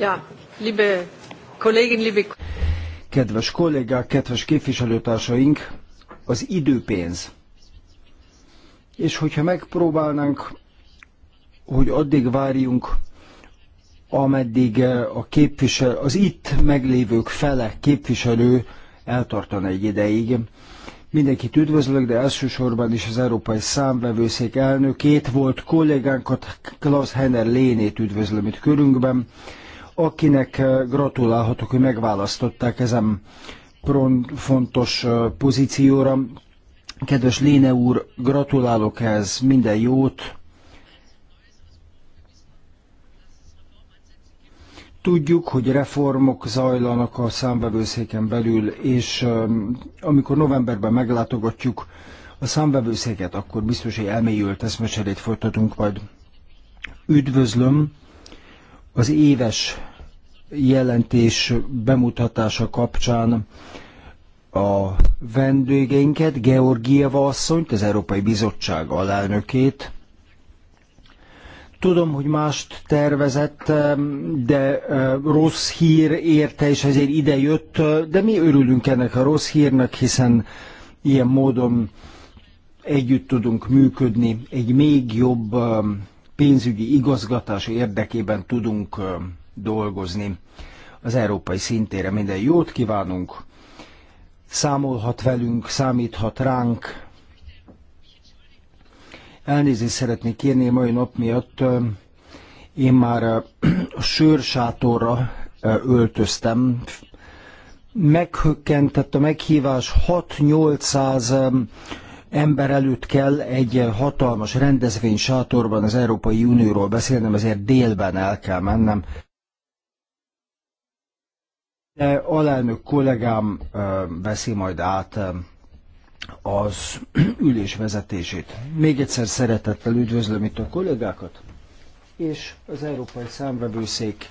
Ja, liebe liebe... Kedves kollégák, kedves képviselőtársaink, az időpénz. És hogyha megpróbálnánk, hogy addig várjunk, ameddig eh, a képvisel, az itt meglévők fele képviselő eltartana egy ideig. Mindenkit üdvözlök, de elsősorban is az Európai Számvevőszék elnökét, volt kollégánkat, Klaus Henner Lénét üdvözlöm itt körünkben, akinek eh, gratulálhatok, hogy megválasztották ezen fontos eh, pozícióra. Kedves Léne úr, gratulálok ehhez, minden jót. Tudjuk, hogy reformok zajlanak a számvevőszéken belül, és eh, amikor novemberben meglátogatjuk a számvevőszéket, akkor biztos, hogy elmélyült eszmecserét folytatunk majd. Üdvözlöm az éves jelentés bemutatása kapcsán a vendégeinket, Georgieva asszonyt, az Európai Bizottság alelnökét. Tudom, hogy mást tervezett, de rossz hír érte, és ezért ide jött, de mi örülünk ennek a rossz hírnek, hiszen ilyen módon együtt tudunk működni egy még jobb pénzügyi igazgatás érdekében tudunk dolgozni. Az európai szintére minden jót kívánunk, számolhat velünk, számíthat ránk. Elnézést szeretnék kérni a mai nap miatt. Én már a sörsátorra öltöztem. Meghökkentett a meghívás 6-800 ember előtt kell egy hatalmas rendezvény sátorban az Európai Unióról beszélnem, ezért délben el kell mennem. De alelnök kollégám veszi majd át az ülés vezetését. Még egyszer szeretettel üdvözlöm itt a kollégákat, és az Európai Számvevőszék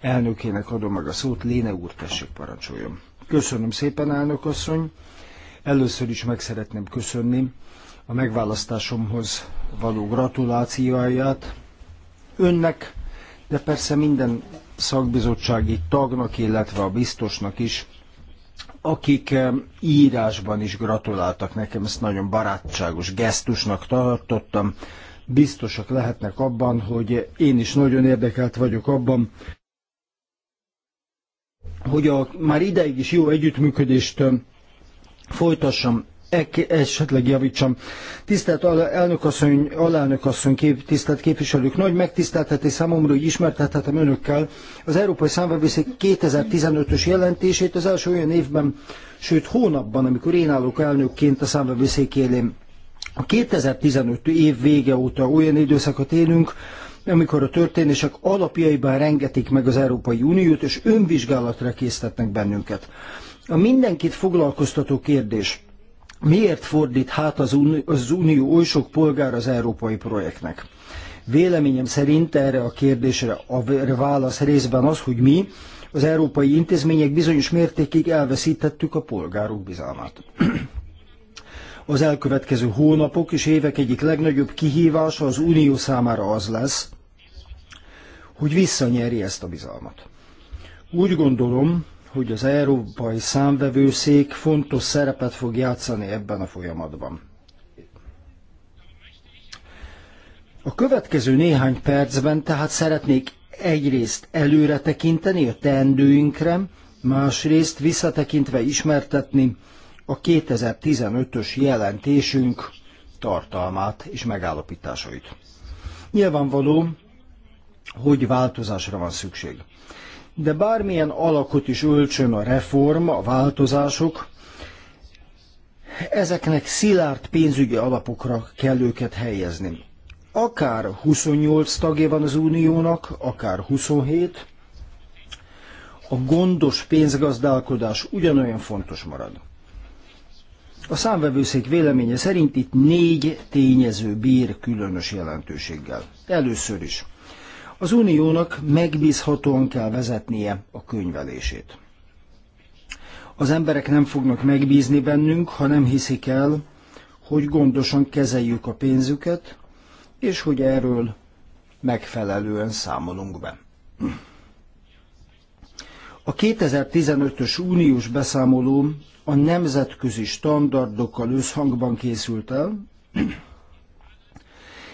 elnökének adom meg a szót, Léne úr, tessék parancsoljon. Köszönöm szépen, elnök asszony! Először is meg szeretném köszönni a megválasztásomhoz való gratulációját önnek, de persze minden szakbizottsági tagnak, illetve a biztosnak is, akik írásban is gratuláltak nekem, ezt nagyon barátságos gesztusnak tartottam. Biztosak lehetnek abban, hogy én is nagyon érdekelt vagyok abban, hogy a már ideig is jó együttműködést folytassam, e esetleg javítsam. Tisztelt elnökasszony, alelnökasszony, kép, tisztelt képviselők, nagy megtiszteltetés számomra, hogy ismertethetem önökkel az Európai Számvevőszék 2015-ös jelentését az első olyan évben, sőt hónapban, amikor én állok elnökként a számvevőszék élén. A 2015 év vége óta olyan időszakot élünk, amikor a történések alapjaiban rengetik meg az Európai Uniót, és önvizsgálatra késztetnek bennünket. A mindenkit foglalkoztató kérdés, miért fordít hát az, Unió oly sok polgár az európai projektnek? Véleményem szerint erre a kérdésre a válasz részben az, hogy mi, az európai intézmények bizonyos mértékig elveszítettük a polgárok bizalmát. Az elkövetkező hónapok és évek egyik legnagyobb kihívása az Unió számára az lesz, hogy visszanyerje ezt a bizalmat. Úgy gondolom, hogy az Európai Számvevőszék fontos szerepet fog játszani ebben a folyamatban. A következő néhány percben tehát szeretnék egyrészt előre tekinteni a teendőinkre, másrészt visszatekintve ismertetni a 2015-ös jelentésünk tartalmát és megállapításait. Nyilvánvaló, hogy változásra van szükség de bármilyen alakot is öltsön a reform, a változások, ezeknek szilárd pénzügyi alapokra kell őket helyezni. Akár 28 tagja van az uniónak, akár 27, a gondos pénzgazdálkodás ugyanolyan fontos marad. A számvevőszék véleménye szerint itt négy tényező bír különös jelentőséggel. Először is az uniónak megbízhatóan kell vezetnie a könyvelését. Az emberek nem fognak megbízni bennünk, ha nem hiszik el, hogy gondosan kezeljük a pénzüket, és hogy erről megfelelően számolunk be. A 2015-ös uniós beszámoló a nemzetközi standardokkal összhangban készült el,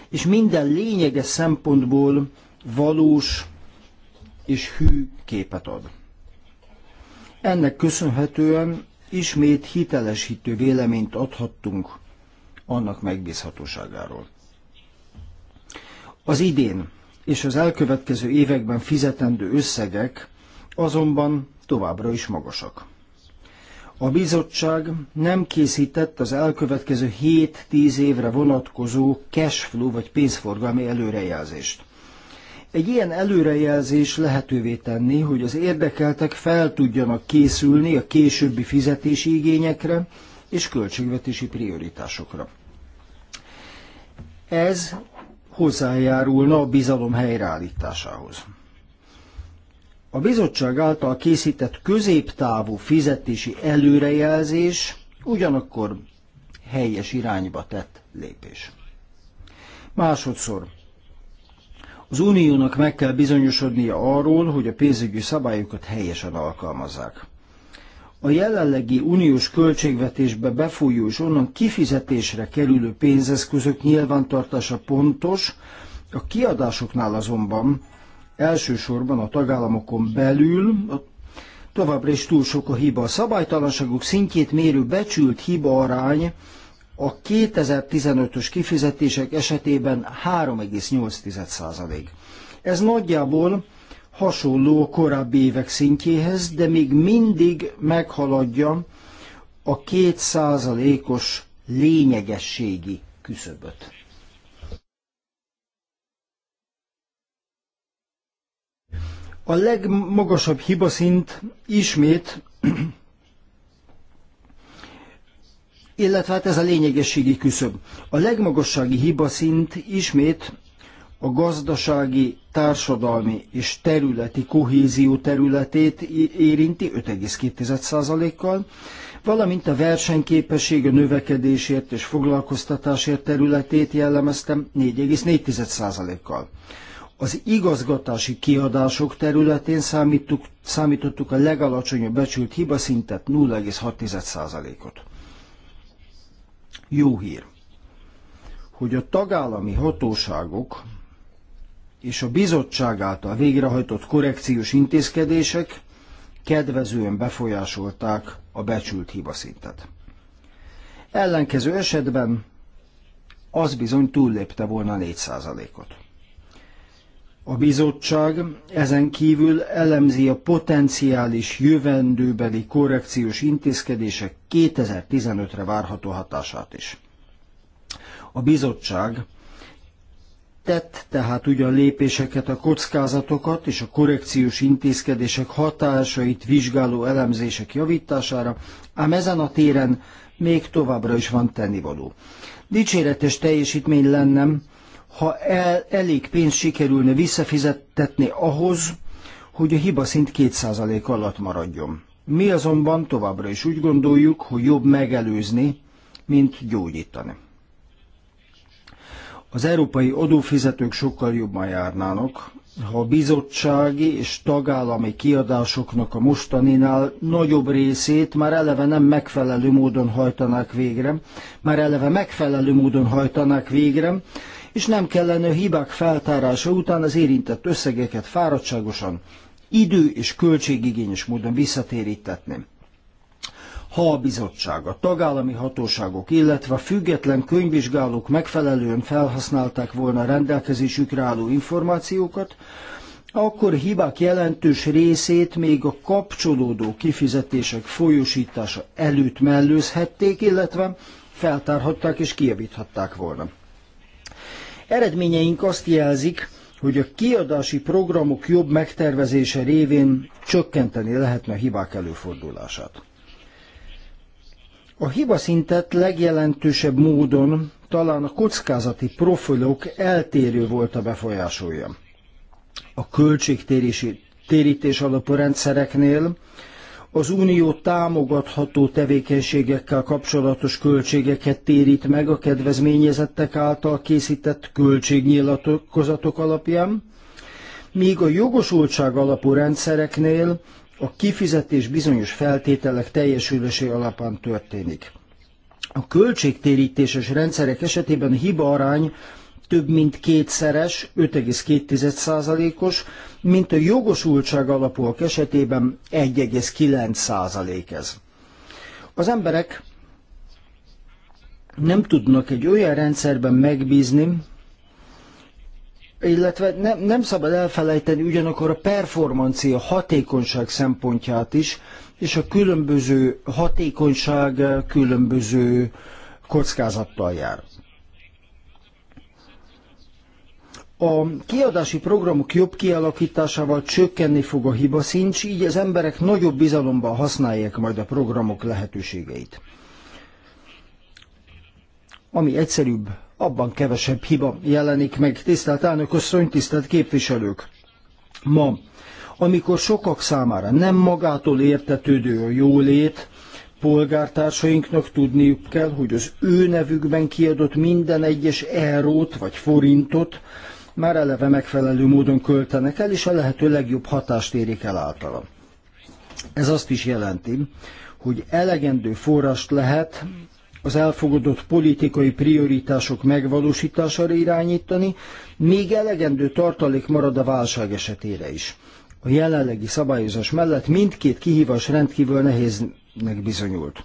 és minden lényeges szempontból valós és hű képet ad. Ennek köszönhetően ismét hitelesítő véleményt adhattunk annak megbízhatóságáról. Az idén és az elkövetkező években fizetendő összegek azonban továbbra is magasak. A bizottság nem készített az elkövetkező 7-10 évre vonatkozó cash flow vagy pénzforgalmi előrejelzést. Egy ilyen előrejelzés lehetővé tenni, hogy az érdekeltek fel tudjanak készülni a későbbi fizetési igényekre és költségvetési prioritásokra. Ez hozzájárulna a bizalom helyreállításához. A bizottság által készített középtávú fizetési előrejelzés ugyanakkor helyes irányba tett lépés. Másodszor, az uniónak meg kell bizonyosodnia arról, hogy a pénzügyi szabályokat helyesen alkalmazzák. A jelenlegi uniós költségvetésbe befolyó és onnan kifizetésre kerülő pénzeszközök nyilvántartása pontos, a kiadásoknál azonban elsősorban a tagállamokon belül továbbra is túl sok a hiba. A szabálytalanságok szintjét mérő becsült hiba arány a 2015-ös kifizetések esetében 3,8%. Ez nagyjából hasonló a korábbi évek szintjéhez, de még mindig meghaladja a 2%-os lényegességi küszöböt. A legmagasabb hibaszint ismét illetve hát ez a lényegességi küszöb. A legmagassági hibaszint ismét a gazdasági, társadalmi és területi kohézió területét érinti 5,2%-kal, valamint a versenyképesség a növekedésért és foglalkoztatásért területét jellemeztem 4,4%-kal. Az igazgatási kiadások területén számítottuk, a legalacsonyabb becsült hibaszintet 0,6%-ot jó hír, hogy a tagállami hatóságok és a bizottság által végrehajtott korrekciós intézkedések kedvezően befolyásolták a becsült hibaszintet. Ellenkező esetben az bizony túllépte volna 4%-ot. A bizottság ezen kívül elemzi a potenciális jövendőbeli korrekciós intézkedések 2015-re várható hatását is. A bizottság tett tehát ugyan lépéseket a kockázatokat és a korrekciós intézkedések hatásait vizsgáló elemzések javítására, ám ezen a téren még továbbra is van tennivaló. Dicséretes teljesítmény lennem, ha el, elég pénzt sikerülne visszafizettetni ahhoz, hogy a hiba szint 2% alatt maradjon. Mi azonban továbbra is úgy gondoljuk, hogy jobb megelőzni, mint gyógyítani. Az európai adófizetők sokkal jobban járnának, ha a bizottsági és tagállami kiadásoknak a mostaninál nagyobb részét már eleve nem megfelelő módon hajtanák végre, már eleve megfelelő módon hajtanák végre, és nem kellene a hibák feltárása után az érintett összegeket fáradtságosan, idő és költségigényes módon visszatérítetni. Ha a bizottság, a tagállami hatóságok, illetve a független könyvvizsgálók megfelelően felhasználták volna a rendelkezésükre álló információkat, akkor hibák jelentős részét még a kapcsolódó kifizetések folyósítása előtt mellőzhették, illetve feltárhatták és kijavíthatták volna. Eredményeink azt jelzik, hogy a kiadási programok jobb megtervezése révén csökkenteni lehetne a hibák előfordulását. A hibaszintet legjelentősebb módon talán a kockázati profilok eltérő volt a befolyásolja. A költségtérítés alapú rendszereknél az unió támogatható tevékenységekkel kapcsolatos költségeket térít meg a kedvezményezettek által készített költségnyilatkozatok alapján, míg a jogosultság alapú rendszereknél a kifizetés bizonyos feltételek teljesülésé alapán történik. A költségtérítéses rendszerek esetében a hiba arány több mint kétszeres, 5,2%-os, mint a jogosultság alapúak esetében 1,9% ez. Az emberek nem tudnak egy olyan rendszerben megbízni, illetve nem, nem szabad elfelejteni ugyanakkor a performancia, hatékonyság szempontját is, és a különböző hatékonyság különböző kockázattal jár. A kiadási programok jobb kialakításával csökkenni fog a hiba szincs, így az emberek nagyobb bizalomban használják majd a programok lehetőségeit. Ami egyszerűbb, abban kevesebb hiba jelenik meg. Tisztelt elnök asszony, tisztelt képviselők! Ma, amikor sokak számára nem magától értetődő a jólét, polgártársainknak tudniuk kell, hogy az ő nevükben kiadott minden egyes eurót vagy forintot már eleve megfelelő módon költenek el, és a lehető legjobb hatást érik el általa. Ez azt is jelenti, hogy elegendő forrást lehet az elfogadott politikai prioritások megvalósítására irányítani, még elegendő tartalék marad a válság esetére is. A jelenlegi szabályozás mellett mindkét kihívás rendkívül nehéznek bizonyult.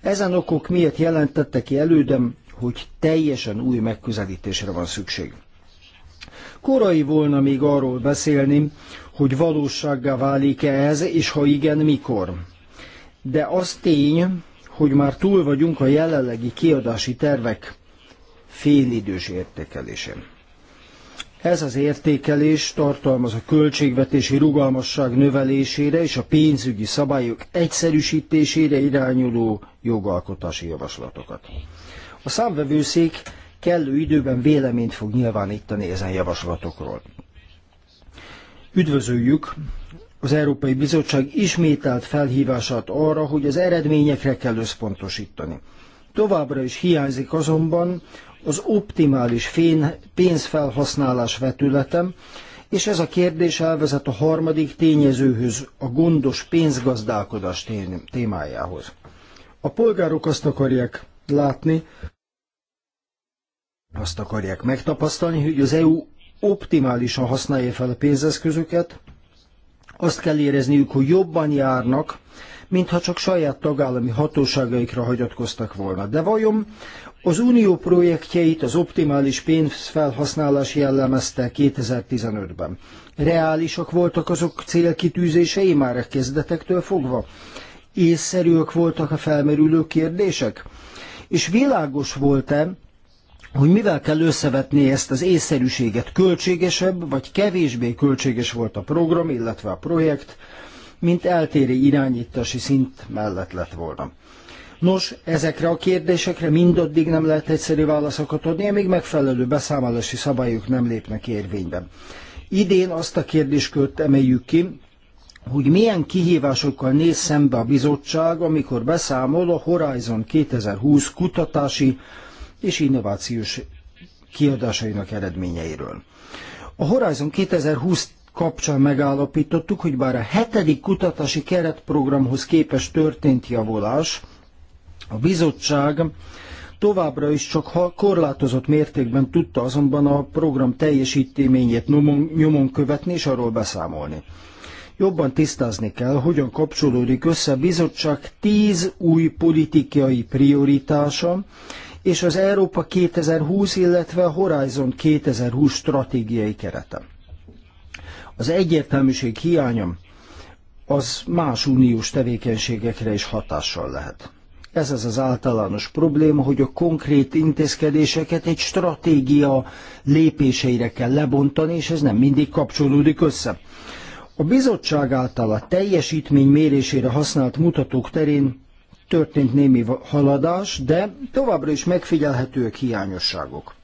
Ezen okok miért jelentette ki elődem, hogy teljesen új megközelítésre van szükség. Korai volna még arról beszélni, hogy valósággá válik-e ez, és ha igen, mikor. De az tény, hogy már túl vagyunk a jelenlegi kiadási tervek félidős értékelésén. Ez az értékelés tartalmaz a költségvetési rugalmasság növelésére és a pénzügyi szabályok egyszerűsítésére irányuló jogalkotási javaslatokat. A számvevőszék kellő időben véleményt fog nyilvánítani ezen javaslatokról. Üdvözöljük az Európai Bizottság ismételt felhívását arra, hogy az eredményekre kell összpontosítani. Továbbra is hiányzik azonban az optimális fén, pénzfelhasználás vetületem, és ez a kérdés elvezet a harmadik tényezőhöz, a gondos pénzgazdálkodás témájához. A polgárok azt akarják látni, azt akarják megtapasztalni, hogy az EU optimálisan használja fel a pénzeszközöket, azt kell érezniük, hogy jobban járnak, mintha csak saját tagállami hatóságaikra hagyatkoztak volna. De vajon az unió projektjeit az optimális pénzfelhasználás jellemezte 2015-ben? Reálisak voltak azok célkitűzései már a kezdetektől fogva? Észszerűek voltak a felmerülő kérdések? És világos volt-e, hogy mivel kell összevetni ezt az észszerűséget, költségesebb vagy kevésbé költséges volt a program, illetve a projekt, mint eltérő irányítási szint mellett lett volna. Nos, ezekre a kérdésekre mindaddig nem lehet egyszerű válaszokat adni, amíg megfelelő beszámolási szabályok nem lépnek érvénybe. Idén azt a kérdéskört emeljük ki, hogy milyen kihívásokkal néz szembe a bizottság, amikor beszámol a Horizon 2020 kutatási és innovációs kiadásainak eredményeiről. A Horizon 2020 kapcsán megállapítottuk, hogy bár a hetedik kutatási keretprogramhoz képes történt javulás, a bizottság továbbra is csak korlátozott mértékben tudta azonban a program teljesítményét nyomon követni és arról beszámolni. Jobban tisztázni kell, hogyan kapcsolódik össze a bizottság tíz új politikai prioritása, és az Európa 2020, illetve a Horizon 2020 stratégiai kerete. Az egyértelműség hiánya az más uniós tevékenységekre is hatással lehet. Ez az az általános probléma, hogy a konkrét intézkedéseket egy stratégia lépéseire kell lebontani, és ez nem mindig kapcsolódik össze. A bizottság által a teljesítmény mérésére használt mutatók terén történt némi haladás, de továbbra is megfigyelhetőek hiányosságok.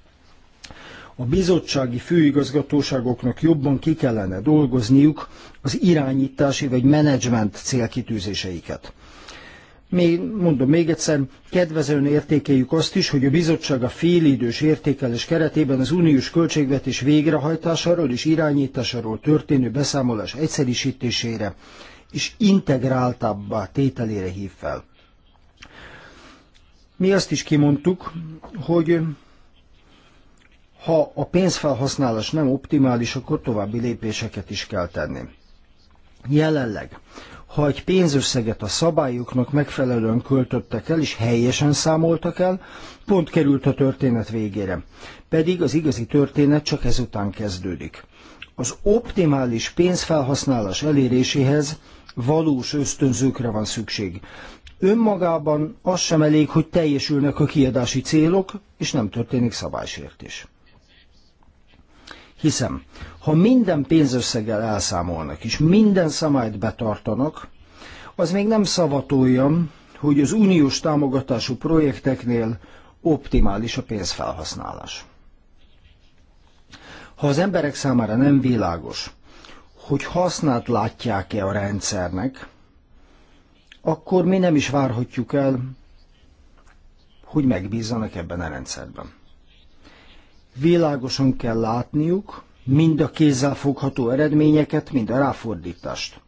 A bizottsági főigazgatóságoknak jobban ki kellene dolgozniuk az irányítási vagy menedzsment célkitűzéseiket. Még, mondom még egyszer, kedvezően értékeljük azt is, hogy a bizottság a félidős értékelés keretében az uniós költségvetés végrehajtásáról és irányításáról történő beszámolás egyszerűsítésére és integráltabbá tételére hív fel. Mi azt is kimondtuk, hogy ha a pénzfelhasználás nem optimális, akkor további lépéseket is kell tenni. Jelenleg, ha egy pénzösszeget a szabályoknak megfelelően költöttek el és helyesen számoltak el, pont került a történet végére. Pedig az igazi történet csak ezután kezdődik. Az optimális pénzfelhasználás eléréséhez valós ösztönzőkre van szükség. Önmagában az sem elég, hogy teljesülnek a kiadási célok, és nem történik szabálysértés. Hiszem, ha minden pénzösszeggel elszámolnak, és minden szabályt betartanak, az még nem szavatoljam, hogy az uniós támogatású projekteknél optimális a pénzfelhasználás. Ha az emberek számára nem világos, hogy hasznát látják-e a rendszernek, akkor mi nem is várhatjuk el, hogy megbízzanak ebben a rendszerben. Világosan kell látniuk mind a fogható eredményeket, mind a ráfordítást.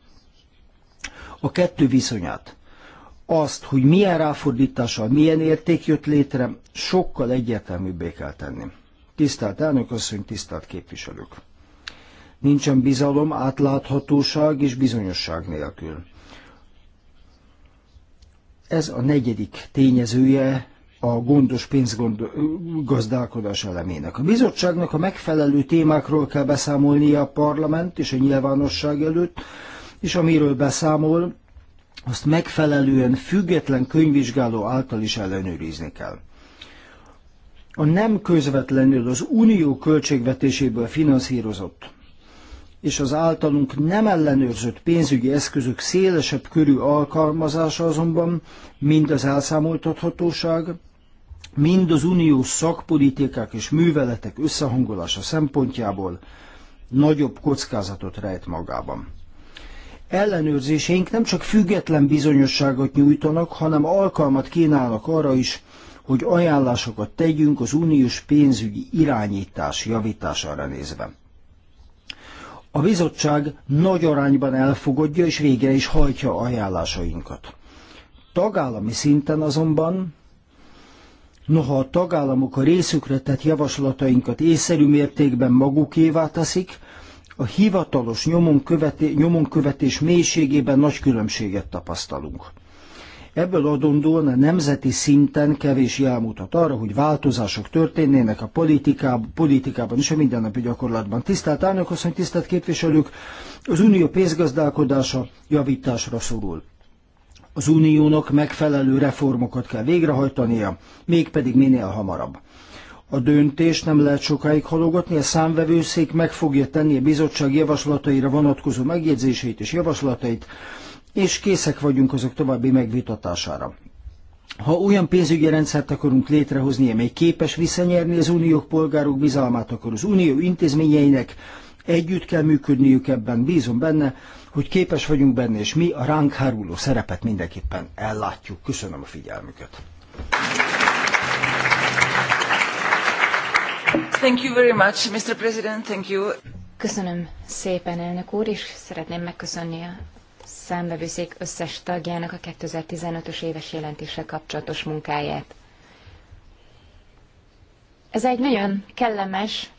A kettő viszonyát azt, hogy milyen ráfordítással milyen érték jött létre, sokkal egyértelműbbé kell tenni. Tisztelt elnök asszony, tisztelt képviselők! Nincsen bizalom, átláthatóság és bizonyosság nélkül. Ez a negyedik tényezője a gondos pénzgazdálkodás elemének. A bizottságnak a megfelelő témákról kell beszámolnia a parlament és a nyilvánosság előtt, és amiről beszámol, azt megfelelően független könyvvizsgáló által is ellenőrizni kell. A nem közvetlenül az unió költségvetéséből finanszírozott és az általunk nem ellenőrzött pénzügyi eszközök szélesebb körű alkalmazása azonban mind az elszámoltathatóság, mind az uniós szakpolitikák és műveletek összehangolása szempontjából nagyobb kockázatot rejt magában. Ellenőrzéseink nem csak független bizonyosságot nyújtanak, hanem alkalmat kínálnak arra is, hogy ajánlásokat tegyünk az uniós pénzügyi irányítás javítására nézve a bizottság nagy arányban elfogadja és végre is hajtja ajánlásainkat. Tagállami szinten azonban, noha a tagállamok a részükre tett javaslatainkat észszerű mértékben magukévá teszik, a hivatalos nyomon, követi, nyomon követés mélységében nagy különbséget tapasztalunk. Ebből adondóan a nemzeti szinten kevés jelmutat arra, hogy változások történnének a politikában, politikában és a mindennapi gyakorlatban. Tisztelt elnök asszony, tisztelt képviselők, az unió pénzgazdálkodása javításra szorul. Az uniónak megfelelő reformokat kell végrehajtania, mégpedig minél hamarabb. A döntés nem lehet sokáig halogatni, a számvevőszék meg fogja tenni a bizottság javaslataira vonatkozó megjegyzéseit és javaslatait, és készek vagyunk azok további megvitatására. Ha olyan pénzügyi rendszert akarunk létrehozni, amely képes visszanyerni az unió polgárok bizalmát, akkor az unió intézményeinek együtt kell működniük ebben, bízom benne, hogy képes vagyunk benne, és mi a ránk háruló szerepet mindenképpen ellátjuk. Köszönöm a figyelmüket. Thank you very much, Mr. President. Thank you. Köszönöm szépen, elnök úr, és szeretném megköszönni a számbevőszék összes tagjának a 2015-ös éves jelentése kapcsolatos munkáját. Ez egy nagyon kellemes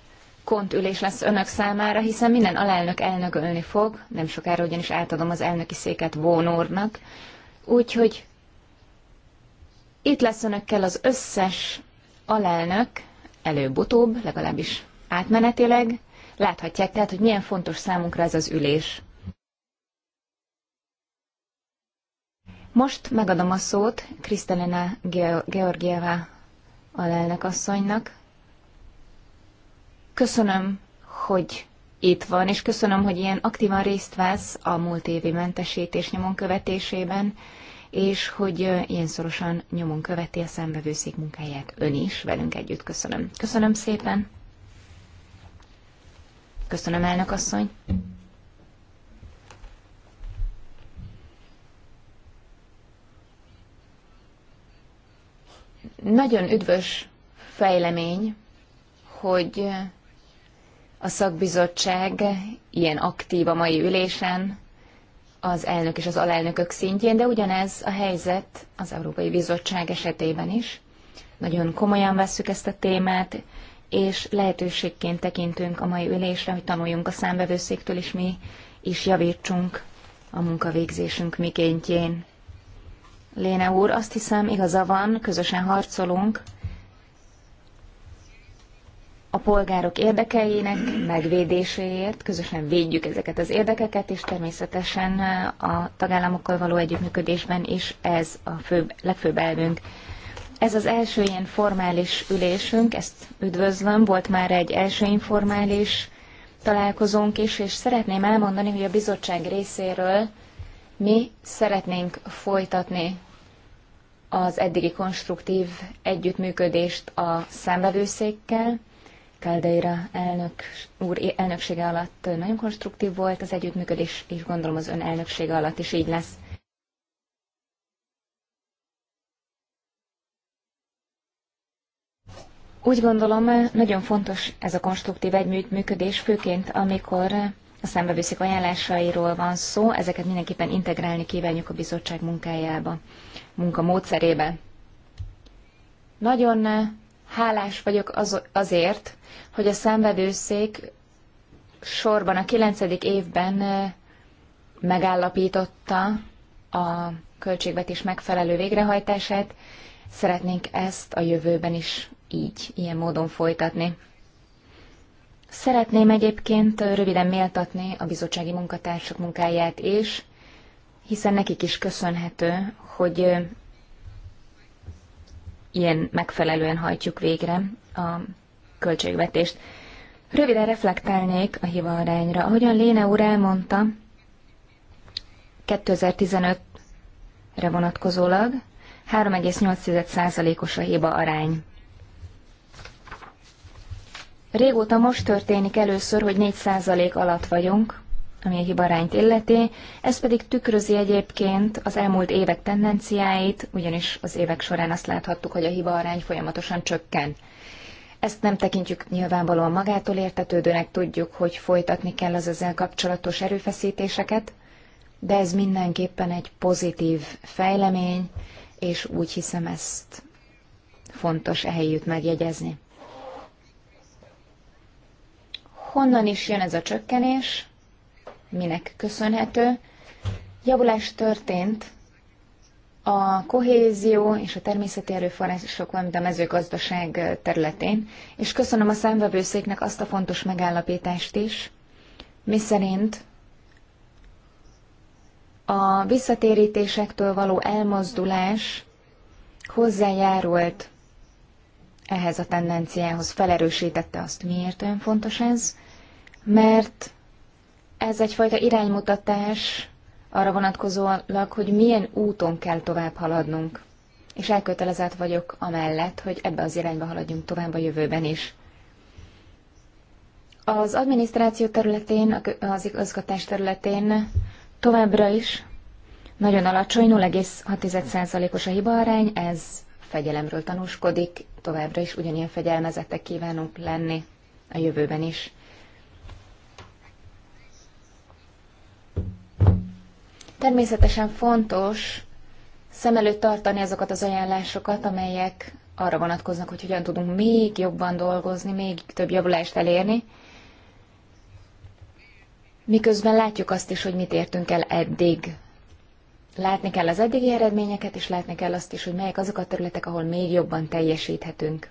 kontülés lesz önök számára, hiszen minden alelnök elnökölni fog, nem sokára ugyanis átadom az elnöki széket Vónórnak, úgyhogy itt lesz önökkel az összes alelnök, előbb-utóbb, legalábbis átmenetileg, láthatják tehát, hogy milyen fontos számunkra ez az ülés. Most megadom a szót Krisztelina Georgieva alelnök asszonynak. Köszönöm, hogy itt van, és köszönöm, hogy ilyen aktívan részt vesz a múlt évi mentesítés nyomon követésében, és hogy ilyen szorosan nyomon követi a szembevőszék munkáját ön is, velünk együtt köszönöm. Köszönöm szépen. Köszönöm, elnök asszony. Nagyon üdvös fejlemény, hogy a szakbizottság ilyen aktív a mai ülésen, az elnök és az alelnökök szintjén, de ugyanez a helyzet az Európai Bizottság esetében is. Nagyon komolyan vesszük ezt a témát, és lehetőségként tekintünk a mai ülésre, hogy tanuljunk a számbevőszéktől, és mi is javítsunk a munkavégzésünk mikéntjén. Léne úr, azt hiszem igaza van, közösen harcolunk a polgárok érdekeinek megvédéséért, közösen védjük ezeket az érdekeket, és természetesen a tagállamokkal való együttműködésben is ez a főbb, legfőbb elvünk. Ez az első ilyen formális ülésünk, ezt üdvözlöm, volt már egy első informális találkozónk is, és szeretném elmondani, hogy a bizottság részéről mi szeretnénk folytatni az eddigi konstruktív együttműködést a szembevőszékkel. Caldeira elnök úr elnöksége alatt nagyon konstruktív volt az együttműködés, és gondolom az ön elnöksége alatt is így lesz. Úgy gondolom, nagyon fontos ez a konstruktív együttműködés, főként amikor a számbevőszik ajánlásairól van szó, ezeket mindenképpen integrálni kívánjuk a bizottság munkájába, munkamódszerébe. Nagyon hálás vagyok az, azért, hogy a szembevőszék sorban a 9. évben megállapította a költségvetés megfelelő végrehajtását. Szeretnénk ezt a jövőben is így, ilyen módon folytatni. Szeretném egyébként röviden méltatni a bizottsági munkatársak munkáját is, hiszen nekik is köszönhető, hogy ilyen megfelelően hajtjuk végre a költségvetést. Röviden reflektálnék a hiba arányra. Ahogyan Léne úr elmondta, 2015-re vonatkozólag 3,8%-os a hiba arány. Régóta most történik először, hogy 4% alatt vagyunk, ami a hibarányt illeti, ez pedig tükrözi egyébként az elmúlt évek tendenciáit, ugyanis az évek során azt láthattuk, hogy a hibaarány folyamatosan csökken. Ezt nem tekintjük nyilvánvalóan magától értetődőnek, tudjuk, hogy folytatni kell az ezzel kapcsolatos erőfeszítéseket, de ez mindenképpen egy pozitív fejlemény, és úgy hiszem ezt fontos ehelyütt megjegyezni honnan is jön ez a csökkenés, minek köszönhető. Javulás történt a kohézió és a természeti erőforrások, valamint a mezőgazdaság területén, és köszönöm a számvevőszéknek azt a fontos megállapítást is, Mi szerint? a visszatérítésektől való elmozdulás hozzájárult ehhez a tendenciához felerősítette azt, miért olyan fontos ez, mert ez egyfajta iránymutatás arra vonatkozólag, hogy milyen úton kell tovább haladnunk. És elkötelezett vagyok amellett, hogy ebbe az irányba haladjunk tovább a jövőben is. Az adminisztráció területén, az igazgatás területén továbbra is nagyon alacsony, 0,6%-os a hibaarány, ez fegyelemről tanúskodik, továbbra is ugyanilyen fegyelmezettek kívánunk lenni a jövőben is. Természetesen fontos szem előtt tartani azokat az ajánlásokat, amelyek arra vonatkoznak, hogy hogyan tudunk még jobban dolgozni, még több javulást elérni, miközben látjuk azt is, hogy mit értünk el eddig Látni kell az eddigi eredményeket, és látni kell azt is, hogy melyek azok a területek, ahol még jobban teljesíthetünk.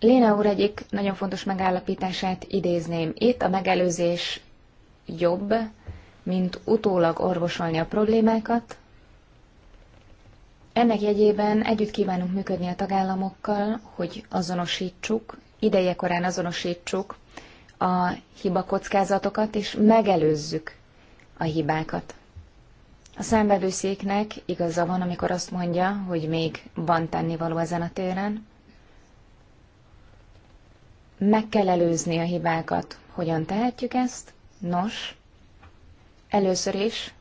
Léna úr egyik nagyon fontos megállapítását idézném. Itt a megelőzés jobb, mint utólag orvosolni a problémákat. Ennek jegyében együtt kívánunk működni a tagállamokkal, hogy azonosítsuk, idejekorán azonosítsuk a hibakockázatokat, és megelőzzük a hibákat. A szenvedőszéknek igaza van, amikor azt mondja, hogy még van tennivaló ezen a téren. Meg kell előzni a hibákat. Hogyan tehetjük ezt? Nos, először is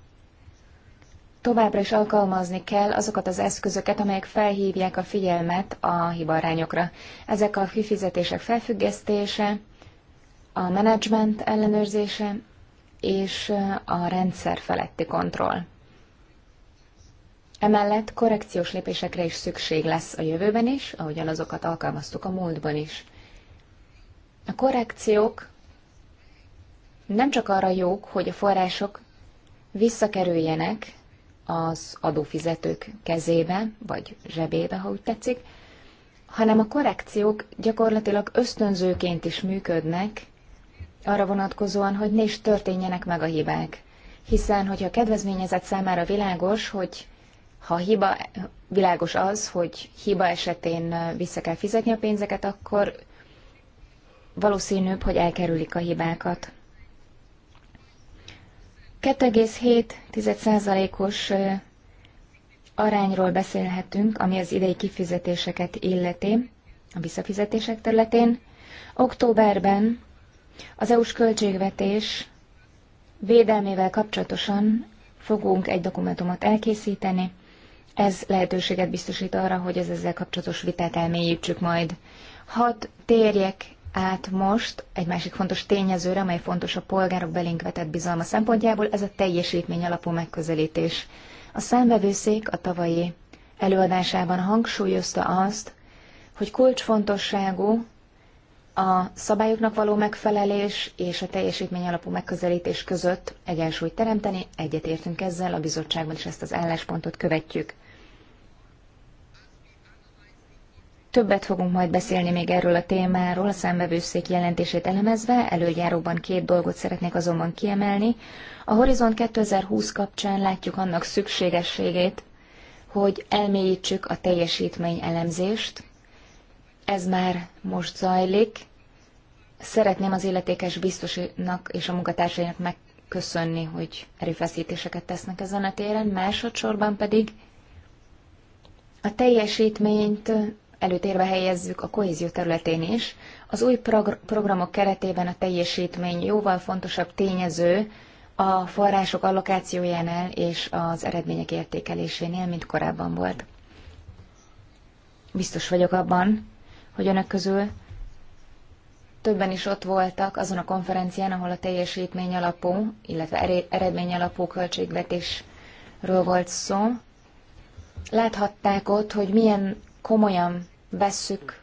továbbra is alkalmazni kell azokat az eszközöket, amelyek felhívják a figyelmet a hibarányokra. Ezek a kifizetések felfüggesztése, a menedzsment ellenőrzése és a rendszer feletti kontroll. Emellett korrekciós lépésekre is szükség lesz a jövőben is, ahogyan azokat alkalmaztuk a múltban is. A korrekciók nem csak arra jók, hogy a források visszakerüljenek az adófizetők kezébe, vagy zsebébe, ha úgy tetszik, hanem a korrekciók gyakorlatilag ösztönzőként is működnek arra vonatkozóan, hogy ne is történjenek meg a hibák. Hiszen, hogyha a kedvezményezett számára világos, hogy ha hiba, világos az, hogy hiba esetén vissza kell fizetni a pénzeket, akkor valószínűbb, hogy elkerülik a hibákat. 2,7%-os arányról beszélhetünk, ami az idei kifizetéseket illeti a visszafizetések területén. Októberben az EU-s költségvetés védelmével kapcsolatosan fogunk egy dokumentumot elkészíteni. Ez lehetőséget biztosít arra, hogy az ezzel kapcsolatos vitát elmélyítsük majd. Hat térjek át most egy másik fontos tényezőre, amely fontos a polgárok belénk vetett bizalma szempontjából, ez a teljesítmény alapú megközelítés. A számvevőszék a tavalyi előadásában hangsúlyozta azt, hogy kulcsfontosságú a szabályoknak való megfelelés és a teljesítmény alapú megközelítés között egyensúlyt teremteni. Egyetértünk ezzel, a bizottságban is ezt az álláspontot követjük. Többet fogunk majd beszélni még erről a témáról, a számbevőszék jelentését elemezve, előjáróban két dolgot szeretnék azonban kiemelni. A Horizon 2020 kapcsán látjuk annak szükségességét, hogy elmélyítsük a teljesítmény elemzést, ez már most zajlik. Szeretném az illetékes biztosnak és a munkatársainak megköszönni, hogy erőfeszítéseket tesznek ezen a téren, másodszorban pedig a teljesítményt előtérbe helyezzük a kohézió területén is. Az új programok keretében a teljesítmény jóval fontosabb tényező a források allokációjánál és az eredmények értékelésénél, mint korábban volt. Biztos vagyok abban, hogy önök közül többen is ott voltak azon a konferencián, ahol a teljesítmény alapú, illetve eredmény alapú költségvetésről volt szó. Láthatták ott, hogy milyen komolyan vesszük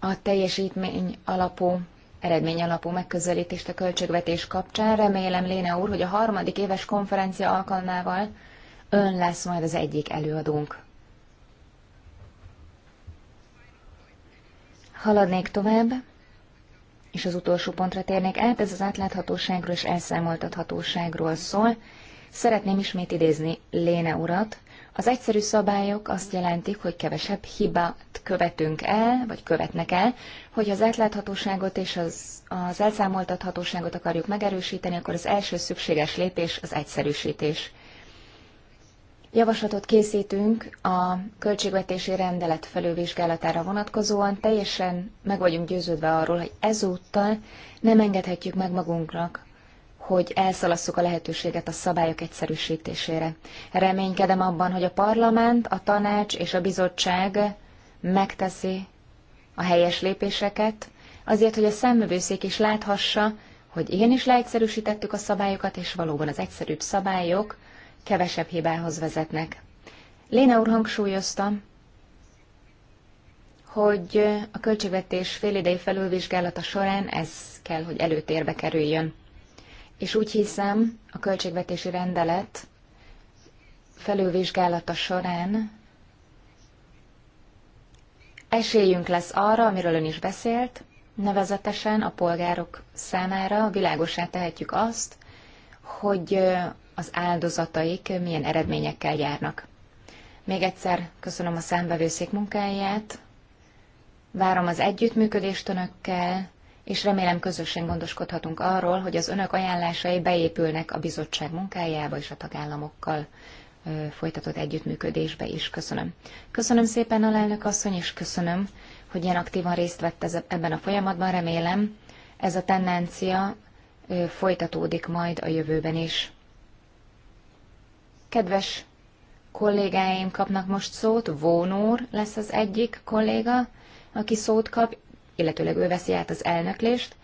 a teljesítmény alapú, eredmény alapú megközelítést a költségvetés kapcsán. Remélem, Léna úr, hogy a harmadik éves konferencia alkalmával ön lesz majd az egyik előadónk. Haladnék tovább, és az utolsó pontra térnék át, ez az átláthatóságról és elszámoltathatóságról szól. Szeretném ismét idézni Léne urat. Az egyszerű szabályok azt jelentik, hogy kevesebb hibát követünk el, vagy követnek el. Hogy az átláthatóságot és az, az elszámoltathatóságot akarjuk megerősíteni, akkor az első szükséges lépés az egyszerűsítés. Javaslatot készítünk a költségvetési rendelet felülvizsgálatára vonatkozóan. Teljesen meg vagyunk győződve arról, hogy ezúttal nem engedhetjük meg magunknak, hogy elszalasszuk a lehetőséget a szabályok egyszerűsítésére. Reménykedem abban, hogy a parlament, a tanács és a bizottság megteszi a helyes lépéseket, azért, hogy a szembevőszék is láthassa, hogy igenis leegyszerűsítettük a szabályokat, és valóban az egyszerűbb szabályok kevesebb hibához vezetnek. Léna úr hangsúlyozta, hogy a költségvetés félidei felülvizsgálata során ez kell, hogy előtérbe kerüljön. És úgy hiszem, a költségvetési rendelet felülvizsgálata során esélyünk lesz arra, amiről ön is beszélt, nevezetesen a polgárok számára világosá tehetjük azt, hogy az áldozataik milyen eredményekkel járnak. Még egyszer köszönöm a számbevőszék munkáját, várom az együttműködést önökkel, és remélem közösen gondoskodhatunk arról, hogy az önök ajánlásai beépülnek a bizottság munkájába és a tagállamokkal folytatott együttműködésbe is. Köszönöm. Köszönöm szépen, alelnök asszony, és köszönöm, hogy ilyen aktívan részt vett ebben a folyamatban. Remélem, ez a tendencia folytatódik majd a jövőben is. Kedves kollégáim kapnak most szót, Vónór lesz az egyik kolléga, aki szót kap, illetőleg ő veszi át az elnöklést.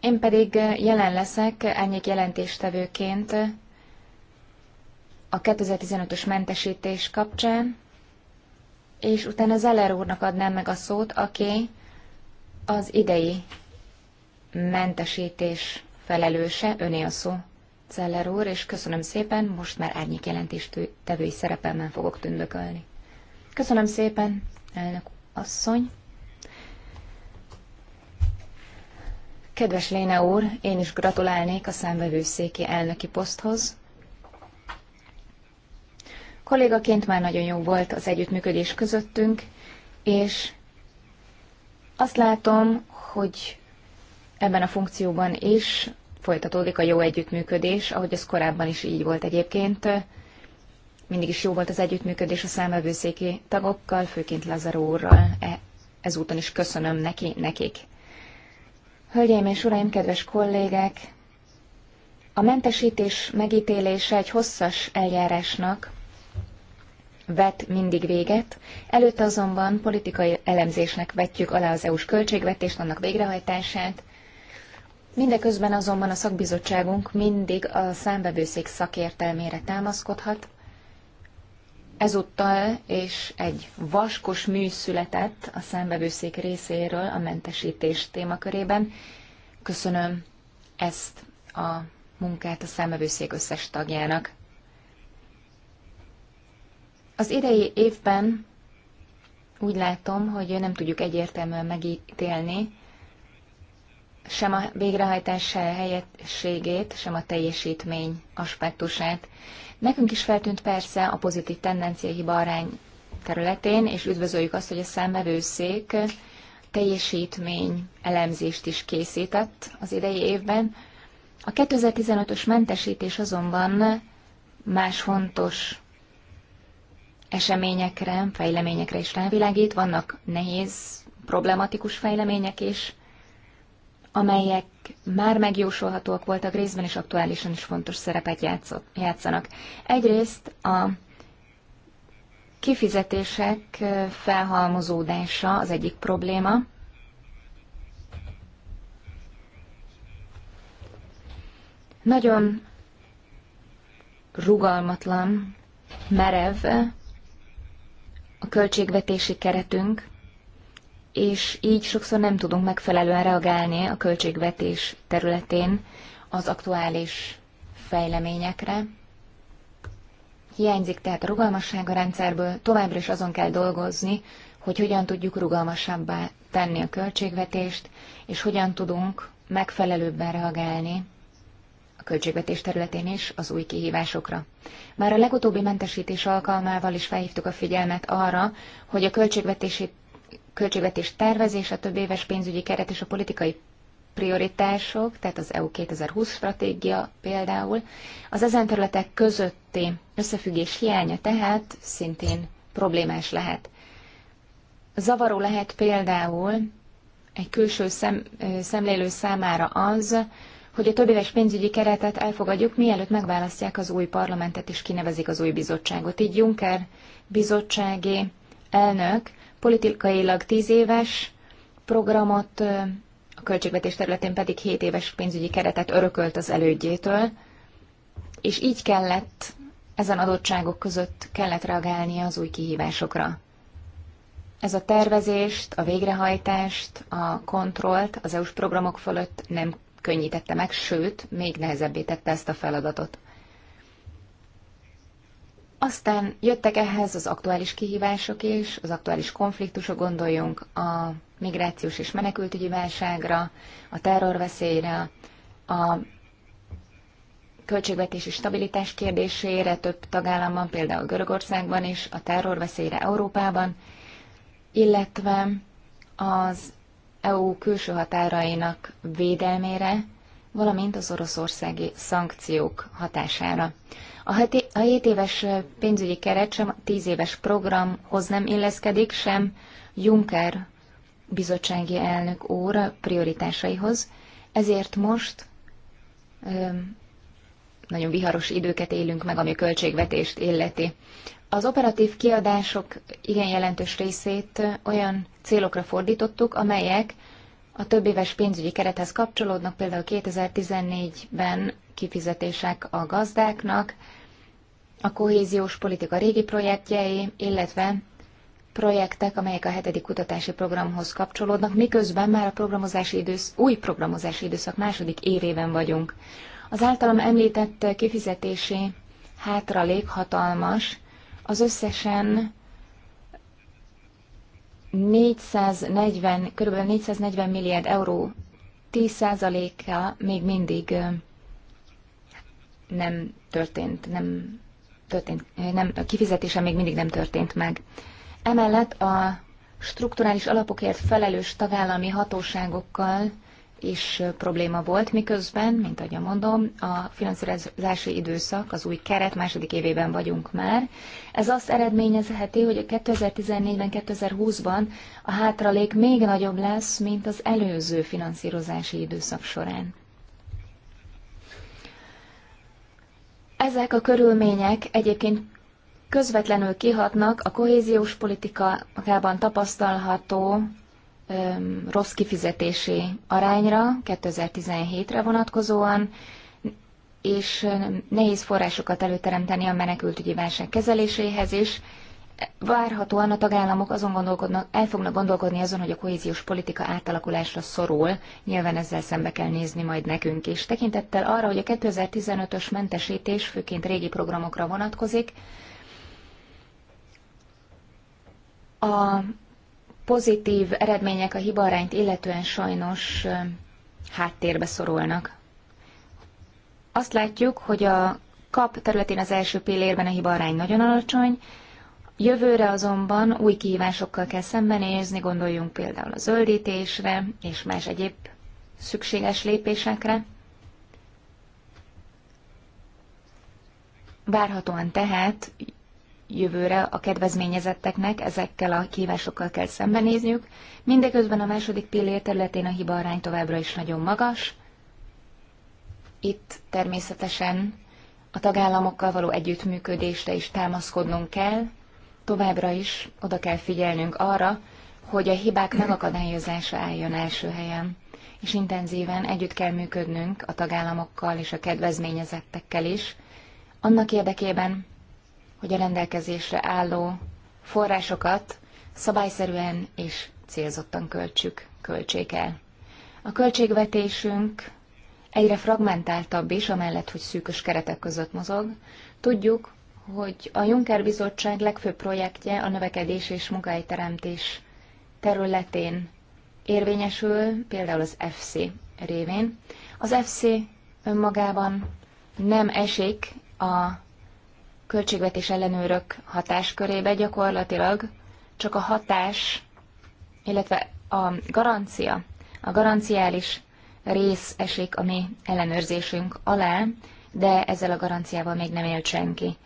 Én pedig eh, jelen leszek ennyik jelentéstevőként eh, a 2015-ös mentesítés kapcsán, és utána Zeller úrnak adnám meg a szót, aki az idei mentesítés felelőse, öné a szó. Celler úr, és köszönöm szépen, most már árnyék jelentéstevői szerepemben fogok tündökölni. Köszönöm szépen, elnök asszony. Kedves Léne úr, én is gratulálnék a számvevőszéki elnöki poszthoz. Kollégaként már nagyon jó volt az együttműködés közöttünk, és azt látom, hogy ebben a funkcióban is folytatódik a jó együttműködés, ahogy ez korábban is így volt egyébként. Mindig is jó volt az együttműködés a számvevőszéki tagokkal, főként Lazaró úrral. E- ezúton is köszönöm neki, nekik. Hölgyeim és uraim, kedves kollégák! A mentesítés megítélése egy hosszas eljárásnak vet mindig véget, előtte azonban politikai elemzésnek vetjük alá az EU-s költségvetést, annak végrehajtását, Mindeközben azonban a szakbizottságunk mindig a számbevőszék szakértelmére támaszkodhat. Ezúttal és egy vaskos mű született a számbevőszék részéről a mentesítés témakörében. Köszönöm ezt a munkát a számbevőszék összes tagjának. Az idei évben úgy látom, hogy nem tudjuk egyértelműen megítélni, sem a végrehajtás helyességét, sem a teljesítmény aspektusát. Nekünk is feltűnt persze a pozitív tendencia hiba arány területén, és üdvözöljük azt, hogy a számvevőszék teljesítmény elemzést is készített az idei évben. A 2015-ös mentesítés azonban más fontos eseményekre, fejleményekre is rávilágít, vannak nehéz, problematikus fejlemények is, amelyek már megjósolhatóak voltak részben, és aktuálisan is fontos szerepet játszott, játszanak. Egyrészt a kifizetések felhalmozódása az egyik probléma. Nagyon rugalmatlan, merev a költségvetési keretünk, és így sokszor nem tudunk megfelelően reagálni a költségvetés területén az aktuális fejleményekre. Hiányzik tehát a rugalmasság a rendszerből, továbbra is azon kell dolgozni, hogy hogyan tudjuk rugalmasabbá tenni a költségvetést, és hogyan tudunk megfelelőbben reagálni a költségvetés területén is az új kihívásokra. Már a legutóbbi mentesítés alkalmával is felhívtuk a figyelmet arra, hogy a költségvetési költségvetés tervezés, a több éves pénzügyi keret és a politikai prioritások, tehát az EU 2020 stratégia például, az ezen területek közötti összefüggés hiánya tehát szintén problémás lehet. Zavaró lehet például egy külső szem, szemlélő számára az, hogy a többéves pénzügyi keretet elfogadjuk, mielőtt megválasztják az új parlamentet és kinevezik az új bizottságot. Így Juncker bizottsági elnök politikailag 10 éves programot, a költségvetés területén pedig 7 éves pénzügyi keretet örökölt az elődjétől, és így kellett, ezen adottságok között kellett reagálnia az új kihívásokra. Ez a tervezést, a végrehajtást, a kontrollt az EU-s programok fölött nem könnyítette meg, sőt, még nehezebbé tette ezt a feladatot. Aztán jöttek ehhez az aktuális kihívások is, az aktuális konfliktusok, gondoljunk a migrációs és menekültügyi válságra, a terrorveszélyre, a költségvetési stabilitás kérdésére több tagállamban, például Görögországban is, a terrorveszélyre Európában, illetve az EU külső határainak védelmére, valamint az oroszországi szankciók hatására. A 7 éves pénzügyi keret sem 10 éves programhoz nem illeszkedik, sem Juncker bizottsági elnök úr prioritásaihoz, ezért most ö, nagyon viharos időket élünk meg, ami a költségvetést illeti. Az operatív kiadások igen jelentős részét olyan célokra fordítottuk, amelyek a több éves pénzügyi kerethez kapcsolódnak, például 2014-ben kifizetések a gazdáknak, a kohéziós politika régi projektjei, illetve projektek, amelyek a hetedik kutatási programhoz kapcsolódnak, miközben már a programozási idősz, új programozási időszak második évében vagyunk. Az általam említett kifizetési hátralék hatalmas, az összesen 440, kb. 440 milliárd euró 10%-a még mindig nem történt, nem történt, nem, a kifizetése még mindig nem történt meg. Emellett a strukturális alapokért felelős tagállami hatóságokkal is probléma volt, miközben, mint ahogy mondom, a finanszírozási időszak, az új keret második évében vagyunk már. Ez azt eredményezheti, hogy a 2014-ben, 2020-ban a hátralék még nagyobb lesz, mint az előző finanszírozási időszak során. Ezek a körülmények egyébként közvetlenül kihatnak a kohéziós politikában tapasztalható öm, rossz kifizetési arányra 2017-re vonatkozóan, és nehéz forrásokat előteremteni a menekültügyi válság kezeléséhez is, Várhatóan a tagállamok azon gondolkodnak, el fognak gondolkodni azon, hogy a kohéziós politika átalakulásra szorul, nyilván ezzel szembe kell nézni majd nekünk is. Tekintettel arra, hogy a 2015-ös mentesítés főként régi programokra vonatkozik, a pozitív eredmények a hibarányt illetően sajnos háttérbe szorulnak. Azt látjuk, hogy a kap területén az első pillérben a hibarány nagyon alacsony, Jövőre azonban új kihívásokkal kell szembenézni, gondoljunk például a zöldítésre és más egyéb szükséges lépésekre. Várhatóan tehát jövőre a kedvezményezetteknek ezekkel a kívásokkal kell szembenézniük, mindeközben a második pillér területén a arány továbbra is nagyon magas. Itt természetesen a tagállamokkal való együttműködésre is támaszkodnunk kell, Továbbra is oda kell figyelnünk arra, hogy a hibák megakadályozása álljon első helyen, és intenzíven együtt kell működnünk a tagállamokkal és a kedvezményezettekkel is, annak érdekében, hogy a rendelkezésre álló forrásokat szabályszerűen és célzottan költsük, költsék el. A költségvetésünk egyre fragmentáltabb is, amellett, hogy szűkös keretek között mozog. Tudjuk, hogy a Juncker Bizottság legfőbb projektje a növekedés és munkahelyteremtés területén érvényesül, például az FC révén. Az FC önmagában nem esik a költségvetés ellenőrök hatáskörébe, gyakorlatilag csak a hatás, illetve a garancia, a garanciális rész esik a mi ellenőrzésünk alá, de ezzel a garanciával még nem élt senki.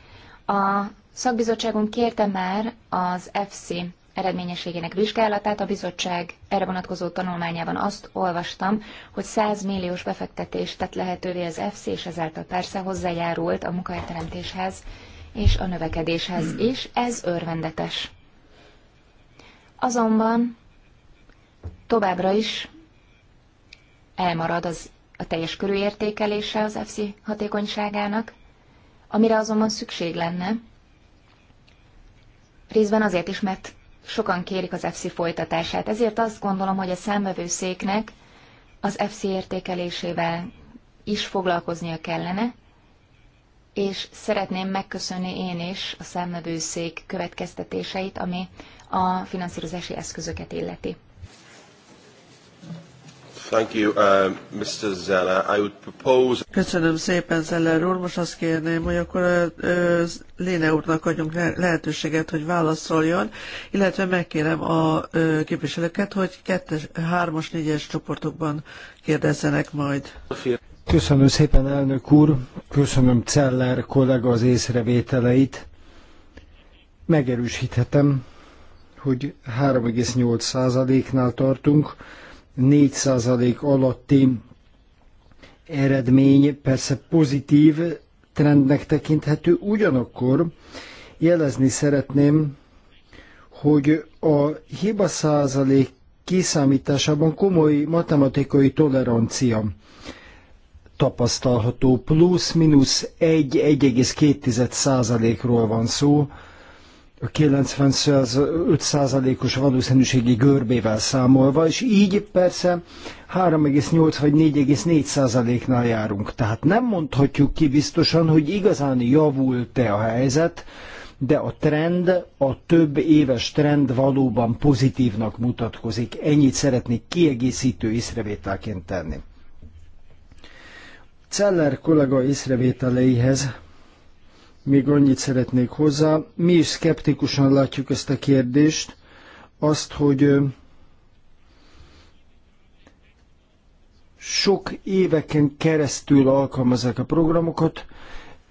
A szakbizottságunk kérte már az FC eredményességének vizsgálatát. A bizottság erre vonatkozó tanulmányában azt olvastam, hogy 100 milliós befektetést tett lehetővé az FC, és ezáltal persze hozzájárult a munkahelyteremtéshez és a növekedéshez hmm. is. Ez örvendetes. Azonban továbbra is elmarad az, a teljes körű értékelése az FC hatékonyságának, amire azonban szükség lenne, részben azért is, mert sokan kérik az FC folytatását. Ezért azt gondolom, hogy a számvevőszéknek az FC értékelésével is foglalkoznia kellene, és szeretném megköszönni én is a számvevőszék következtetéseit, ami a finanszírozási eszközöket illeti. Thank you, uh, Mr. Zeller. I would propose... Köszönöm szépen, Zeller úr. Most azt kérném, hogy akkor uh, Léne úrnak adjunk lehetőséget, hogy válaszoljon, illetve megkérem a uh, képviselőket, hogy kettes, hármas, négyes csoportokban kérdezzenek majd. Köszönöm szépen, elnök úr. Köszönöm Zeller kollega az észrevételeit. Megerősíthetem, hogy 3,8 százaléknál tartunk 4% alatti eredmény persze pozitív trendnek tekinthető, ugyanakkor jelezni szeretném, hogy a hiba százalék kiszámításában komoly matematikai tolerancia tapasztalható, plusz-minusz 1-1,2 százalékról van szó, a 95%-os valószínűségi görbével számolva, és így persze 3,8 vagy 4,4%-nál járunk. Tehát nem mondhatjuk ki biztosan, hogy igazán javult-e a helyzet, de a trend, a több éves trend valóban pozitívnak mutatkozik. Ennyit szeretnék kiegészítő észrevételként tenni. Celler kollega észrevételeihez még annyit szeretnék hozzá, mi is szkeptikusan látjuk ezt a kérdést, azt, hogy sok éveken keresztül alkalmazzák a programokat,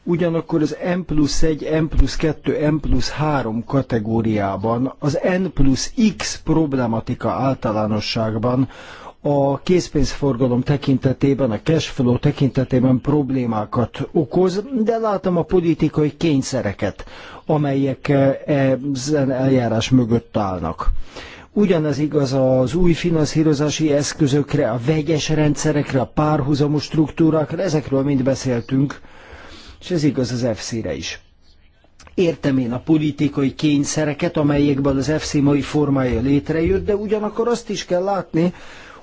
ugyanakkor az N plusz 1, N plusz 2, N plusz 3 kategóriában, az N plusz X problematika általánosságban a készpénzforgalom tekintetében, a cash flow tekintetében problémákat okoz, de látom a politikai kényszereket, amelyek eh, ezen eljárás mögött állnak. Ugyanez igaz az új finanszírozási eszközökre, a vegyes rendszerekre, a párhuzamos struktúrákra, ezekről mind beszéltünk, és ez igaz az FC-re is. Értem én a politikai kényszereket, amelyekből az FC mai formája létrejött, de ugyanakkor azt is kell látni,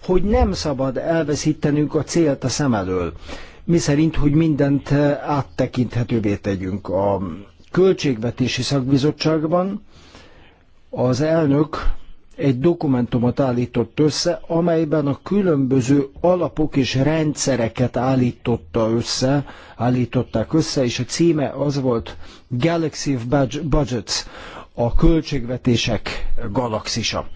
hogy nem szabad elveszítenünk a célt a szem elől, miszerint, hogy mindent eh, áttekinthetővé tegyünk. A Költségvetési Szakbizottságban az elnök egy dokumentumot állított össze, amelyben a különböző alapok és rendszereket állította össze, állították össze, és a címe az volt Galaxy of Budgets, a költségvetések galaxisa.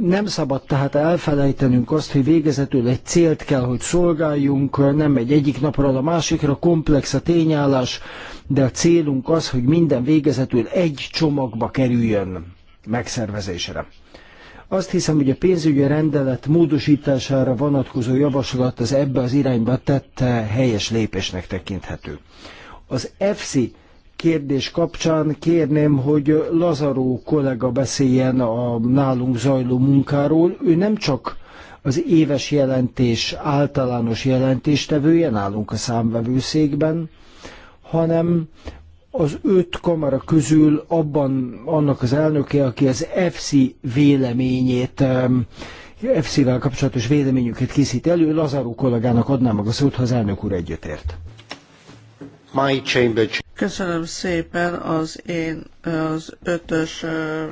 Nem szabad tehát elfelejtenünk azt, hogy végezetül egy célt kell, hogy szolgáljunk, nem egy egyik napról a másikra, komplex a tényállás, de a célunk az, hogy minden végezetül egy csomagba kerüljön megszervezésre. Azt hiszem, hogy a pénzügyi rendelet módosítására vonatkozó javaslat az ebbe az irányba tett helyes lépésnek tekinthető. Az EFSI kérdés kapcsán kérném, hogy Lazaró kollega beszéljen a nálunk zajló munkáról. Ő nem csak az éves jelentés általános jelentéstevője nálunk a számvevőszékben, hanem az öt kamara közül abban annak az elnöke, aki az FC véleményét, FC-vel kapcsolatos véleményüket készít elő, Lazaró kollégának adnám meg a szót, ha az elnök úr egyetért my chamber. Köszönöm szépen az én az ötös ö,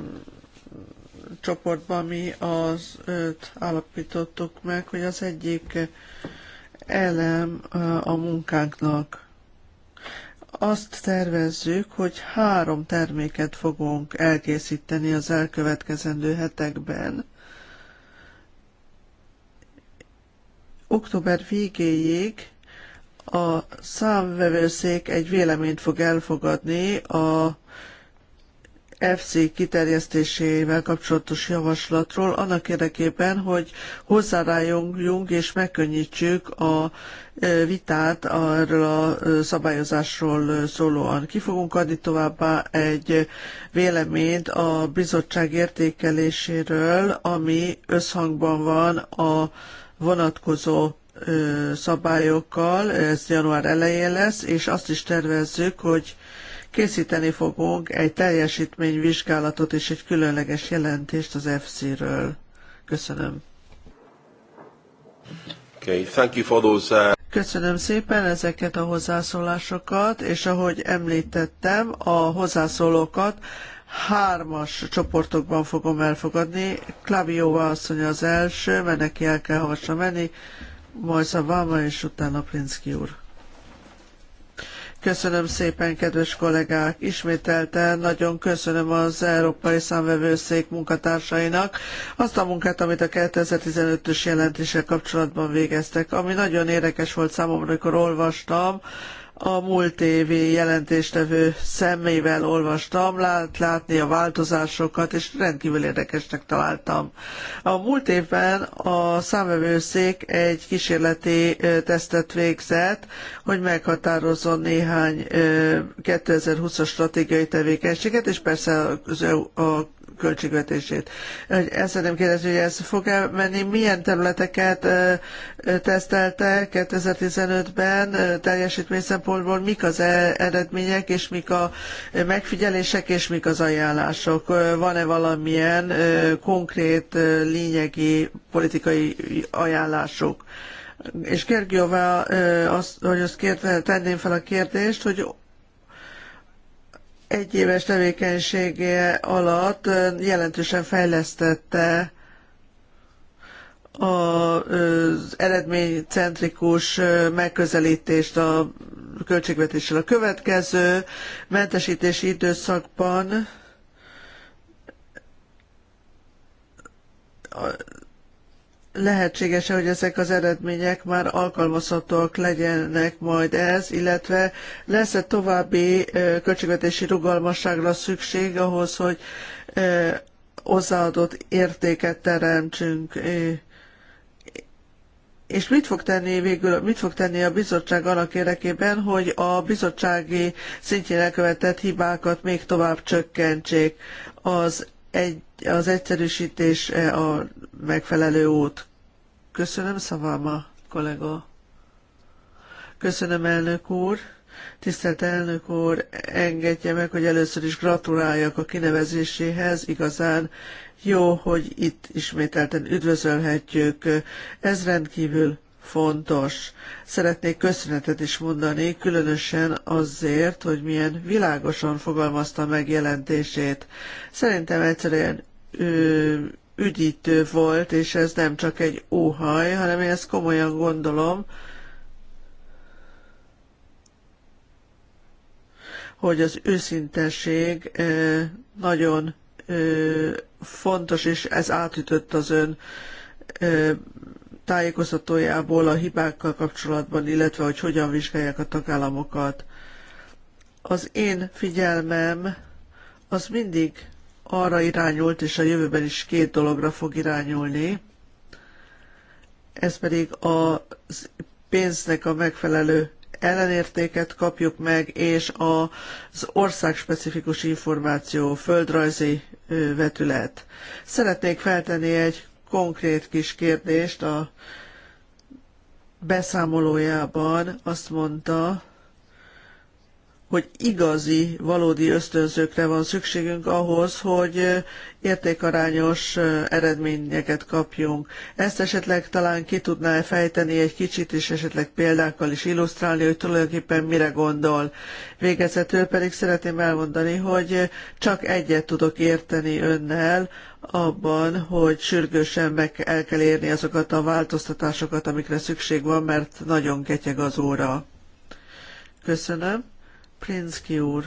csoportban mi az öt állapítottuk meg, hogy az egyik elem a munkánknak. Azt tervezzük, hogy három terméket fogunk elkészíteni az elkövetkezendő hetekben. Október végéig a számvevőszék egy véleményt fog elfogadni a FC kiterjesztésével kapcsolatos javaslatról annak érdekében, hogy hozzárájungjunk és megkönnyítsük a e, vitát erről a e, szabályozásról szólóan. Ki fogunk adni továbbá egy véleményt a bizottság értékeléséről, ami összhangban van a vonatkozó szabályokkal, ez január elején lesz, és azt is tervezzük, hogy készíteni fogunk egy teljesítményvizsgálatot és egy különleges jelentést az FC-ről. Köszönöm. Okay, thank you for those, uh... Köszönöm szépen ezeket a hozzászólásokat, és ahogy említettem, a hozzászólókat hármas csoportokban fogom elfogadni. Klavióva asszony az első, mert neki el kell havasra menni. Vajszaváma, és utána Prinszki úr. Köszönöm szépen, kedves kollégák! Ismételten nagyon köszönöm az Európai Számvevőszék munkatársainak azt a munkát, amit a 2015-ös jelentéssel kapcsolatban végeztek, ami nagyon érdekes volt számomra, amikor olvastam, a múlt évi jelentéstevő szemével olvastam, lát, látni a változásokat, és rendkívül érdekesnek találtam. A múlt évben a számvevőszék egy kísérleti tesztet végzett, hogy meghatározzon néhány 2020-as stratégiai tevékenységet, és persze az a költségvetését. Ezt szeretném kérdezni, hogy ez fog-e menni, milyen területeket teszteltek 2015-ben teljesítmény szempontból, mik az e, eredmények, és mik a megfigyelések, és mik az ajánlások. Van-e valamilyen konkrét lényegi politikai ajánlásuk? És Gergióvá azt, hogy azt kér, tenném fel a kérdést, hogy egy éves tevékenysége alatt jelentősen fejlesztette az eredménycentrikus megközelítést a költségvetéssel. A következő mentesítési időszakban lehetséges-e, hogy ezek az eredmények már alkalmazhatóak legyenek majd ez, illetve lesz-e további költségvetési rugalmasságra szükség ahhoz, hogy hozzáadott értéket teremtsünk? És mit fog tenni végül, mit fog tenni a bizottság annak érdekében, hogy a bizottsági szintjén elkövetett hibákat még tovább csökkentsék? Az egy az egyszerűsítés, a megfelelő út. Köszönöm, Szavalma kollega. Köszönöm, elnök úr. Tisztelt elnök úr, engedje meg, hogy először is gratuláljak a kinevezéséhez. Igazán jó, hogy itt ismételten üdvözölhetjük. Ez rendkívül fontos. Szeretnék köszönetet is mondani, különösen azért, hogy milyen világosan fogalmazta meg jelentését. Szerintem egyszerűen ő, üdítő volt, és ez nem csak egy óhaj, hanem én ezt komolyan gondolom, hogy az őszintesség nagyon fontos, és ez átütött az ön tájékoztatójából a hibákkal kapcsolatban, illetve hogy hogyan vizsgálják a tagállamokat. Az én figyelmem az mindig arra irányult, és a jövőben is két dologra fog irányulni. Ez pedig a pénznek a megfelelő ellenértéket kapjuk meg, és az országspecifikus információ, földrajzi vetület. Szeretnék feltenni egy konkrét kis kérdést a beszámolójában azt mondta, hogy igazi, valódi ösztönzőkre van szükségünk ahhoz, hogy értékarányos eredményeket kapjunk. Ezt esetleg talán ki tudná -e fejteni egy kicsit, és esetleg példákkal is illusztrálni, hogy tulajdonképpen mire gondol. Végezetül pedig szeretném elmondani, hogy csak egyet tudok érteni önnel, abban, hogy sürgősen meg el kell érni azokat a változtatásokat, amikre szükség van, mert nagyon ketyeg az óra. Köszönöm. Prinszki úr.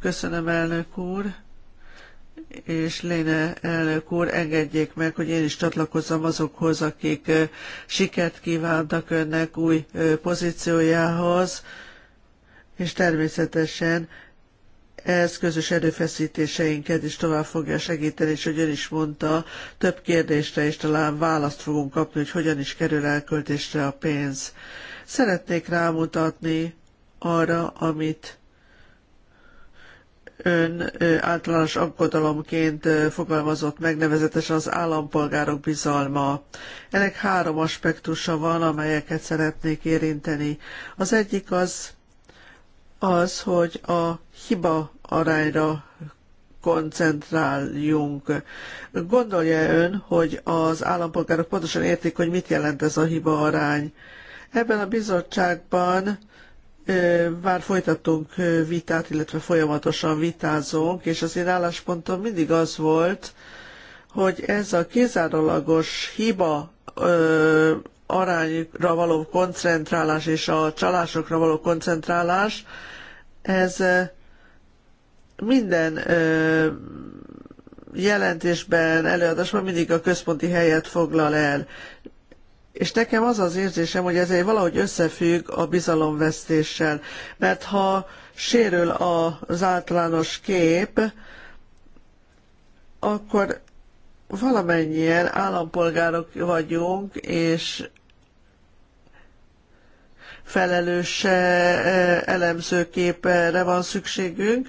Köszönöm, elnök úr és Léne elnök úr, engedjék meg, hogy én is csatlakozzam azokhoz, akik siket kívántak önnek új pozíciójához, és természetesen ez közös erőfeszítéseinket is tovább fogja segíteni, és hogy ön is mondta, több kérdésre is talán választ fogunk kapni, hogy hogyan is kerül elköltésre a pénz. Szeretnék rámutatni arra, amit ön általános aggodalomként fogalmazott meg, nevezetesen az állampolgárok bizalma. Ennek három aspektusa van, amelyeket szeretnék érinteni. Az egyik az, az hogy a hiba arányra koncentráljunk. Gondolja ön, hogy az állampolgárok pontosan értik, hogy mit jelent ez a hiba arány? Ebben a bizottságban már folytattunk vitát, illetve folyamatosan vitázunk, és az én álláspontom mindig az volt, hogy ez a kizárólagos hiba ö, arányra való koncentrálás és a csalásokra való koncentrálás, ez minden ö, jelentésben, előadásban mindig a központi helyet foglal el. És nekem az az érzésem, hogy ez valahogy összefügg a bizalomvesztéssel, mert ha sérül az általános kép, akkor valamennyien állampolgárok vagyunk, és felelős e, elemzőképre van szükségünk,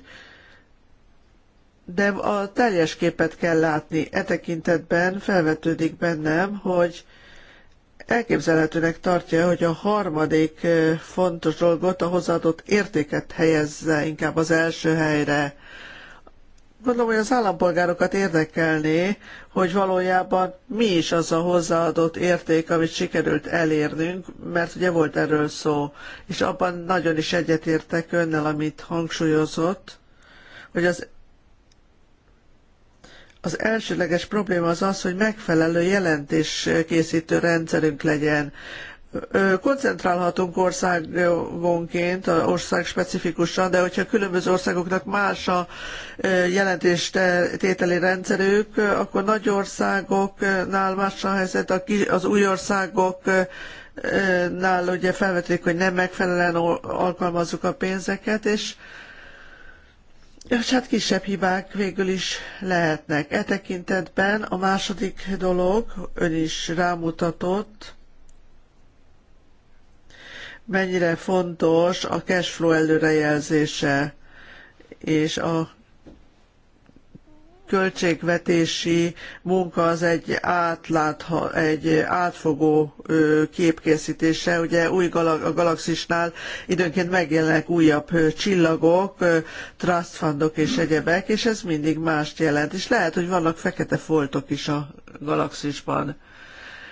de a teljes képet kell látni. E tekintetben felvetődik bennem, hogy elképzelhetőnek tartja, hogy a harmadik fontos dolgot, a hozzáadott értéket helyezze inkább az első helyre. Gondolom, hogy az állampolgárokat érdekelné, hogy valójában mi is az a hozzáadott érték, amit sikerült elérnünk, mert ugye volt erről szó, és abban nagyon is egyetértek önnel, amit hangsúlyozott, hogy az az elsőleges probléma az az, hogy megfelelő jelentéskészítő rendszerünk legyen. Koncentrálhatunk országonként, ország specifikusan, de hogyha különböző országoknak más a jelentéstételi rendszerük, akkor nagy országoknál más a helyzet, az új országok nál ugye felvetődik, hogy nem megfelelően alkalmazzuk a pénzeket, és és hát kisebb hibák végül is lehetnek. E tekintetben a második dolog, ön is rámutatott, mennyire fontos a flow előrejelzése és a költségvetési munka az egy, átlátha, egy átfogó képkészítése. Ugye új galag, a galaxisnál időnként megjelennek újabb csillagok, trust fundok és egyebek, és ez mindig mást jelent. És lehet, hogy vannak fekete foltok is a galaxisban.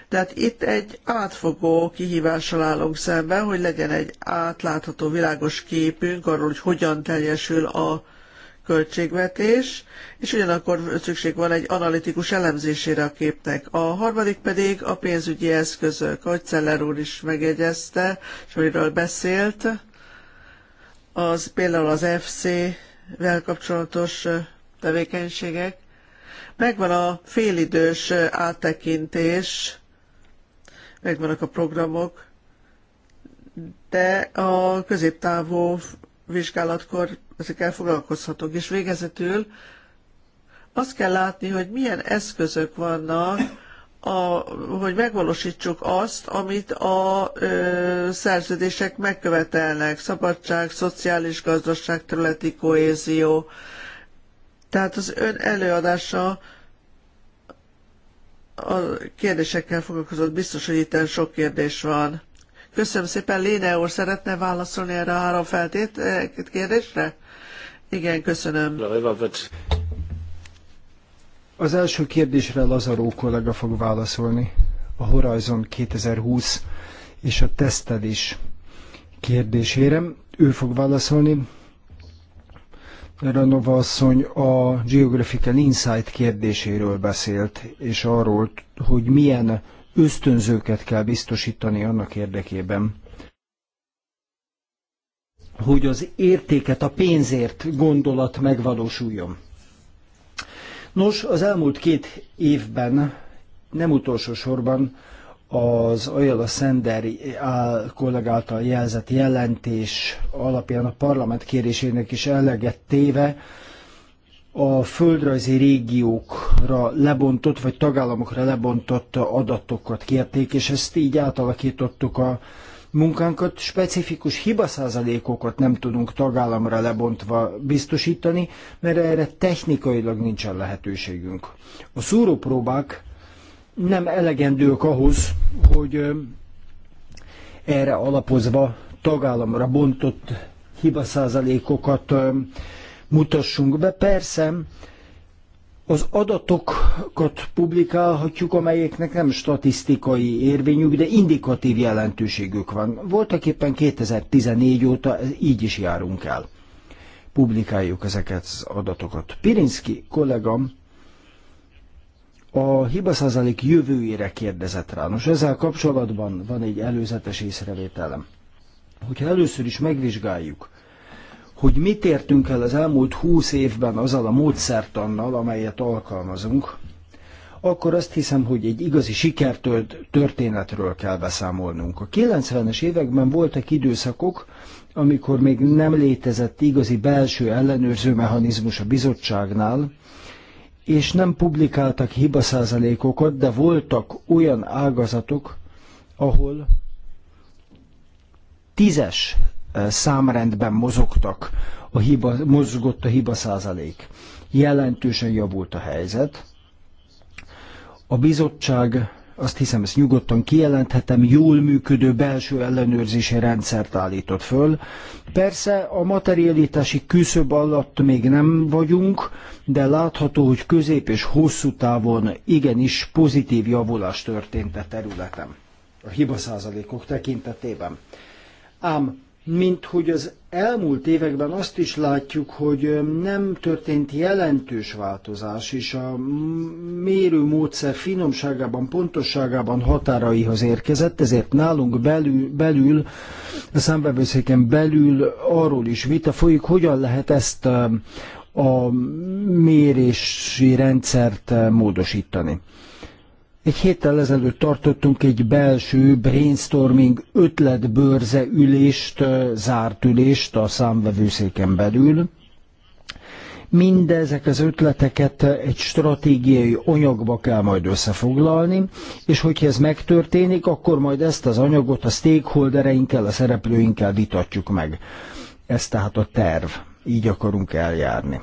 Tehát itt egy átfogó kihívással állunk szemben, hogy legyen egy átlátható, világos képünk arról, hogy hogyan teljesül a költségvetés, és ugyanakkor szükség van egy analitikus elemzésére a képnek. A harmadik pedig a pénzügyi eszközök, ahogy Celler úr is megjegyezte, és amiről beszélt, az például az FC-vel kapcsolatos tevékenységek. Megvan a félidős áttekintés, megvannak a programok, de a középtávú vizsgálatkor ezekkel foglalkozhatunk. És végezetül azt kell látni, hogy milyen eszközök vannak, a, hogy megvalósítsuk azt, amit a ö, szerződések megkövetelnek. Szabadság, szociális gazdaság, területi kohézió. Tehát az ön előadása a kérdésekkel foglalkozott. Biztos, hogy itt sok kérdés van. Köszönöm szépen. Léne úr szeretne válaszolni erre a három feltét eh, kérdésre? Igen, köszönöm. Az első kérdésre Lazaró kollega fog válaszolni. A Horizon 2020 és a tesztelés kérdésére. Ő fog válaszolni. Ranova asszony a Geographical Insight kérdéséről beszélt, és arról, hogy milyen ösztönzőket kell biztosítani annak érdekében, hogy az értéket a pénzért gondolat megvalósuljon. Nos, az elmúlt két évben, nem utolsó sorban, az Ajala Szender kollég által jelzett jelentés alapján a parlament kérésének is eleget téve a földrajzi régiókra lebontott, vagy tagállamokra lebontott adatokat kérték, és ezt így átalakítottuk a munkánkat, specifikus hibaszázalékokat nem tudunk tagállamra lebontva biztosítani, mert erre technikailag nincsen lehetőségünk. A szúrópróbák nem elegendők ahhoz, hogy erre alapozva tagállamra bontott hibaszázalékokat mutassunk be. Persze, az adatokat publikálhatjuk, amelyeknek nem statisztikai érvényük, de indikatív jelentőségük van. Voltak éppen 2014 óta így is járunk el. Publikáljuk ezeket az adatokat. Pirinski kollégam a hibaszázalék jövőjére kérdezett rá. Nos, ezzel kapcsolatban van egy előzetes észrevételem. Hogyha először is megvizsgáljuk, hogy mit értünk el az elmúlt húsz évben azzal a módszertannal, amelyet alkalmazunk, akkor azt hiszem, hogy egy igazi sikertől történetről kell beszámolnunk. A 90-es években voltak időszakok, amikor még nem létezett igazi belső ellenőrző mechanizmus a bizottságnál, és nem publikáltak hibaszázalékokat, de voltak olyan ágazatok, ahol tízes számrendben mozogtak, a hiba, mozgott a hiba százalék. Jelentősen javult a helyzet. A bizottság, azt hiszem ezt nyugodtan kijelenthetem, jól működő belső ellenőrzési rendszert állított föl. Persze a materialitási küszöb alatt még nem vagyunk, de látható, hogy közép és hosszú távon igenis pozitív javulás történt a területen. A hibaszázalékok tekintetében. Ám mint hogy az elmúlt években azt is látjuk, hogy nem történt jelentős változás, és a mérőmódszer finomságában, pontosságában határaihoz érkezett, ezért nálunk belül, belül a számbevőszéken belül arról is vita folyik, hogyan lehet ezt a mérési rendszert módosítani. Egy héttel ezelőtt tartottunk egy belső brainstorming ötletbőrze ülést, zárt ülést a számvevőszéken belül. Mindezek az ötleteket egy stratégiai anyagba kell majd összefoglalni, és hogyha ez megtörténik, akkor majd ezt az anyagot a stakeholdereinkkel, a szereplőinkkel vitatjuk meg. Ez tehát a terv. Így akarunk eljárni.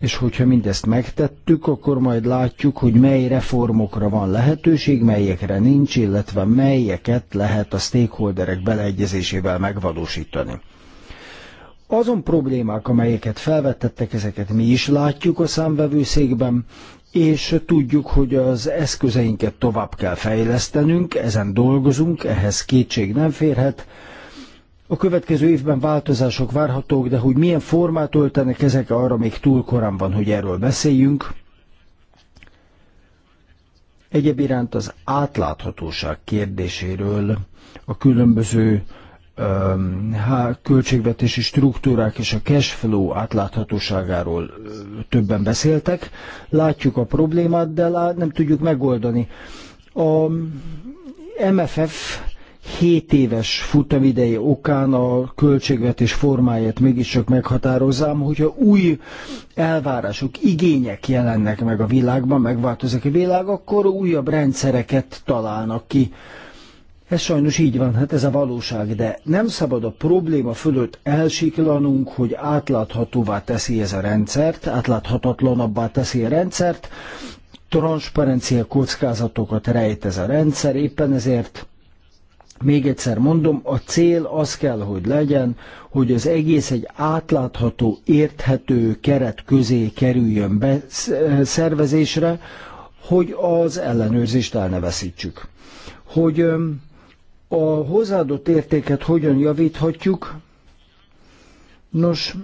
És hogyha mindezt megtettük, akkor majd látjuk, hogy mely reformokra van lehetőség, melyekre nincs, illetve melyeket lehet a stakeholderek beleegyezésével megvalósítani. Azon problémák, amelyeket felvetettek, ezeket mi is látjuk a számvevőszékben, és tudjuk, hogy az eszközeinket tovább kell fejlesztenünk, ezen dolgozunk, ehhez kétség nem férhet, a következő évben változások várhatók, de hogy milyen formát öltenek ezek, arra még túl korán van, hogy erről beszéljünk. Egyéb iránt az átláthatóság kérdéséről a különböző um, költségvetési struktúrák és a cash flow átláthatóságáról többen beszéltek. Látjuk a problémát, de nem tudjuk megoldani. A MFF 7 éves futamideje okán a költségvetés formáját mégiscsak meghatározzám, hogyha új elvárások, igények jelennek meg a világban, megváltozik a világ, akkor újabb rendszereket találnak ki. Ez sajnos így van, hát ez a valóság, de nem szabad a probléma fölött elsiklanunk, hogy átláthatóvá teszi ez a rendszert, átláthatatlanabbá teszi a rendszert, transzparencia kockázatokat rejt ez a rendszer, éppen ezért még egyszer mondom, a cél az kell, hogy legyen, hogy az egész egy átlátható, érthető keret közé kerüljön be szervezésre, hogy az ellenőrzést el ne veszítsük. Hogy a hozzáadott értéket hogyan javíthatjuk? Nos,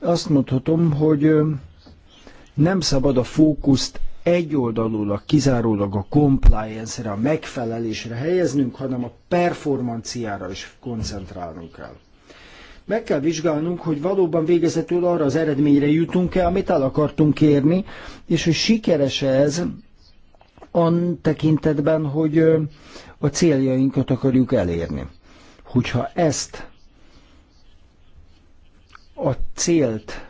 azt mondhatom, hogy nem szabad a fókuszt egyoldalúlag kizárólag a compliance-re, a megfelelésre helyeznünk, hanem a performanciára is koncentrálnunk kell. Meg kell vizsgálnunk, hogy valóban végezetül arra az eredményre jutunk-e, amit el akartunk érni, és hogy sikeres -e ez an tekintetben, hogy a céljainkat akarjuk elérni. Hogyha ezt a célt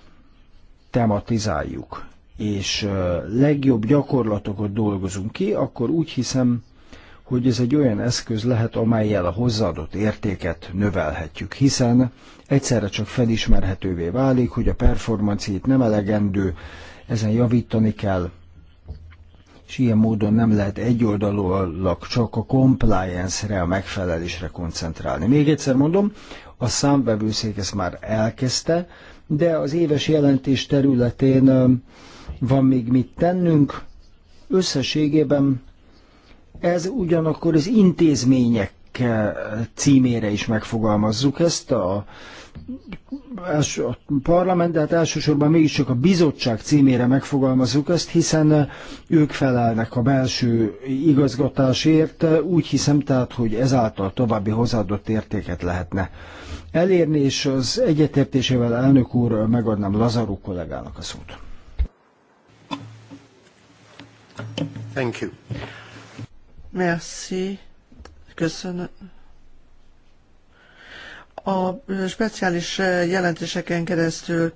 tematizáljuk, és legjobb gyakorlatokat dolgozunk ki, akkor úgy hiszem, hogy ez egy olyan eszköz lehet, amelyel a hozzáadott értéket növelhetjük, hiszen egyszerre csak felismerhetővé válik, hogy a performance nem elegendő, ezen javítani kell, és ilyen módon nem lehet egyoldalúlag csak a compliance-re, a megfelelésre koncentrálni. Még egyszer mondom, a számbevőszék ezt már elkezdte, de az éves jelentés területén van még mit tennünk. Összességében ez ugyanakkor az intézmények eh, címére is megfogalmazzuk ezt a, a parlament, de hát elsősorban mégiscsak a bizottság címére megfogalmazzuk ezt, hiszen eh, ők felelnek a belső igazgatásért, úgy hiszem tehát, hogy ezáltal további hozzáadott értéket lehetne elérni, és az egyetértésével elnök úr megadnám Lazaru kollégának a szót. Thank you. Merci. Köszönöm. A speciális jelentéseken keresztül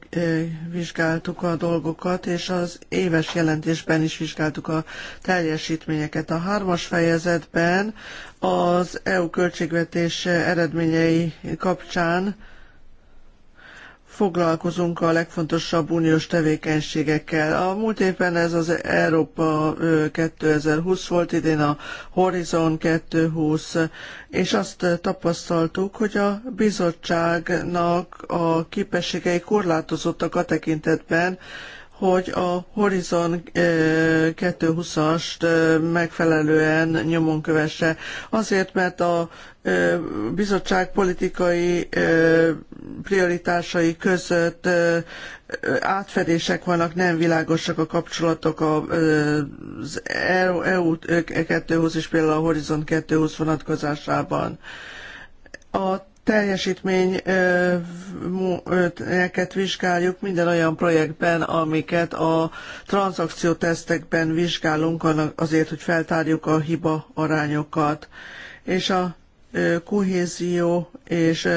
vizsgáltuk a dolgokat, és az éves jelentésben is vizsgáltuk a teljesítményeket. A hármas fejezetben az EU költségvetés eredményei kapcsán foglalkozunk a legfontosabb uniós tevékenységekkel. A múlt évben ez az Európa 2020 volt, idén a Horizon 2020, és azt tapasztaltuk, hogy a bizottságnak a képességei korlátozottak a tekintetben, hogy a Horizon 220-ast eh, eh, megfelelően nyomon kövesse. Azért, mert a eh, bizottság politikai prioritásai között átfedések vannak, nem világosak a kapcsolatok az EU 220 e és például a Horizon 220 vonatkozásában. A teljesítményeket vizsgáljuk minden olyan projektben, amiket a tranzakciótesztekben vizsgálunk azért, hogy feltárjuk a hiba arányokat. És a kohézió és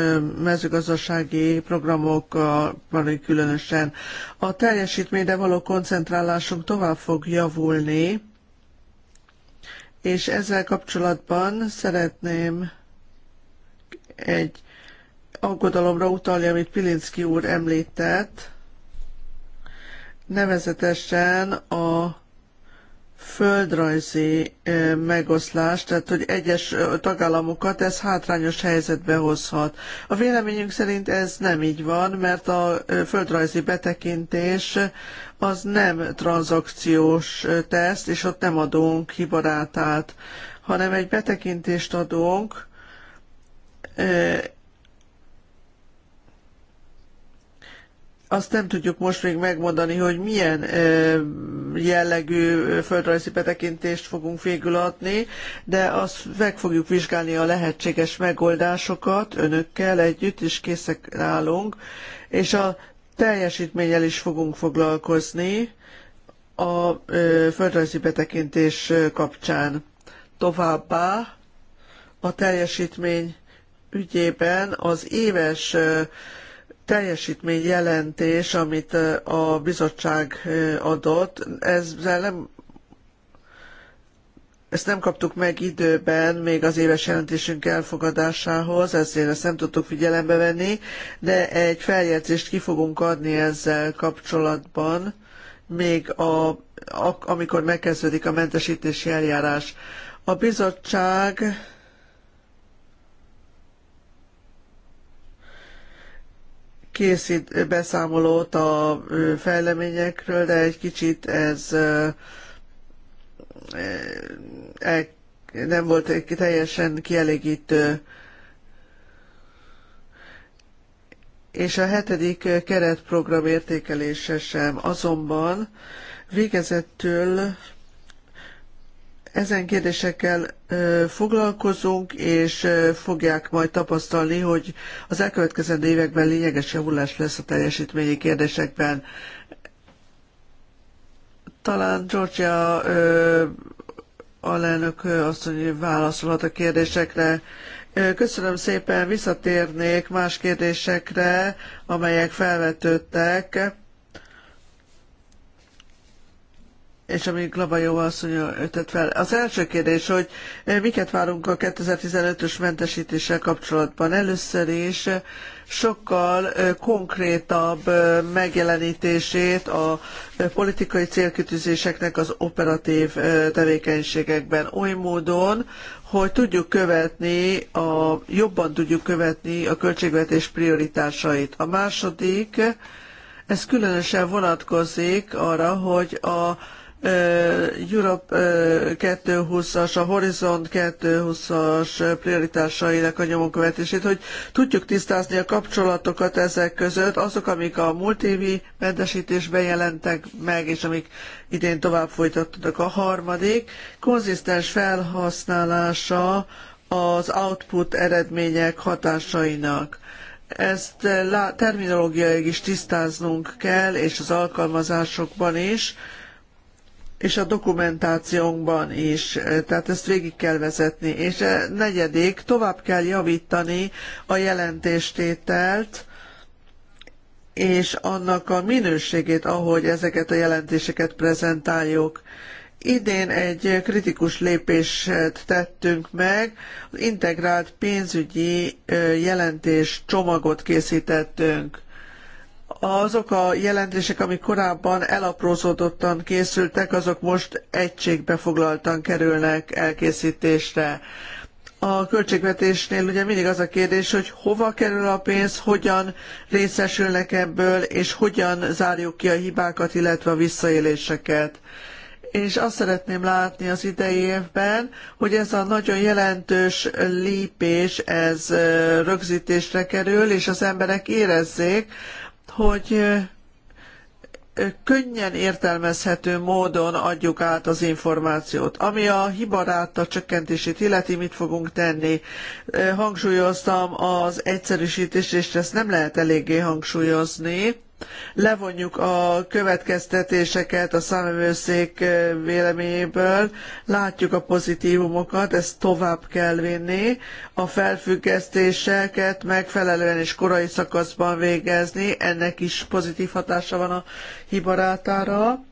mezőgazdasági programokban különösen. A teljesítményre való koncentrálásunk tovább fog javulni, és ezzel kapcsolatban szeretném egy aggodalomra utalni, amit Pilinszki úr említett, nevezetesen a földrajzi eh, megoszlás, tehát hogy egyes eh, tagállamokat ez hátrányos helyzetbe hozhat. A véleményünk szerint ez nem így van, mert a eh, földrajzi betekintés az nem tranzakciós teszt, és ott nem adunk hibarátát, hanem egy betekintést adunk, azt nem tudjuk most még megmondani, hogy milyen jellegű földrajzi betekintést fogunk végül adni, de azt meg fogjuk vizsgálni a lehetséges megoldásokat önökkel együtt, és készek állunk, és a teljesítménnyel is fogunk foglalkozni a földrajzi betekintés kapcsán. Továbbá a teljesítmény ügyében az éves teljesítményjelentés, amit a bizottság adott, ezzel nem ezt nem kaptuk meg időben, még az éves jelentésünk elfogadásához, ezért ezt nem tudtuk figyelembe venni, de egy feljegyzést ki fogunk adni ezzel kapcsolatban, még a, amikor megkezdődik a mentesítési eljárás. A bizottság készít beszámolót a fejleményekről, de egy kicsit ez nem volt teljesen kielégítő. És a hetedik keretprogram értékelése sem. Azonban végezettől ezen kérdésekkel foglalkozunk, és fogják majd tapasztalni, hogy az elkövetkezendő években lényeges javulás lesz a teljesítményi kérdésekben. Talán Georgia alelnök asszony válaszolhat a kérdésekre. Köszönöm szépen, visszatérnék más kérdésekre, amelyek felvetődtek és amit Glabajó asszony tett fel. Az első kérdés, hogy eh, miket várunk a 2015-ös mentesítéssel kapcsolatban. Először is eh, sokkal eh, konkrétabb megjelenítését a politikai célkitűzéseknek az operatív tevékenységekben oly módon, hogy tudjuk követni, a, jobban tudjuk követni a költségvetés prioritásait. A második, ez különösen vonatkozik arra, hogy a Europe 2020-as, a Horizon 2020-as prioritásainak a nyomon követését, hogy tudjuk tisztázni a kapcsolatokat ezek között, azok, amik a évi mentesítésben jelentek meg, és amik idén tovább folytatódnak. A harmadik, konzisztens felhasználása az output eredmények hatásainak. Ezt eh, terminológiaig is tisztáznunk kell, és az alkalmazásokban is, és a dokumentációnkban is, eh, tehát ezt végig kell vezetni. És a eh, negyedik, tovább kell javítani a jelentéstételt, és annak a minőségét, ahogy ezeket a jelentéseket prezentáljuk. Idén egy kritikus lépést tettünk meg, integrált pénzügyi eh, jelentés csomagot készítettünk azok a jelentések, amik korábban elaprózódottan készültek, azok most egységbe foglaltan kerülnek elkészítésre. A költségvetésnél ugye mindig az a kérdés, hogy hova kerül a pénz, hogyan részesülnek ebből, és hogyan zárjuk ki a hibákat, illetve a visszaéléseket és azt szeretném látni az idei évben, hogy ez a nagyon jelentős lépés, ez rögzítésre kerül, és az emberek érezzék, hogy könnyen értelmezhető módon adjuk át az információt. Ami a hibaráta csökkentését illeti, mit fogunk tenni? Hangsúlyoztam az egyszerűsítést, és ezt nem lehet eléggé hangsúlyozni levonjuk a következtetéseket a számvevőszék eh, véleményéből, látjuk a pozitívumokat, ezt tovább kell vinni, a felfüggesztéseket megfelelően és korai szakaszban végezni, ennek is pozitív hatása van a hibarátára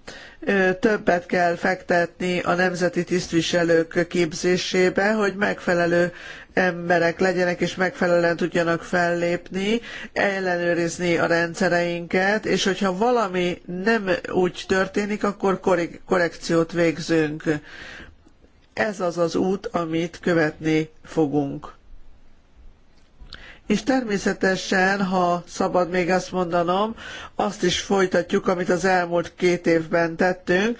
eh, többet kell fektetni a nemzeti tisztviselők képzésébe, hogy megfelelő emberek legyenek és megfelelően tudjanak fellépni, ellenőrizni a rendszereinket, és hogyha valami nem úgy történik, akkor korrekciót végzünk. Ez az az út, amit követni fogunk. És természetesen, ha szabad még azt mondanom, azt is folytatjuk, amit az elmúlt két évben tettünk.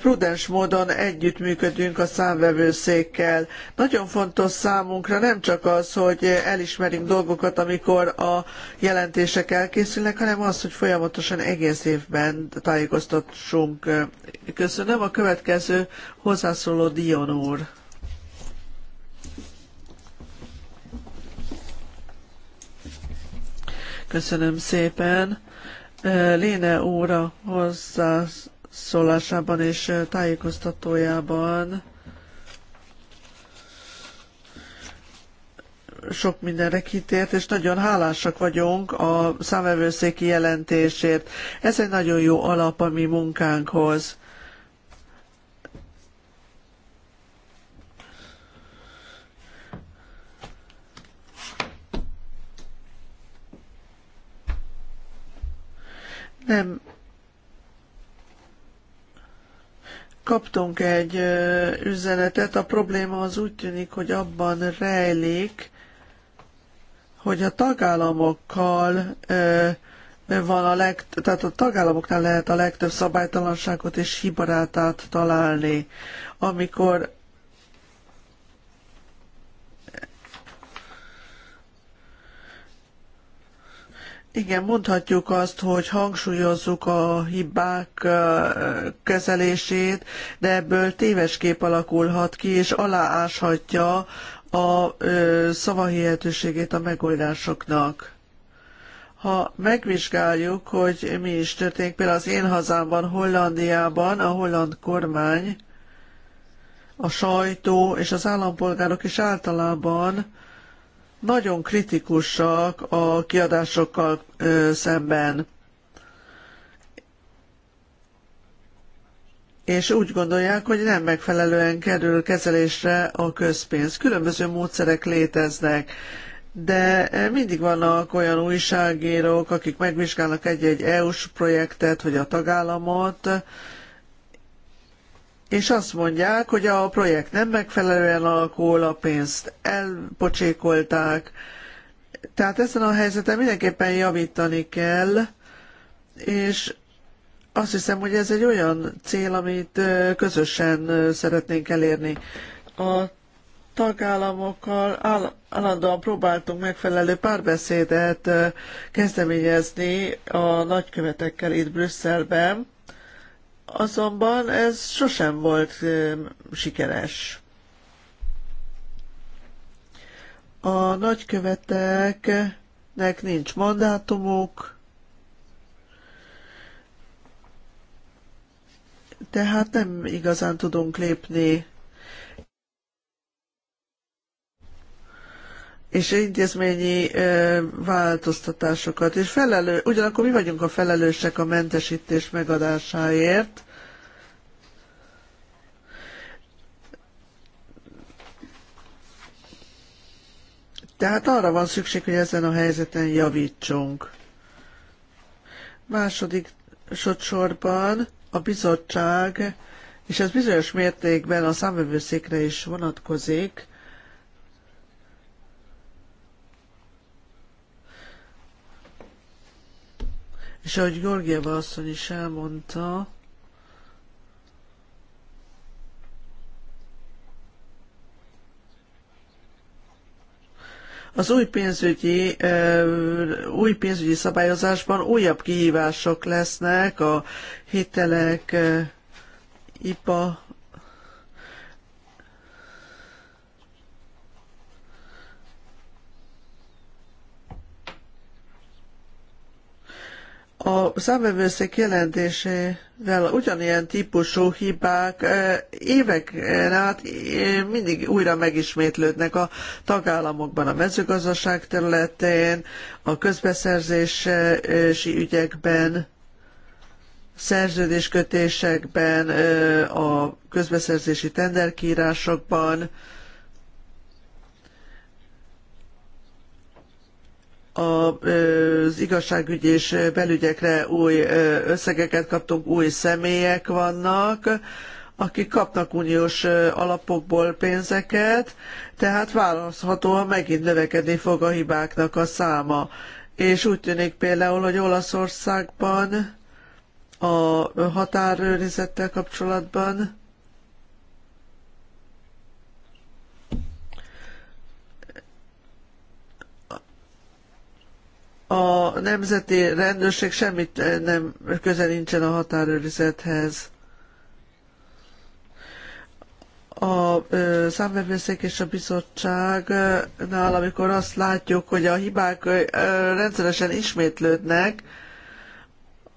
Prudens módon együttműködünk a számvevőszékkel. Nagyon fontos számunkra nem csak az, hogy elismerünk dolgokat, amikor a jelentések elkészülnek, hanem az, hogy folyamatosan egész évben tájékoztassunk. Köszönöm. A következő hozzászóló Dion úr. Köszönöm szépen. Léne óra hozzászólásában és tájékoztatójában sok mindenre kitért, és nagyon hálásak vagyunk a számvevőszéki jelentésért. Ez egy nagyon jó alap a mi munkánkhoz nem kaptunk egy üzenetet. A probléma az úgy tűnik, hogy abban rejlik, hogy a tagállamokkal van a leg, tehát a tagállamoknál lehet a legtöbb szabálytalanságot és hibarátát találni. Amikor Igen, mondhatjuk azt, hogy hangsúlyozzuk a hibák kezelését, de ebből téves kép alakulhat ki, és alááshatja a szavahihetőségét a megoldásoknak. Ha megvizsgáljuk, hogy mi is történik, például az én hazámban, Hollandiában a holland kormány, a sajtó és az állampolgárok is általában nagyon kritikusak a kiadásokkal szemben. és úgy gondolják, hogy nem megfelelően kerül kezelésre a közpénz. Különböző módszerek léteznek, de mindig vannak olyan újságírók, akik megvizsgálnak egy-egy EU-s projektet, vagy a tagállamot, és azt mondják, hogy a projekt nem megfelelően alakul, a pénzt elpocsékolták. Tehát ezen a helyzeten mindenképpen javítani kell, és azt hiszem, hogy ez egy olyan cél, amit közösen szeretnénk elérni. A tagállamokkal állandóan próbáltunk megfelelő párbeszédet kezdeményezni a nagykövetekkel itt Brüsszelben, azonban ez sosem volt sikeres. A nagyköveteknek nincs mandátumuk, tehát nem igazán tudunk lépni és intézményi változtatásokat. És felelő, ugyanakkor mi vagyunk a felelősek a mentesítés megadásáért, Tehát arra van szükség, hogy ezen a helyzeten javítsunk. Második sorban a bizottság, és ez bizonyos mértékben a számvevőszékre is vonatkozik, és ahogy Georgieva asszony is elmondta, Az új pénzügyi, új pénzügyi szabályozásban újabb kihívások lesznek a hitelek, IPA A számvevőszék jelentésével ugyanilyen típusú hibák éveken át mindig újra megismétlődnek a tagállamokban, a mezőgazdaság területén, a közbeszerzési ügyekben, szerződéskötésekben, a közbeszerzési tenderkírásokban, az igazságügy és belügyekre új összegeket kaptunk, új személyek vannak, akik kapnak uniós alapokból pénzeket, tehát választhatóan megint növekedni fog a hibáknak a száma. És úgy tűnik például, hogy Olaszországban a határőrizettel kapcsolatban a nemzeti rendőrség semmit eh, nem köze nincsen a határőrizethez. a eh, számvevőszék és a bizottságnál, amikor azt látjuk, hogy a hibák eh, rendszeresen ismétlődnek,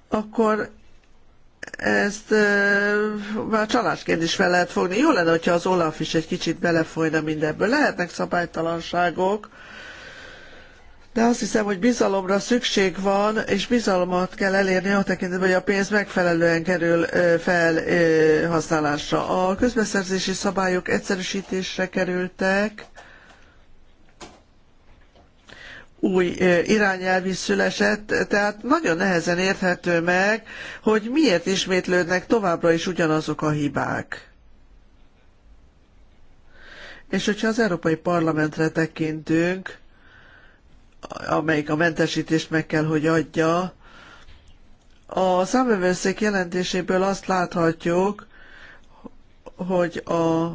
akkor ezt már csalásként is fel lehet fogni. Jó lenne, hogyha az Olaf is egy kicsit belefolyna mindebből. Lehetnek szabálytalanságok, de azt hiszem, hogy bizalomra szükség van, és bizalmat kell elérni a tekintetben, hogy a pénz megfelelően kerül felhasználásra. A közbeszerzési szabályok egyszerűsítésre kerültek, új irányelv is szülesett, tehát nagyon nehezen érthető meg, hogy miért ismétlődnek továbbra is ugyanazok a hibák. És hogyha az Európai Parlamentre tekintünk, amelyik a mentesítést meg kell, hogy adja. A számövőszék jelentéséből azt láthatjuk, hogy a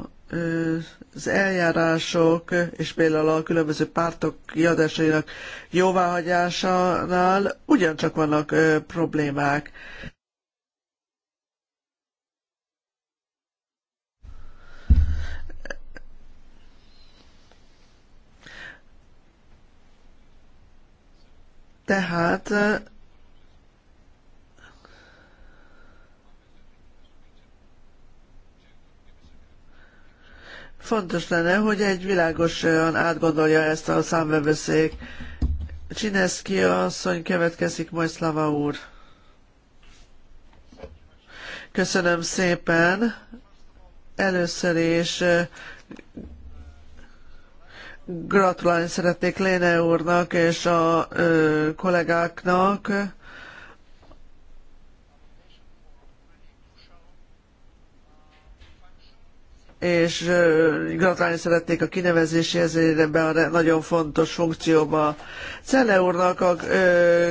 az eljárások és például a különböző pártok kiadásainak jóváhagyásánál ugyancsak vannak problémák. Tehát fontos lenne, hogy egy világosan átgondolja ezt a számvevőszék. Csineszki asszony következik, majd Szlava úr. Köszönöm szépen. Először is Gratulálni szeretnék Léne úrnak és a ö, kollégáknak. és gratulálni szeretnék a kinevezéséhez ebben a nagyon fontos funkcióba. Celle úrnak a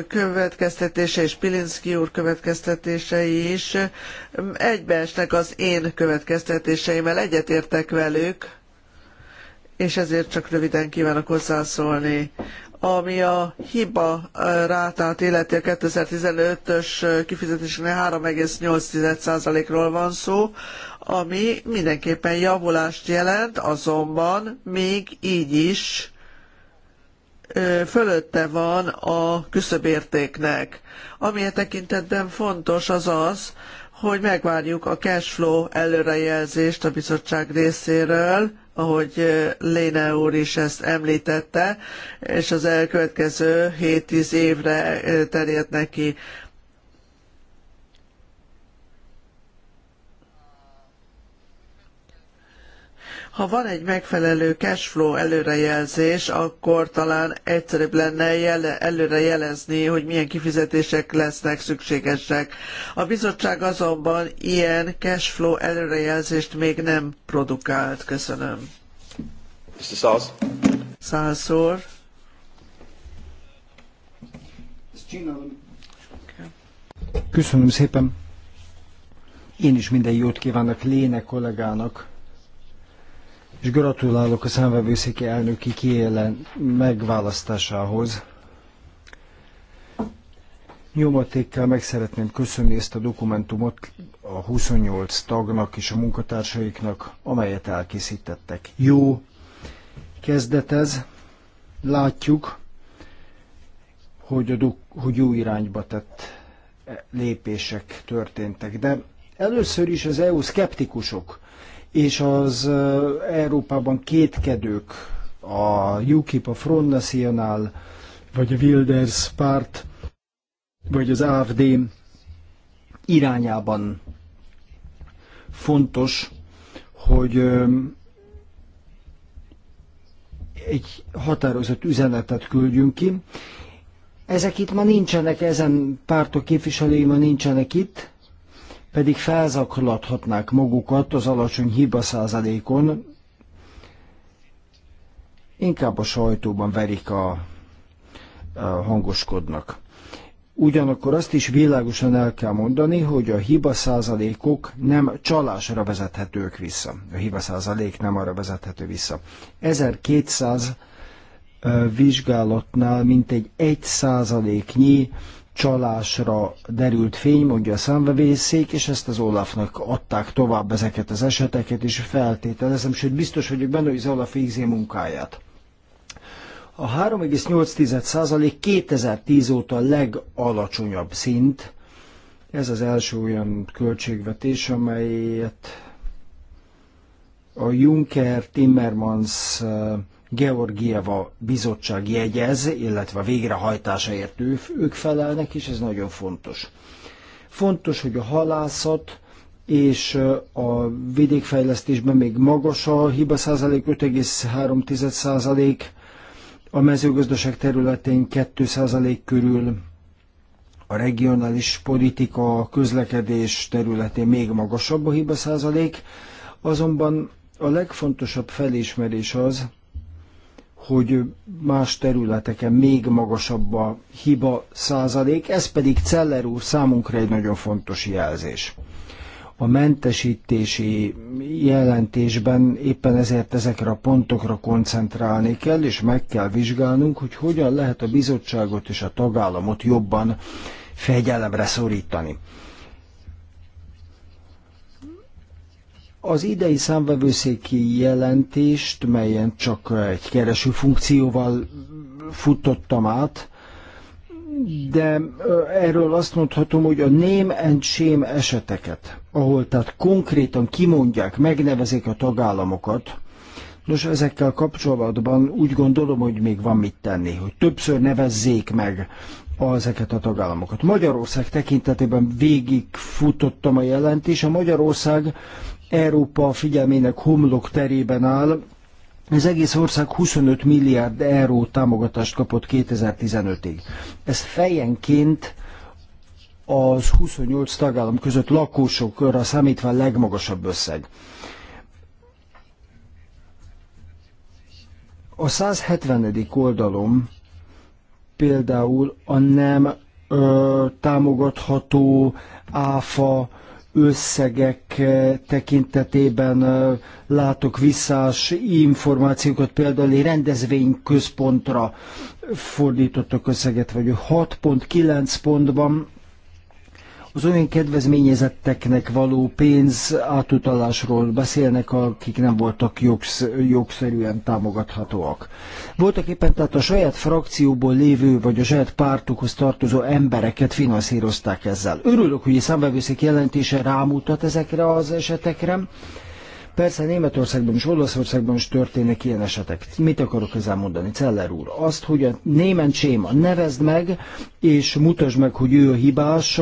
következtetése és Pilinszki úr következtetései is egybeesnek az én következtetéseimmel, egyetértek velük és ezért csak röviden kívánok hozzászólni ami a hiba rátát illeti a 2015-ös kifizetésénél 3,8%-ról van szó, ami mindenképpen javulást jelent, azonban még így is fölötte van a küszöbértéknek. Ami e tekintetben fontos az az, hogy megvárjuk a cash flow előrejelzést a bizottság részéről, ahogy Léne úr is ezt említette, és az elkövetkező 7-10 évre terjed neki. Ha van egy megfelelő cashflow előrejelzés, akkor talán egyszerűbb lenne jele, előre jelezni, hogy milyen kifizetések lesznek szükségesek. A bizottság azonban ilyen cashflow előrejelzést még nem produkált. Köszönöm. Mr. Száz. Százszor. Köszönöm szépen. Én is minden jót kívánok Léne kollégának és gratulálok a számvevőszéki elnöki kiélen megválasztásához. Nyomatékkel meg szeretném köszönni ezt a dokumentumot a 28 tagnak és a munkatársaiknak, amelyet elkészítettek. Jó kezdet ez, látjuk, hogy, a hogy jó irányba tett lépések történtek. De először is az EU szkeptikusok és az Európában kétkedők, a UKIP, a Front National, vagy a Wilders párt, vagy az AFD irányában fontos, hogy egy határozott üzenetet küldjünk ki. Ezek itt ma nincsenek, ezen pártok képviselői ma nincsenek itt, pedig felzaklathatnák magukat az alacsony hiba százalékon, inkább a sajtóban verik a, a hangoskodnak. Ugyanakkor azt is világosan el kell mondani, hogy a hiba százalékok nem csalásra vezethetők vissza. A hiba százalék nem arra vezethető vissza. 1200 vizsgálatnál mintegy 1 százaléknyi csalásra derült fény, mondja a számvevészék, és ezt az Olafnak adták tovább ezeket az eseteket, és feltételezem, sőt biztos vagyok benne, hogy az Olaf végzi munkáját. A 3,8% 2010 óta a legalacsonyabb szint, ez az első olyan költségvetés, amelyet a Juncker Timmermans Georgieva bizottság jegyez, illetve a végrehajtásaért ő, ők felelnek, és ez nagyon fontos. Fontos, hogy a halászat és a vidékfejlesztésben még magas a hiba százalék, 5,3 százalék, a mezőgazdaság területén 2 százalék körül, a regionális politika, közlekedés területén még magasabb a hiba százalék, azonban a legfontosabb felismerés az, hogy más területeken még magasabb a hiba százalék, ez pedig Celler úr számunkra egy nagyon fontos jelzés. A mentesítési jelentésben éppen ezért ezekre a pontokra koncentrálni kell, és meg kell vizsgálnunk, hogy hogyan lehet a bizottságot és a tagállamot jobban fegyelemre szorítani. Az idei számvevőszéki jelentést, melyen csak egy kereső funkcióval futottam át, de erről azt mondhatom, hogy a name and shame eseteket, ahol tehát konkrétan kimondják, megnevezik a tagállamokat, Nos, ezekkel kapcsolatban úgy gondolom, hogy még van mit tenni, hogy többször nevezzék meg ezeket a tagállamokat. Magyarország tekintetében végig futottam a jelentés. A Magyarország Európa figyelmének homlok terében áll. Az egész ország 25 milliárd euró támogatást kapott 2015-ig. Ez fejenként az 28 tagállam között lakósokra számítva a legmagasabb összeg. A 170. oldalom például a nem ö, támogatható áfa összegek eh, tekintetében eh, látok visszás információkat, például egy rendezvényközpontra fordítottak összeget, vagy 6.9 pontban az olyan kedvezményezetteknek való pénz átutalásról beszélnek, akik nem voltak jogsz, jogszerűen támogathatóak. Voltak éppen tehát a saját frakcióból lévő, vagy a saját pártukhoz tartozó embereket finanszírozták ezzel. Örülök, hogy a számbevőszék jelentése rámutat ezekre az esetekre, Persze Németországban és Olaszországban is történnek ilyen esetek. Mit akarok ezzel mondani, Celler úr? Azt, hogy a német séma nevezd meg, és mutasd meg, hogy ő a hibás,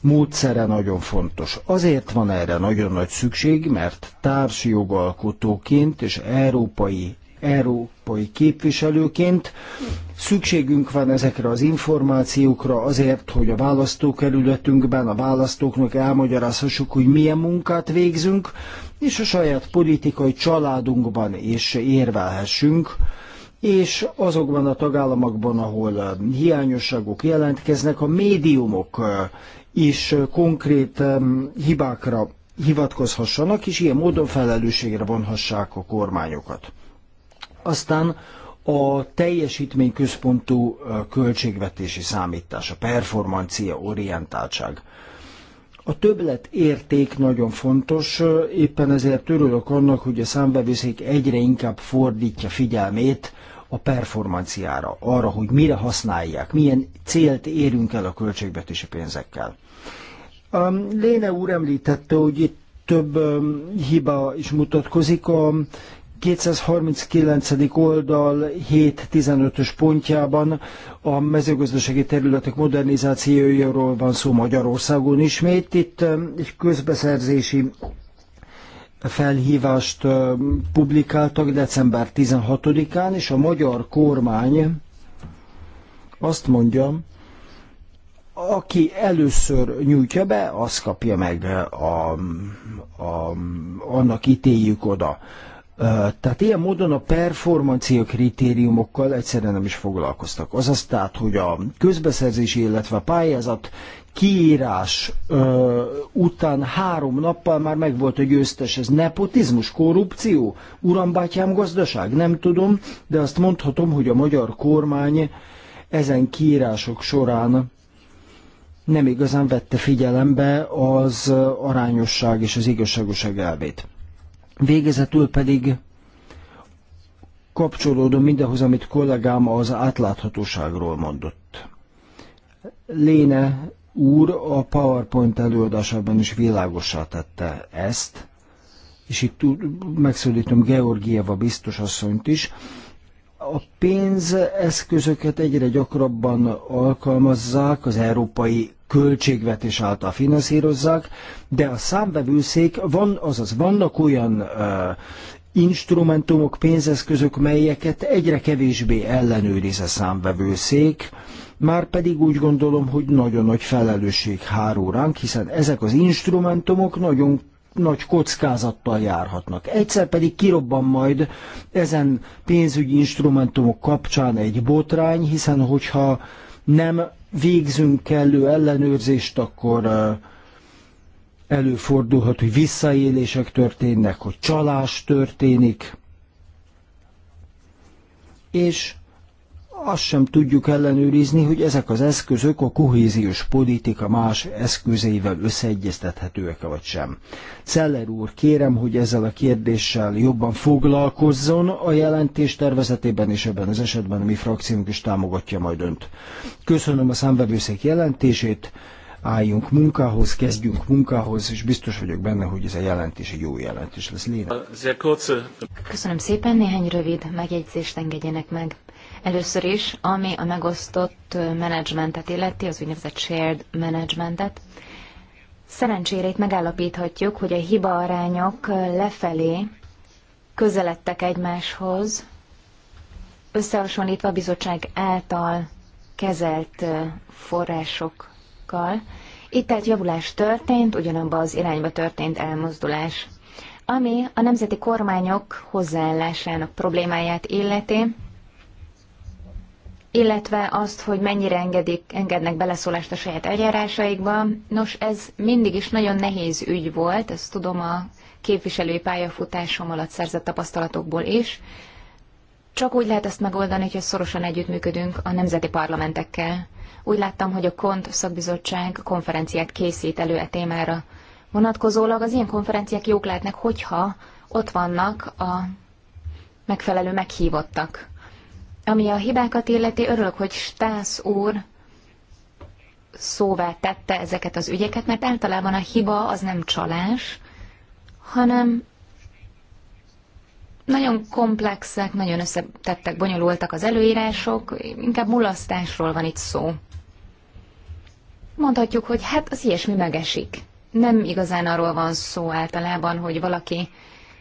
módszere nagyon fontos. Azért van erre nagyon nagy szükség, mert társjogalkotóként és európai európai képviselőként. Szükségünk van ezekre az információkra azért, hogy a választókerületünkben a választóknak elmagyarázhassuk, hogy milyen munkát végzünk, és a saját politikai családunkban is érvelhessünk és azokban a tagállamokban, ahol hiányosságok jelentkeznek, a médiumok is konkrét hibákra hivatkozhassanak, és ilyen módon felelősségre vonhassák a kormányokat. Aztán a teljesítményközpontú költségvetési számítás, a performancia orientáltság. A többlet érték nagyon fontos, éppen ezért örülök annak, hogy a számbevőszék egyre inkább fordítja figyelmét a performanciára, arra, hogy mire használják, milyen célt érünk el a költségvetési pénzekkel. Léne úr említette, hogy itt több hiba is mutatkozik. A 239. oldal 7.15-ös pontjában a mezőgazdasági területek modernizációjáról van szó Magyarországon ismét. Itt um, egy közbeszerzési felhívást um, publikáltak december 16-án, és a magyar kormány azt mondja, aki először nyújtja be, az kapja meg, a, um, a, annak ítéljük oda tehát ilyen módon a performancia kritériumokkal egyszerűen nem is foglalkoztak. Azaz tehát, hogy a közbeszerzési, illetve a pályázat kiírás ö, után három nappal már megvolt a győztes. Ez nepotizmus, korrupció, urambátyám gazdaság, nem tudom, de azt mondhatom, hogy a magyar kormány ezen kiírások során nem igazán vette figyelembe az arányosság és az igazságoság elvét. Végezetül pedig kapcsolódom mindahhoz, amit kollégám az átláthatóságról mondott. Léne úr a PowerPoint előadásában is világosá tette ezt, és itt megszólítom Georgieva biztos asszonyt is, a pénzeszközöket egyre gyakrabban alkalmazzák, az európai költségvetés által finanszírozzák, de a számvevőszék van, azaz vannak olyan uh, instrumentumok, pénzeszközök, melyeket egyre kevésbé ellenőriz a számvevőszék, már pedig úgy gondolom, hogy nagyon nagy felelősség hárul ránk, hiszen ezek az instrumentumok nagyon nagy kockázattal járhatnak. Egyszer pedig kirobban majd ezen pénzügyi instrumentumok kapcsán egy botrány, hiszen hogyha nem végzünk kellő ellenőrzést, akkor előfordulhat, hogy visszaélések történnek, hogy csalás történik, és azt sem tudjuk ellenőrizni, hogy ezek az eszközök a kohéziós politika más eszközeivel összeegyeztethetőek-e vagy sem. Celler úr, kérem, hogy ezzel a kérdéssel jobban foglalkozzon a jelentés tervezetében, és ebben az esetben a mi frakciónk is támogatja majd önt. Köszönöm a számbevőszék jelentését, álljunk munkához, kezdjünk munkához, és biztos vagyok benne, hogy ez a jelentés egy jó jelentés lesz. Léne. Köszönöm szépen, néhány rövid megjegyzést engedjenek meg. Először is, ami a megosztott menedzsmentet illeti, az úgynevezett shared managementet. Szerencsére itt megállapíthatjuk, hogy a hiba arányok lefelé közeledtek egymáshoz, összehasonlítva a bizottság által kezelt forrásokkal. Itt tehát javulás történt, ugyanabban az irányba történt elmozdulás. Ami a nemzeti kormányok hozzáállásának problémáját illeti, illetve azt, hogy mennyire engedik, engednek beleszólást a saját eljárásaikba. Nos, ez mindig is nagyon nehéz ügy volt, ezt tudom a képviselői pályafutásom alatt szerzett tapasztalatokból is. Csak úgy lehet ezt megoldani, hogyha szorosan együttműködünk a nemzeti parlamentekkel. Úgy láttam, hogy a KONT szakbizottság konferenciát készít elő a e témára. Vonatkozólag az ilyen konferenciák jók lehetnek, hogyha ott vannak a megfelelő meghívottak. Ami a hibákat illeti, örülök, hogy Stász úr szóvá tette ezeket az ügyeket, mert általában a hiba az nem csalás, hanem nagyon komplexek, nagyon összetettek, bonyolultak az előírások, inkább mulasztásról van itt szó. Mondhatjuk, hogy hát az ilyesmi megesik. Nem igazán arról van szó általában, hogy valaki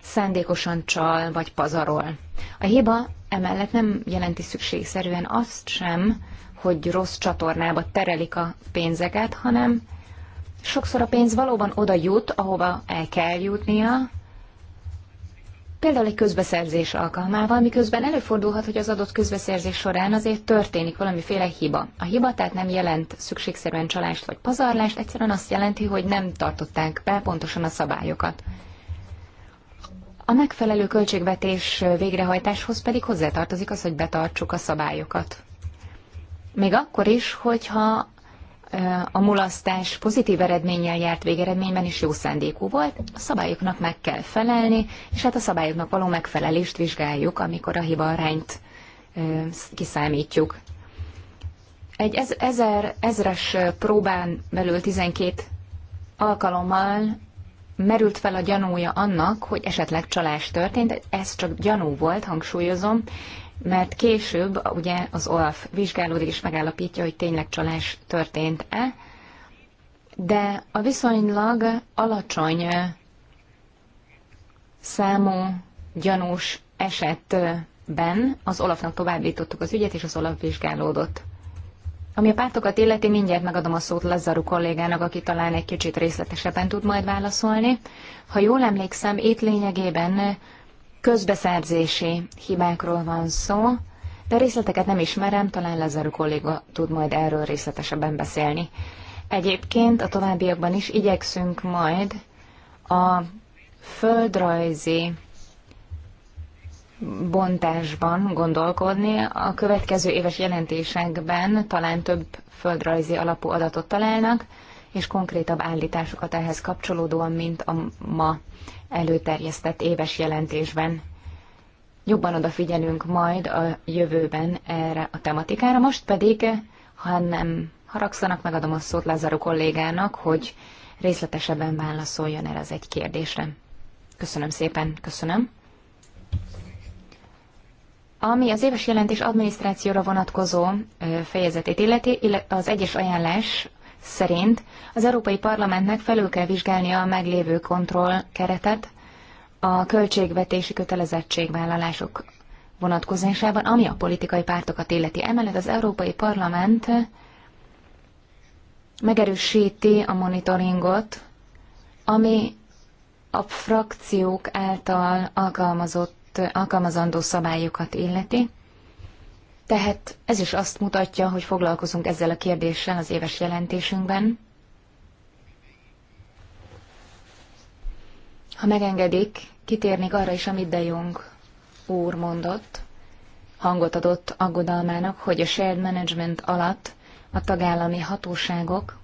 szándékosan csal vagy pazarol. A hiba emellett nem jelenti szükségszerűen azt sem, hogy rossz csatornába terelik a pénzeket, hanem sokszor a pénz valóban oda jut, ahova el kell jutnia, például egy közbeszerzés alkalmával, miközben előfordulhat, hogy az adott közbeszerzés során azért történik valamiféle hiba. A hiba tehát nem jelent szükségszerűen csalást vagy pazarlást, egyszerűen azt jelenti, hogy nem tartották be pontosan a szabályokat. A megfelelő költségvetés végrehajtáshoz pedig hozzátartozik az, hogy betartsuk a szabályokat. Még akkor is, hogyha a mulasztás pozitív eredménnyel járt végeredményben is jó szándékú volt, a szabályoknak meg kell felelni, és hát a szabályoknak való megfelelést vizsgáljuk, amikor a arányt kiszámítjuk. Egy ezer, ezres próbán belül 12 alkalommal merült fel a gyanúja annak, hogy esetleg csalás történt, ez csak gyanú volt, hangsúlyozom, mert később ugye az OLAF vizsgálódik és megállapítja, hogy tényleg csalás történt-e, de a viszonylag alacsony számú gyanús esetben az Olafnak továbbítottuk az ügyet, és az Olaf vizsgálódott. Ami a pártokat illeti, mindjárt megadom a szót Lazaru kollégának, aki talán egy kicsit részletesebben tud majd válaszolni. Ha jól emlékszem, itt lényegében közbeszerzési hibákról van szó, de részleteket nem ismerem, talán Lazaru kolléga tud majd erről részletesebben beszélni. Egyébként a továbbiakban is igyekszünk majd a földrajzi bontásban gondolkodni. A következő éves jelentésekben talán több földrajzi alapú adatot találnak, és konkrétabb állításokat ehhez kapcsolódóan, mint a ma előterjesztett éves jelentésben. Jobban odafigyelünk majd a jövőben erre a tematikára. Most pedig, ha nem haragszanak, megadom a szót Lázaro kollégának, hogy részletesebben válaszoljon erre az egy kérdésre. Köszönöm szépen, köszönöm. Ami az éves jelentés adminisztrációra vonatkozó fejezetét illeti, az egyes ajánlás szerint az Európai Parlamentnek felül kell vizsgálnia a meglévő kontroll keretet a költségvetési kötelezettségvállalások vonatkozásában, ami a politikai pártokat illeti. Emellett az Európai Parlament megerősíti a monitoringot, ami a frakciók által alkalmazott alkalmazandó szabályokat illeti. Tehát ez is azt mutatja, hogy foglalkozunk ezzel a kérdéssel az éves jelentésünkben. Ha megengedik, kitérnék arra is, amit De Jong úr mondott, hangot adott aggodalmának, hogy a shared management alatt a tagállami hatóságok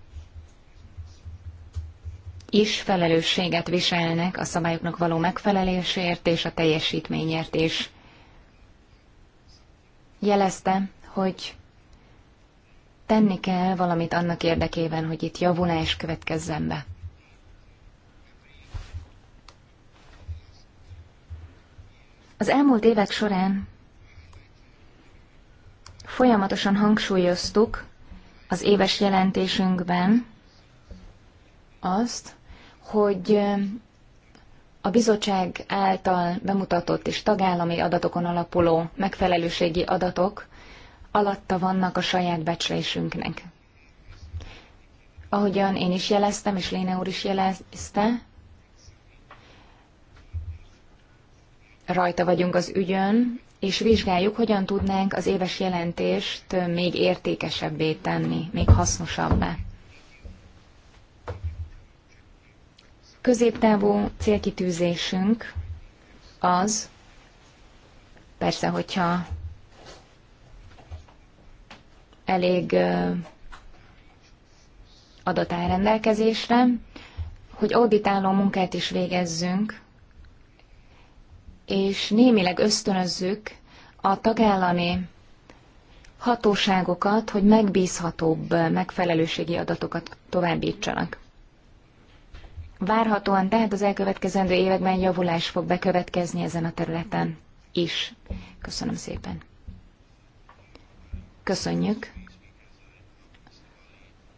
is felelősséget viselnek a szabályoknak való megfelelésért és a teljesítményért is. Jelezte, hogy tenni kell valamit annak érdekében, hogy itt javulás következzen be. Az elmúlt évek során folyamatosan hangsúlyoztuk az éves jelentésünkben azt, hogy a bizottság által bemutatott és tagállami adatokon alapuló megfelelőségi adatok alatta vannak a saját becslésünknek. Ahogyan én is jeleztem, és Léne úr is jelezte, rajta vagyunk az ügyön, és vizsgáljuk, hogyan tudnánk az éves jelentést még értékesebbé tenni, még hasznosabbá. Középtávú célkitűzésünk az, persze, hogyha elég adat áll rendelkezésre, hogy auditáló munkát is végezzünk, és némileg ösztönözzük a tagállami hatóságokat, hogy megbízhatóbb megfelelőségi adatokat továbbítsanak. Várhatóan tehát az elkövetkezendő években javulás fog bekövetkezni ezen a területen is. Köszönöm szépen. Köszönjük.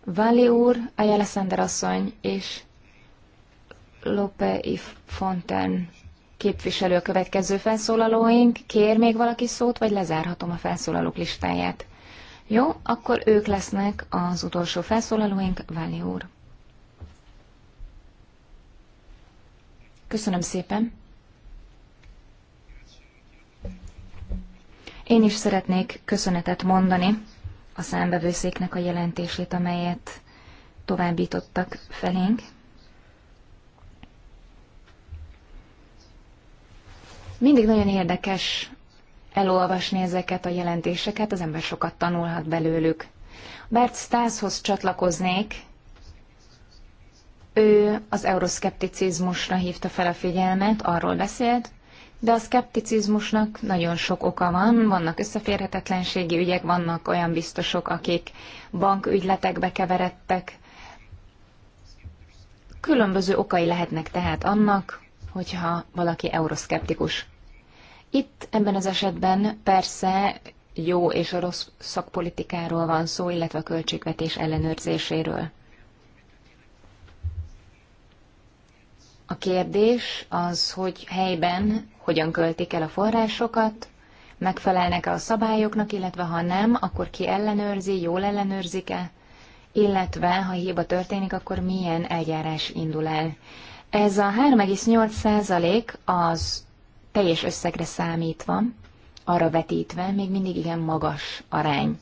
Vali úr, Ayala Sander asszony és Lope if Fonten képviselő a következő felszólalóink. Kér még valaki szót, vagy lezárhatom a felszólalók listáját? Jó, akkor ők lesznek az utolsó felszólalóink, Váli úr. Köszönöm szépen. Én is szeretnék köszönetet mondani a számbevőszéknek a jelentését, amelyet továbbítottak felénk. Mindig nagyon érdekes elolvasni ezeket a jelentéseket, az ember sokat tanulhat belőlük. Bert Stászhoz csatlakoznék, ő az euroszkepticizmusra hívta fel a figyelmet, arról beszélt, de a szkepticizmusnak nagyon sok oka van, vannak összeférhetetlenségi ügyek, vannak olyan biztosok, akik bankügyletekbe keveredtek. Különböző okai lehetnek tehát annak, hogyha valaki euroszkeptikus. Itt ebben az esetben persze jó és a rossz szakpolitikáról van szó, illetve a költségvetés ellenőrzéséről. A kérdés az, hogy helyben hogyan költik el a forrásokat, megfelelnek-e a szabályoknak, illetve ha nem, akkor ki ellenőrzi, jól ellenőrzik-e, illetve ha hiba történik, akkor milyen eljárás indul el. Ez a 3,8% az teljes összegre számítva, arra vetítve még mindig igen magas arány.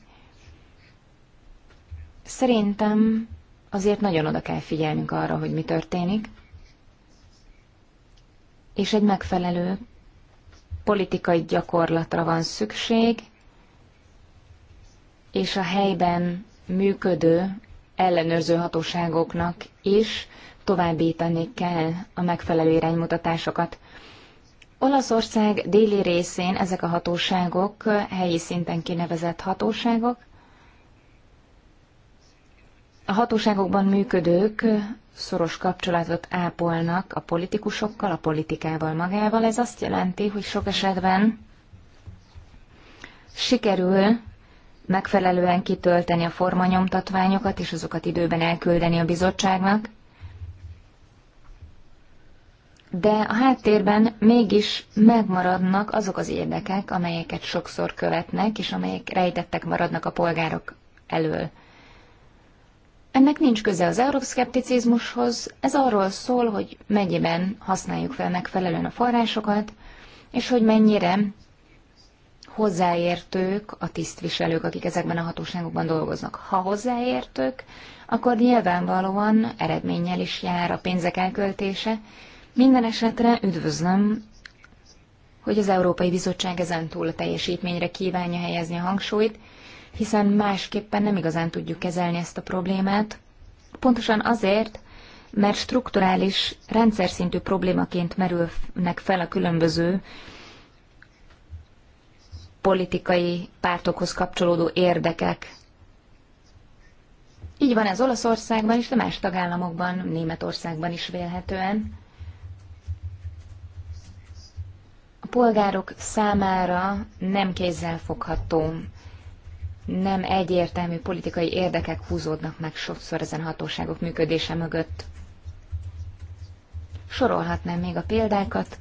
Szerintem azért nagyon oda kell figyelnünk arra, hogy mi történik és egy megfelelő politikai gyakorlatra van szükség, és a helyben működő ellenőrző hatóságoknak is továbbítani kell a megfelelő iránymutatásokat. Olaszország déli részén ezek a hatóságok helyi szinten kinevezett hatóságok, a hatóságokban működők szoros kapcsolatot ápolnak a politikusokkal, a politikával magával. Ez azt jelenti, hogy sok esetben sikerül megfelelően kitölteni a formanyomtatványokat, és azokat időben elküldeni a bizottságnak. De a háttérben mégis megmaradnak azok az érdekek, amelyeket sokszor követnek, és amelyek rejtettek maradnak a polgárok elől. Ennek nincs köze az euroszkepticizmushoz, ez arról szól, hogy mennyiben használjuk fel megfelelően a forrásokat, és hogy mennyire hozzáértők a tisztviselők, akik ezekben a hatóságokban dolgoznak. Ha hozzáértők, akkor nyilvánvalóan eredménnyel is jár a pénzek elköltése. Minden esetre üdvözlöm, hogy az Európai Bizottság túl a teljesítményre kívánja helyezni a hangsúlyt, hiszen másképpen nem igazán tudjuk kezelni ezt a problémát. Pontosan azért, mert strukturális, rendszer szintű problémaként merülnek fel a különböző politikai pártokhoz kapcsolódó érdekek. Így van ez Olaszországban is, de más tagállamokban, Németországban is vélhetően. A polgárok számára nem kézzelfogható nem egyértelmű politikai érdekek húzódnak meg sokszor ezen hatóságok működése mögött. Sorolhatnám még a példákat.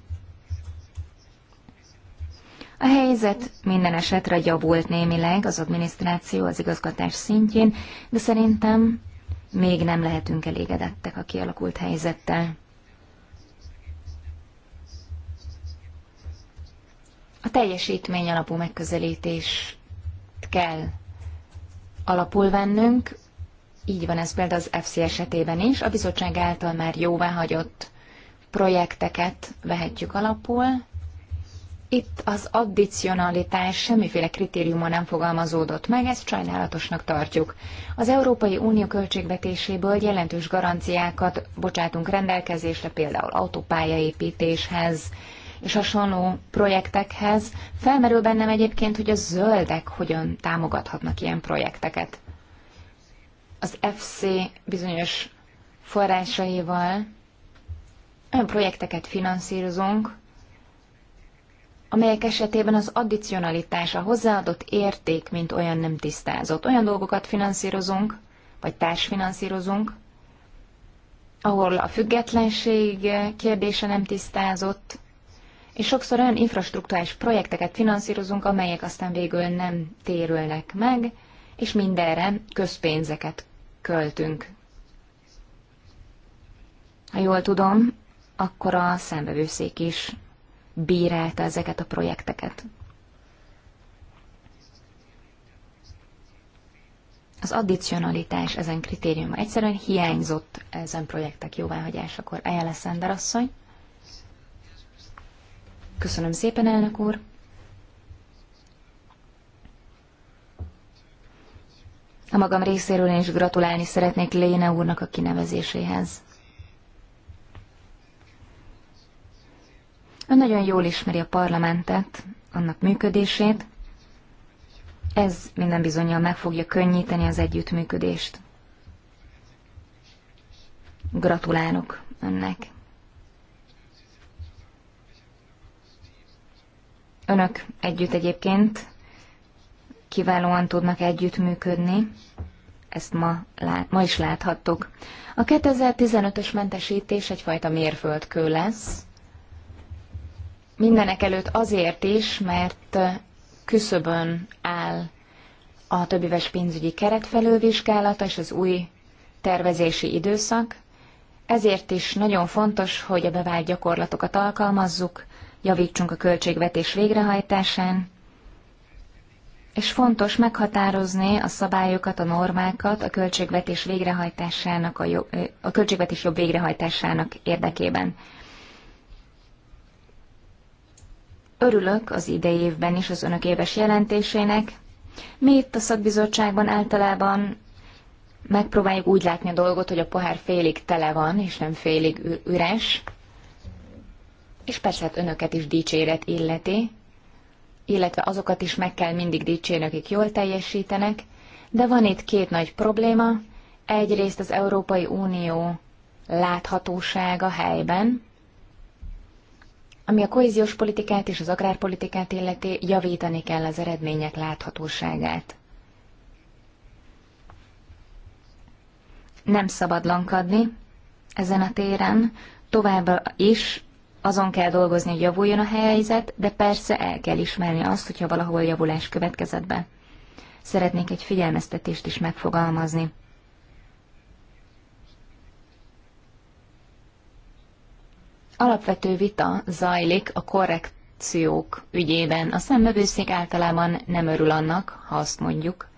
A helyzet minden esetre javult némileg az adminisztráció, az igazgatás szintjén, de szerintem még nem lehetünk elégedettek a kialakult helyzettel. A teljesítmény alapú megközelítés kell alapul vennünk, így van ez például az FC esetében is, a bizottság által már jóváhagyott projekteket vehetjük alapul. Itt az addicionalitás semmiféle kritériuma nem fogalmazódott meg, ezt sajnálatosnak tartjuk. Az Európai Unió költségvetéséből jelentős garanciákat bocsátunk rendelkezésre, például autópályaépítéshez, és hasonló projektekhez. Felmerül bennem egyébként, hogy a zöldek hogyan támogathatnak ilyen projekteket. Az FC bizonyos forrásaival olyan projekteket finanszírozunk, amelyek esetében az addicionalitás, a hozzáadott érték, mint olyan nem tisztázott. Olyan dolgokat finanszírozunk, vagy társfinanszírozunk, ahol a függetlenség kérdése nem tisztázott, és sokszor olyan infrastruktúrás projekteket finanszírozunk, amelyek aztán végül nem térülnek meg, és mindenre közpénzeket költünk. Ha jól tudom, akkor a szembevőszék is bírálta ezeket a projekteket. Az addicionalitás ezen kritériuma egyszerűen hiányzott ezen projektek jóváhagyásakor. Ejele Szender asszony. Köszönöm szépen, elnök úr. A magam részéről én is gratulálni szeretnék Léne úrnak a kinevezéséhez. Ön nagyon jól ismeri a parlamentet, annak működését. Ez minden bizonyal meg fogja könnyíteni az együttműködést. Gratulálok önnek. Önök együtt egyébként kiválóan tudnak együttműködni, ezt ma, lát, ma is láthattuk. A 2015-ös mentesítés egyfajta mérföldkő lesz, mindenek előtt azért is, mert küszöbön áll a többéves pénzügyi keret és az új tervezési időszak, ezért is nagyon fontos, hogy a bevált gyakorlatokat alkalmazzuk, javítsunk a költségvetés végrehajtásán, és fontos meghatározni a szabályokat, a normákat a költségvetés végrehajtásának, a, jobb, a költségvetés jobb végrehajtásának érdekében. Örülök az idei évben is az önök éves jelentésének. Mi itt a szakbizottságban általában megpróbáljuk úgy látni a dolgot, hogy a pohár félig tele van, és nem félig üres. És persze hát önöket is dicséret illeti, illetve azokat is meg kell mindig dicsérni, akik jól teljesítenek, de van itt két nagy probléma. Egyrészt az Európai Unió láthatósága helyben, ami a kohéziós politikát és az agrárpolitikát illeti, javítani kell az eredmények láthatóságát. Nem szabad lankadni ezen a téren, továbbá is azon kell dolgozni, hogy javuljon a helyzet, de persze el kell ismerni azt, hogyha valahol javulás következett be. Szeretnék egy figyelmeztetést is megfogalmazni. Alapvető vita zajlik a korrekciók ügyében. A szemmevőszék általában nem örül annak, ha azt mondjuk,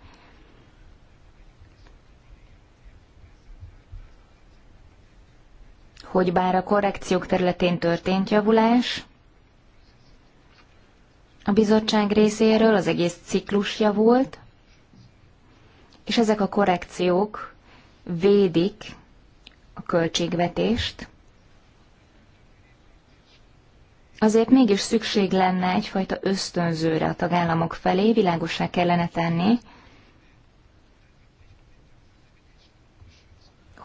hogy bár a korrekciók területén történt javulás, a bizottság részéről az egész ciklus javult, és ezek a korrekciók védik a költségvetést. Azért mégis szükség lenne egyfajta ösztönzőre a tagállamok felé, világosá kellene tenni,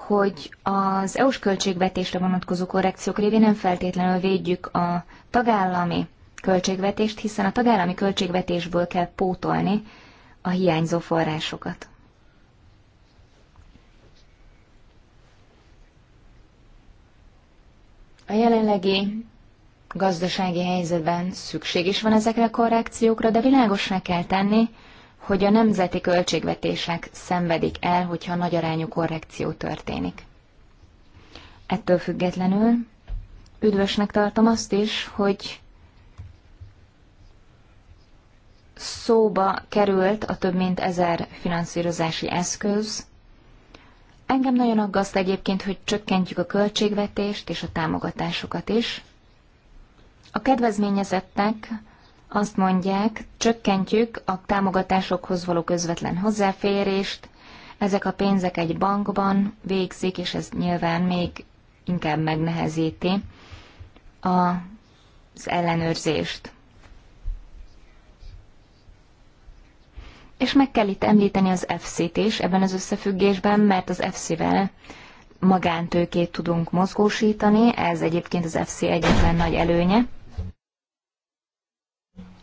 hogy az EU-s költségvetésre vonatkozó korrekciók révén nem feltétlenül védjük a tagállami költségvetést, hiszen a tagállami költségvetésből kell pótolni a hiányzó forrásokat. A jelenlegi gazdasági helyzetben szükség is van ezekre a korrekciókra, de világosra kell tenni, hogy a nemzeti költségvetések szenvedik el, hogyha nagy arányú korrekció történik. Ettől függetlenül üdvösnek tartom azt is, hogy szóba került a több mint ezer finanszírozási eszköz. Engem nagyon aggaszt egyébként, hogy csökkentjük a költségvetést és a támogatásokat is. A kedvezményezettek azt mondják, csökkentjük a támogatásokhoz való közvetlen hozzáférést, ezek a pénzek egy bankban végzik, és ez nyilván még inkább megnehezíti az ellenőrzést. És meg kell itt említeni az FC-t is ebben az összefüggésben, mert az FC-vel magántőkét tudunk mozgósítani, ez egyébként az FC egyetlen nagy előnye.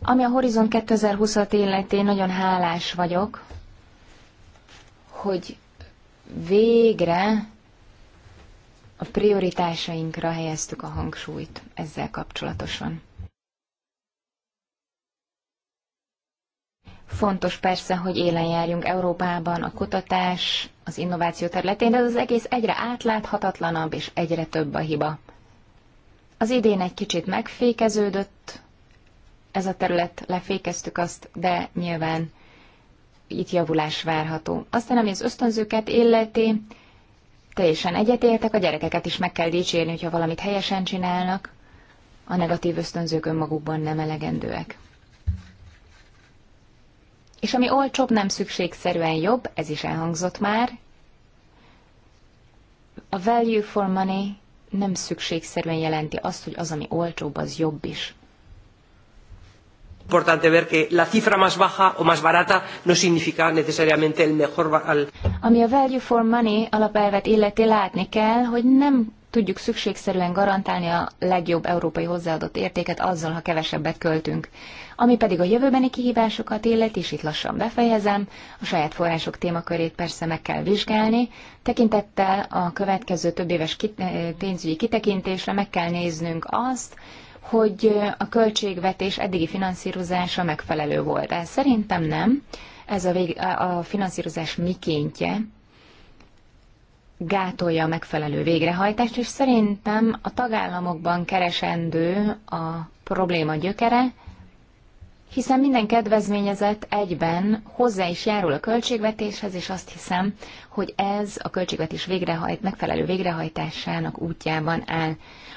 Ami a Horizon 2020-at illeti, nagyon hálás vagyok, hogy végre a prioritásainkra helyeztük a hangsúlyt ezzel kapcsolatosan. Fontos persze, hogy élen járjunk Európában a kutatás, az innováció területén, de ez az egész egyre átláthatatlanabb és egyre több a hiba. Az idén egy kicsit megfékeződött ez a terület, lefékeztük azt, de nyilván itt javulás várható. Aztán, ami az ösztönzőket illeti, teljesen egyetértek, a gyerekeket is meg kell dicsérni, hogyha valamit helyesen csinálnak, a negatív ösztönzők önmagukban nem elegendőek. És ami olcsóbb, nem szükségszerűen jobb, ez is elhangzott már. A value for money nem szükségszerűen jelenti azt, hogy az, ami olcsóbb, az jobb is. Importante ver que la cifra más baja o más barata no significa necesariamente el mejor... Al... Ami a value for money alapelvet illeti látni kell, hogy nem tudjuk szükségszerűen garantálni a legjobb európai hozzáadott értéket azzal, ha kevesebbet költünk. Ami pedig a jövőbeni kihívásokat illeti, és itt lassan befejezem, a saját források témakörét persze meg kell vizsgálni, tekintettel a következő több éves eh, pénzügyi kitekintésre meg kell néznünk azt, hogy a költségvetés eddigi finanszírozása megfelelő volt. Ez szerintem nem. Ez a, vég, a finanszírozás mikéntje gátolja a megfelelő végrehajtást, és szerintem a tagállamokban keresendő a probléma gyökere, hiszen minden kedvezményezett egyben hozzá is járul a költségvetéshez, és azt hiszem, hogy ez a költségvetés végrehajt, megfelelő végrehajtásának útjában áll.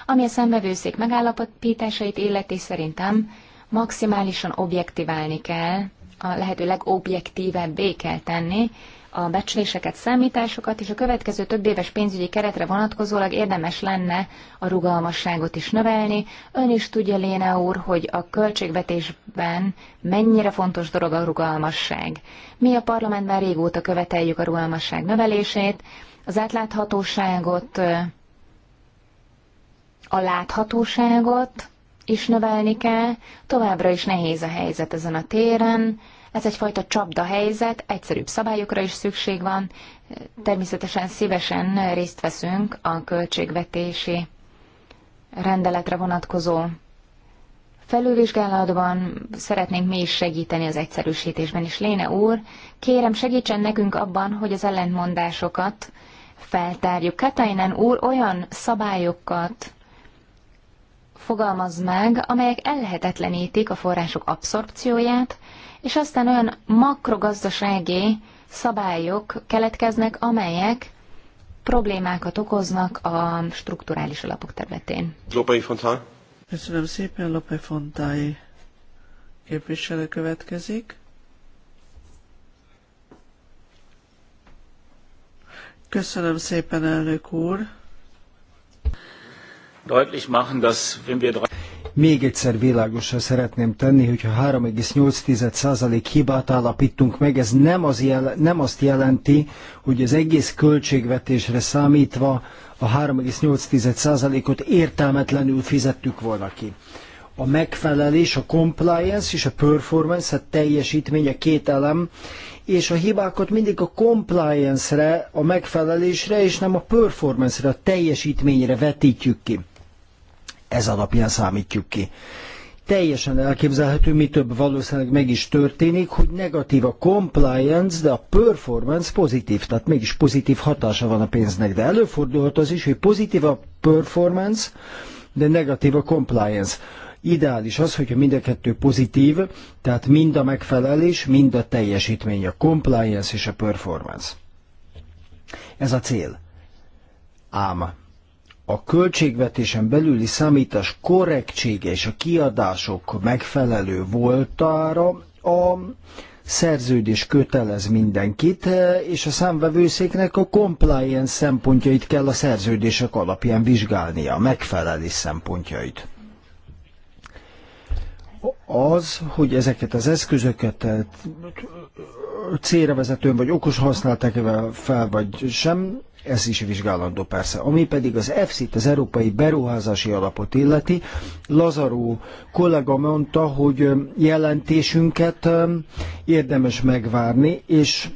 Ami a szembevőszék megállapításait illeti, szerintem maximálisan objektiválni kell, a lehető legobjektívebbé kell tenni, a becsléseket, számításokat, és a következő több éves pénzügyi keretre vonatkozólag érdemes lenne a rugalmasságot is növelni. Ön is tudja, Léna úr, hogy a költségvetésben mennyire fontos dolog a rugalmasság. Mi a parlamentben régóta követeljük a rugalmasság növelését, az átláthatóságot, a láthatóságot is növelni kell, továbbra is nehéz a helyzet ezen a téren, ez egyfajta helyzet. egyszerűbb szabályokra is szükség van. Természetesen szívesen részt veszünk a költségvetési rendeletre vonatkozó felülvizsgálatban szeretnénk mi is segíteni az egyszerűsítésben is. Léne úr, kérem segítsen nekünk abban, hogy az ellentmondásokat feltárjuk. Katainen úr olyan szabályokat fogalmaz meg, amelyek ellehetetlenítik a források abszorpcióját, és aztán olyan makrogazdasági szabályok keletkeznek, amelyek problémákat okoznak a strukturális alapok területén. Lopai Fontán. Köszönöm szépen, Lopai Fontai képviselő következik. Köszönöm szépen, elnök úr. Deutlich machen, dass wenn wir még egyszer világosra szeretném tenni, hogyha 3,8% hibát állapítunk meg, ez nem, az jel, nem azt jelenti, hogy az egész költségvetésre számítva a 3,8%-ot értelmetlenül fizettük volna ki. A megfelelés, a compliance és a performance, a teljesítmény, a két elem, és a hibákat mindig a compliance-re, a megfelelésre, és nem a performance-re, a teljesítményre vetítjük ki ez alapján számítjuk ki. Teljesen elképzelhető, mi több valószínűleg meg is történik, hogy negatív a compliance, de a performance pozitív, tehát mégis pozitív hatása van a pénznek. De előfordulhat az is, hogy pozitív a performance, de negatív a compliance. Ideális az, hogyha mind a kettő pozitív, tehát mind a megfelelés, mind a teljesítmény, a compliance és a performance. Ez a cél. Ám a költségvetésen belüli számítás korrektsége és a kiadások megfelelő voltára a szerződés kötelez mindenkit, e, és a számvevőszéknek a compliance szempontjait kell a szerződések alapján vizsgálnia, a megfelelés szempontjait. Az, hogy ezeket az eszközöket e, célra vezetően vagy okos használták -e fel, vagy sem, ez is vizsgálandó persze. Ami pedig az EFSZ-t, az Európai Beruházási Alapot illeti, Lazaró kollega mondta, hogy jelentésünket érdemes megvárni, és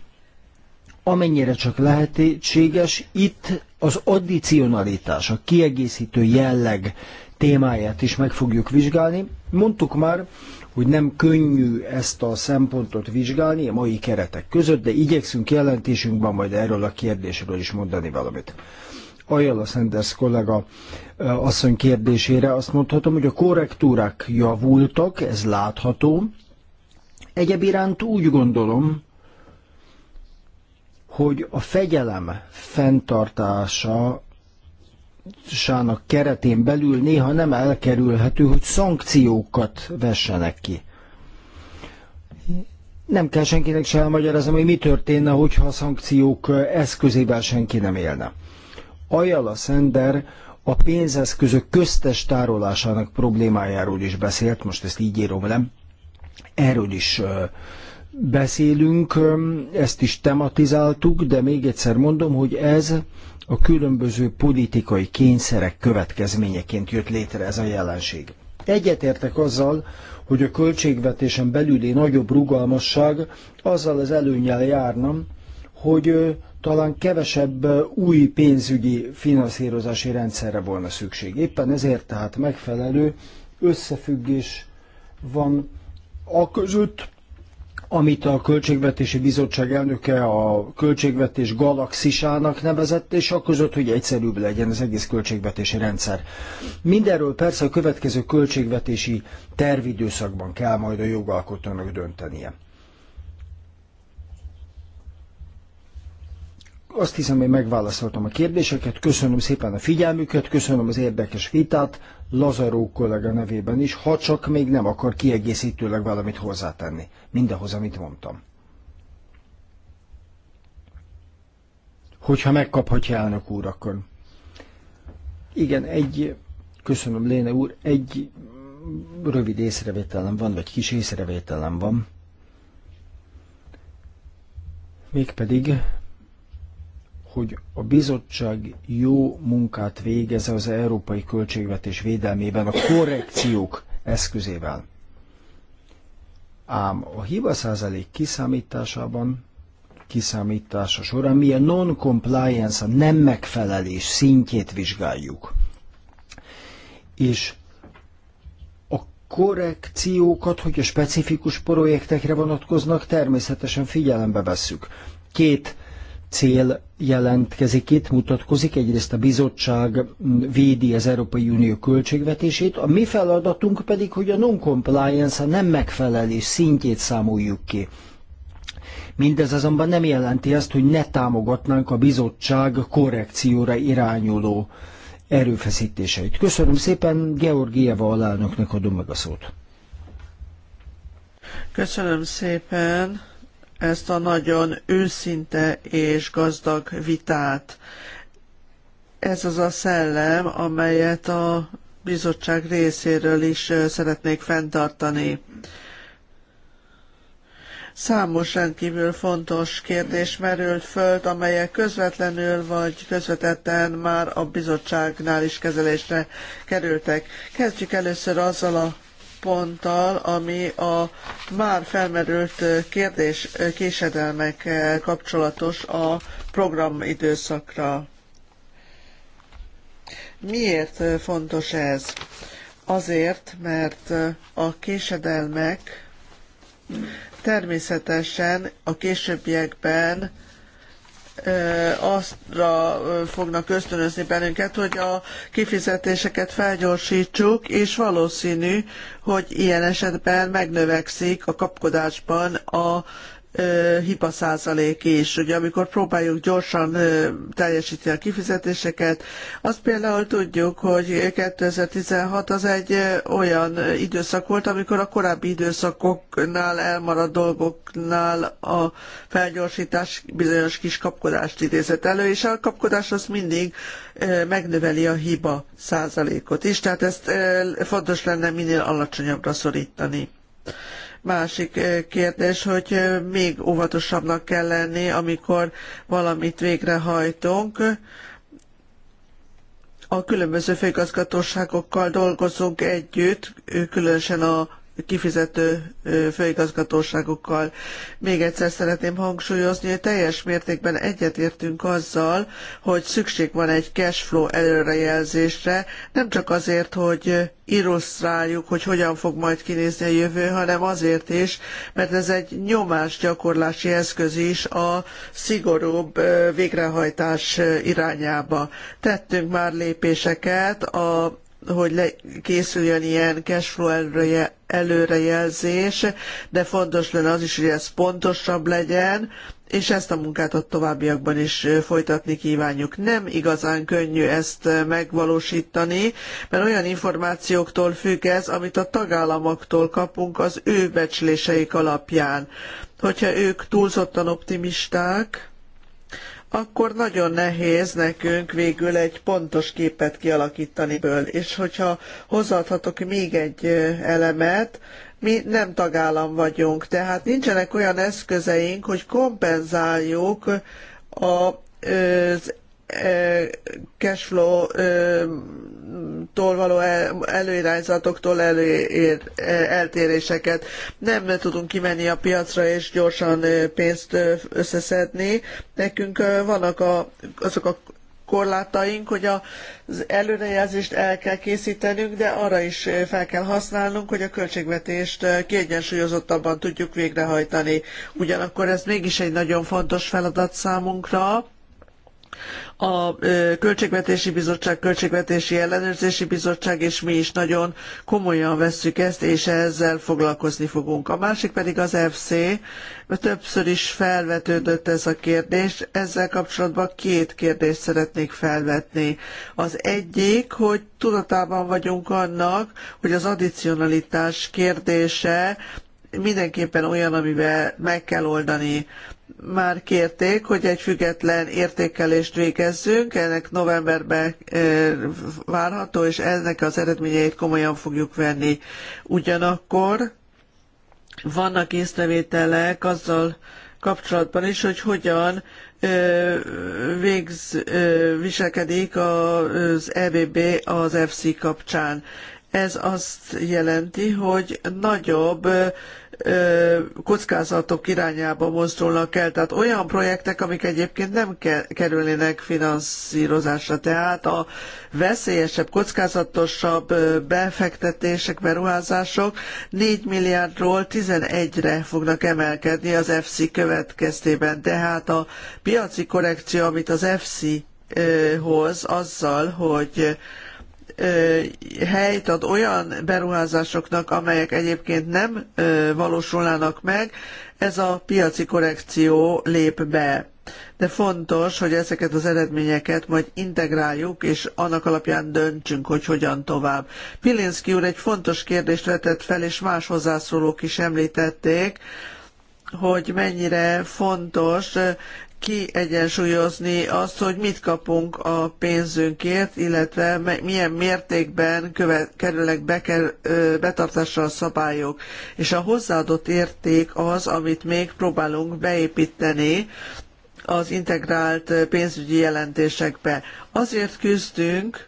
amennyire csak lehetséges, itt az addicionalitás, a kiegészítő jelleg témáját is meg fogjuk vizsgálni. Mondtuk már, hogy nem könnyű ezt a szempontot vizsgálni a mai keretek között, de igyekszünk jelentésünkben majd erről a kérdésről is mondani valamit. Ajala Sanders kollega asszony kérdésére azt mondhatom, hogy a korrektúrák javultak, ez látható. Egyéb iránt úgy gondolom, hogy a fegyelem fenntartása sának keretén belül néha nem elkerülhető, hogy szankciókat vessenek ki. Nem kell senkinek se elmagyarázom, hogy mi történne, hogyha a szankciók eszközével senki nem élne. Ajala Szender a pénzeszközök köztes tárolásának problémájáról is beszélt, most ezt így írom le, erről is beszélünk, ezt is tematizáltuk, de még egyszer mondom, hogy ez a különböző politikai kényszerek következményeként jött létre ez a jelenség. Egyetértek azzal, hogy a költségvetésen belüli nagyobb rugalmasság azzal az előnyel járna, hogy talán kevesebb új pénzügyi finanszírozási rendszerre volna szükség. Éppen ezért tehát megfelelő összefüggés van a között, amit a Költségvetési Bizottság elnöke a költségvetés galaxisának nevezett, és a között, hogy egyszerűbb legyen az egész költségvetési rendszer. Mindenről persze a következő költségvetési tervidőszakban kell majd a jogalkotónak döntenie. Azt hiszem, hogy megválaszoltam a kérdéseket, köszönöm szépen a figyelmüket, köszönöm az érdekes vitát, Lazaró kollega nevében is, ha csak még nem akar kiegészítőleg valamit hozzátenni. Mindahhoz, amit mondtam. Hogyha megkaphatja elnök úr, akkor. Igen, egy, köszönöm Léne úr, egy rövid észrevételem van, vagy kis észrevételem van. Mégpedig hogy a bizottság jó munkát végez az európai költségvetés védelmében a korrekciók eszközével. Ám a hiba százalék kiszámításában, kiszámítása során mi a non-compliance, a nem megfelelés szintjét vizsgáljuk. És a korrekciókat, hogy a specifikus projektekre vonatkoznak, természetesen figyelembe vesszük. Két cél jelentkezik itt, mutatkozik. Egyrészt a bizottság védi az Európai Unió költségvetését, a mi feladatunk pedig, hogy a non-compliance, a nem megfelelés szintjét számoljuk ki. Mindez azonban nem jelenti azt, hogy ne támogatnánk a bizottság korrekcióra irányuló erőfeszítéseit. Köszönöm szépen, Georgieva alelnöknek adom meg a szót. Köszönöm szépen ezt a nagyon őszinte és gazdag vitát. Ez az a szellem, amelyet a bizottság részéről is szeretnék fenntartani. Számos rendkívül fontos kérdés merült föl, amelyek közvetlenül vagy közvetetten már a bizottságnál is kezelésre kerültek. Kezdjük először azzal a ponttal, ami a már felmerült kérdés késedelmek kapcsolatos a programidőszakra. Miért fontos ez? Azért, mert a késedelmek természetesen a későbbiekben aztra fognak ösztönözni bennünket, hogy a kifizetéseket felgyorsítsuk, és valószínű, hogy ilyen esetben megnövekszik a kapkodásban a hiba százalék is. Ugye amikor próbáljuk gyorsan teljesíteni a kifizetéseket, azt például tudjuk, hogy 2016 az egy olyan időszak volt, amikor a korábbi időszakoknál elmaradt dolgoknál a felgyorsítás bizonyos kis kapkodást idézett elő, és a kapkodás az mindig megnöveli a hiba százalékot is, tehát ezt fontos lenne minél alacsonyabbra szorítani. Másik eh, kérdés, hogy eh, még óvatosabbnak kell lenni, amikor valamit végrehajtunk a különböző főigazgatóságokkal dolgozunk együtt, különösen a kifizető főigazgatóságokkal. Még egyszer szeretném hangsúlyozni, hogy teljes mértékben egyetértünk azzal, hogy szükség van egy cash flow előrejelzésre, nem csak azért, hogy illusztráljuk, hogy hogyan fog majd kinézni a jövő, hanem azért is, mert ez egy nyomásgyakorlási eszköz is a szigorúbb végrehajtás irányába. Tettünk már lépéseket a hogy le, készüljön ilyen cashflow előrejelzés, előrejelzés, de fontos lenne az is, hogy ez pontosabb legyen, és ezt a munkát a továbbiakban is folytatni kívánjuk. Nem igazán könnyű ezt megvalósítani, mert olyan információktól függ ez, amit a tagállamoktól kapunk az ő becsléseik alapján. Hogyha ők túlzottan optimisták, akkor nagyon nehéz nekünk végül egy pontos képet kialakítani ből. És hogyha hozzáadhatok még egy elemet, mi nem tagállam vagyunk, tehát nincsenek olyan eszközeink, hogy kompenzáljuk a az cashflow-tól való előirányzatoktól előér, eltéréseket. Nem tudunk kimenni a piacra és gyorsan pénzt összeszedni. Nekünk vannak a, azok a korlátaink, hogy az előrejelzést el kell készítenünk, de arra is fel kell használnunk, hogy a költségvetést kiegyensúlyozottabban tudjuk végrehajtani. Ugyanakkor ez mégis egy nagyon fontos feladat számunkra, a Költségvetési Bizottság, Költségvetési Ellenőrzési Bizottság, és mi is nagyon komolyan vesszük ezt, és ezzel foglalkozni fogunk. A másik pedig az FC, többször is felvetődött ez a kérdés. Ezzel kapcsolatban két kérdést szeretnék felvetni. Az egyik, hogy tudatában vagyunk annak, hogy az addicionalitás kérdése mindenképpen olyan, amivel meg kell oldani már kérték, hogy egy független értékelést végezzünk, ennek novemberben eh, várható, és ennek az eredményeit komolyan fogjuk venni. Ugyanakkor vannak észrevételek azzal kapcsolatban is, hogy hogyan eh, végz, eh, viselkedik az EBB az FC kapcsán. Ez azt jelenti, hogy nagyobb kockázatok irányába mozdulnak el. Tehát olyan projektek, amik egyébként nem kerülnének finanszírozásra. Tehát a veszélyesebb, kockázatosabb befektetések, beruházások 4 milliárdról 11-re fognak emelkedni az FC következtében. Tehát a piaci korrekció, amit az FC hoz azzal, hogy helyt ad olyan beruházásoknak, amelyek egyébként nem valósulnának meg, ez a piaci korrekció lép be. De fontos, hogy ezeket az eredményeket majd integráljuk, és annak alapján döntsünk, hogy hogyan tovább. Pilinszki úr egy fontos kérdést vetett fel, és más hozzászólók is említették, hogy mennyire fontos kiegyensúlyozni azt, hogy mit kapunk a pénzünkért, illetve milyen mértékben követ, kerülnek beker, betartásra a szabályok. És a hozzáadott érték az, amit még próbálunk beépíteni az integrált pénzügyi jelentésekbe. Azért küzdünk,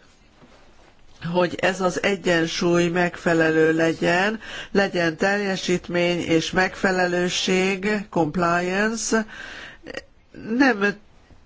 hogy ez az egyensúly megfelelő legyen, legyen teljesítmény és megfelelőség, compliance, nem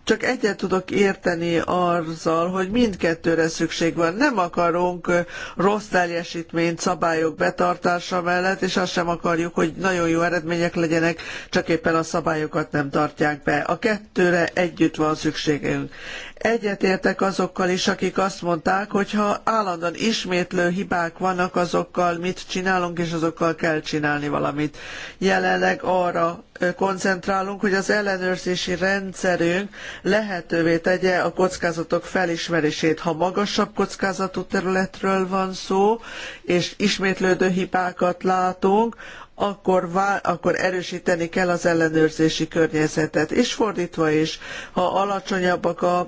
csak egyet tudok érteni azzal, hogy mindkettőre szükség van. Nem akarunk rossz teljesítményt szabályok betartása mellett, és azt sem akarjuk, hogy nagyon jó eredmények legyenek, csak éppen a szabályokat nem tartják be. A kettőre együtt van szükségünk. Egyetértek azokkal is, akik azt mondták, hogy ha állandóan ismétlő hibák vannak, azokkal mit csinálunk, és azokkal kell csinálni valamit. Jelenleg arra koncentrálunk, hogy az ellenőrzési rendszerünk lehetővé tegye a kockázatok felismerését. Ha magasabb kockázatú területről van szó, és ismétlődő hibákat látunk, akkor, vá- akkor erősíteni kell az ellenőrzési környezetet. És fordítva is, ha alacsonyabbak a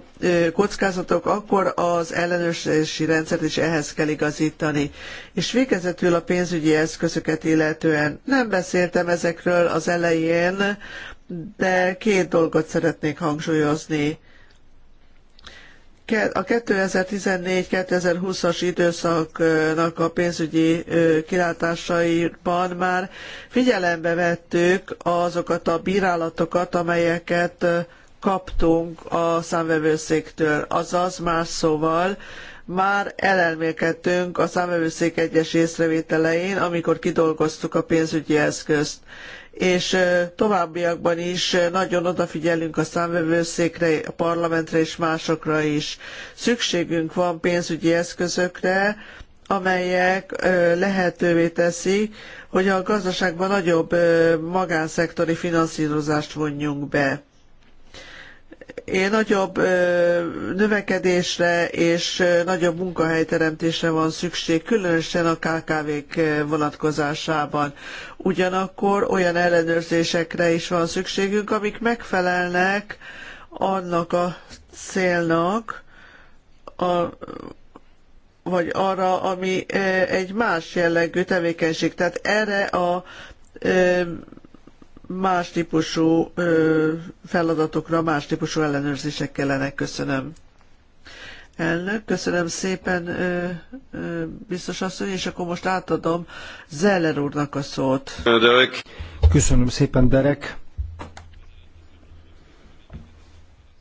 kockázatok, akkor az ellenőrzési rendszert is ehhez kell igazítani. És végezetül a pénzügyi eszközöket illetően nem beszéltem ezekről az elején, de két dolgot szeretnék hangsúlyozni. A 2014-2020-as időszaknak a pénzügyi kilátásaiban már figyelembe vettük azokat a bírálatokat, amelyeket kaptunk a számvevőszéktől. Azaz más szóval már elelmélkedtünk a számvevőszék egyes észrevételein, amikor kidolgoztuk a pénzügyi eszközt és továbbiakban is nagyon odafigyelünk a számvevőszékre, a parlamentre és másokra is. Szükségünk van pénzügyi eszközökre, amelyek lehetővé teszik, hogy a gazdaságban nagyobb magánszektori finanszírozást vonjunk be nagyobb növekedésre és nagyobb munkahelyteremtésre van szükség, különösen a KKV-k vonatkozásában. Ugyanakkor olyan ellenőrzésekre is van szükségünk, amik megfelelnek annak a célnak, a, vagy arra, ami egy más jellegű tevékenység. Tehát erre a más típusú feladatokra más típusú ellenőrzések kellenek. Köszönöm. Elnök, köszönöm szépen, ö, ö, biztos asszony, és akkor most átadom Zeller úrnak a szót. Derek. Köszönöm szépen, Derek.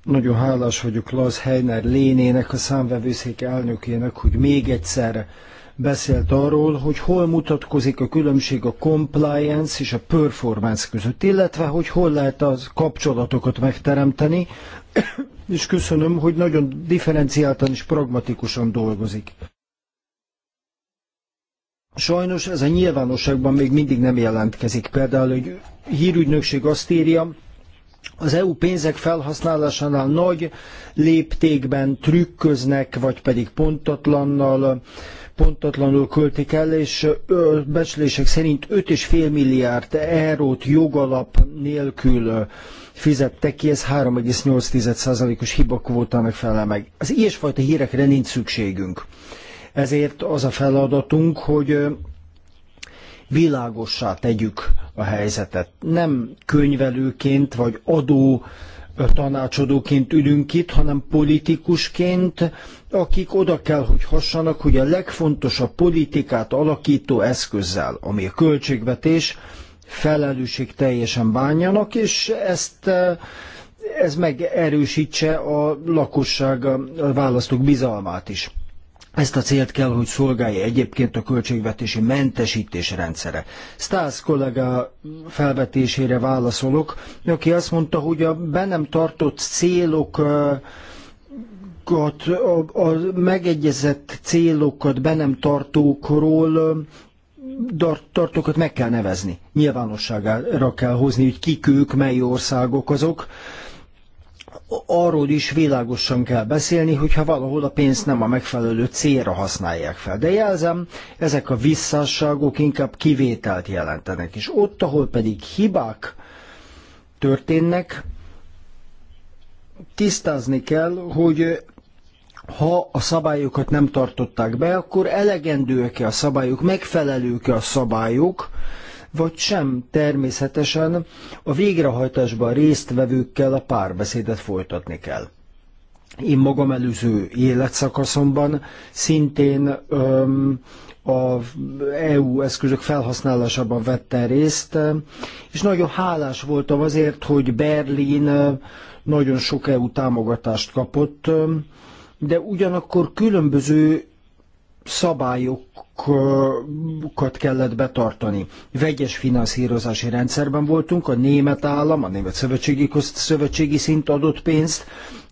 Nagyon hálás vagyok Laz Heiner Lénének, a számvevőszék elnökének, hogy még egyszer beszélt arról, hogy hol mutatkozik a különbség a compliance és a performance között, illetve hogy hol lehet az kapcsolatokat megteremteni, és köszönöm, hogy nagyon differenciáltan és pragmatikusan dolgozik. Sajnos ez a nyilvánosságban még mindig nem jelentkezik. Például egy hírügynökség azt írja, az EU pénzek felhasználásánál nagy léptékben trükköznek, vagy pedig pontatlannal pontatlanul költik el, és becslések szerint 5,5 milliárd eurót jogalap nélkül fizettek ki, ez 3,8%-os hibakvótának felel meg. Az ilyesfajta hírekre nincs szükségünk. Ezért az a feladatunk, hogy világossá tegyük a helyzetet. Nem könyvelőként vagy adó tanácsadóként ülünk itt, hanem politikusként akik oda kell, hogy hassanak, hogy a legfontosabb politikát alakító eszközzel, ami a költségvetés, felelősség teljesen bánjanak, és ezt e, ez megerősítse a lakosság, a választók bizalmát is. Ezt a célt kell, hogy szolgálja egyébként a költségvetési mentesítés rendszere. Stász kollega felvetésére válaszolok, aki azt mondta, hogy a be nem tartott célok e, célokat, a, a megegyezett célokat be nem tartókról tartókat meg kell nevezni. Nyilvánosságra kell hozni, hogy kik ők, mely országok azok. Arról is világosan kell beszélni, hogyha valahol a pénzt nem a megfelelő célra használják fel. De jelzem, ezek a visszásságok inkább kivételt jelentenek, és ott, ahol pedig hibák történnek, tisztázni kell, hogy ha a szabályokat nem tartották be, akkor elegendőek-e a szabályok, megfelelők-e a szabályok, vagy sem természetesen a végrehajtásban résztvevőkkel a párbeszédet folytatni kell. Én magam előző életszakaszomban szintén öm, a EU eszközök felhasználásában vettem részt, és nagyon hálás voltam azért, hogy Berlin nagyon sok EU támogatást kapott, de ugyanakkor különböző szabályokat kellett betartani. Vegyes finanszírozási rendszerben voltunk, a német állam, a német szövetségi, szövetségi szint adott pénzt,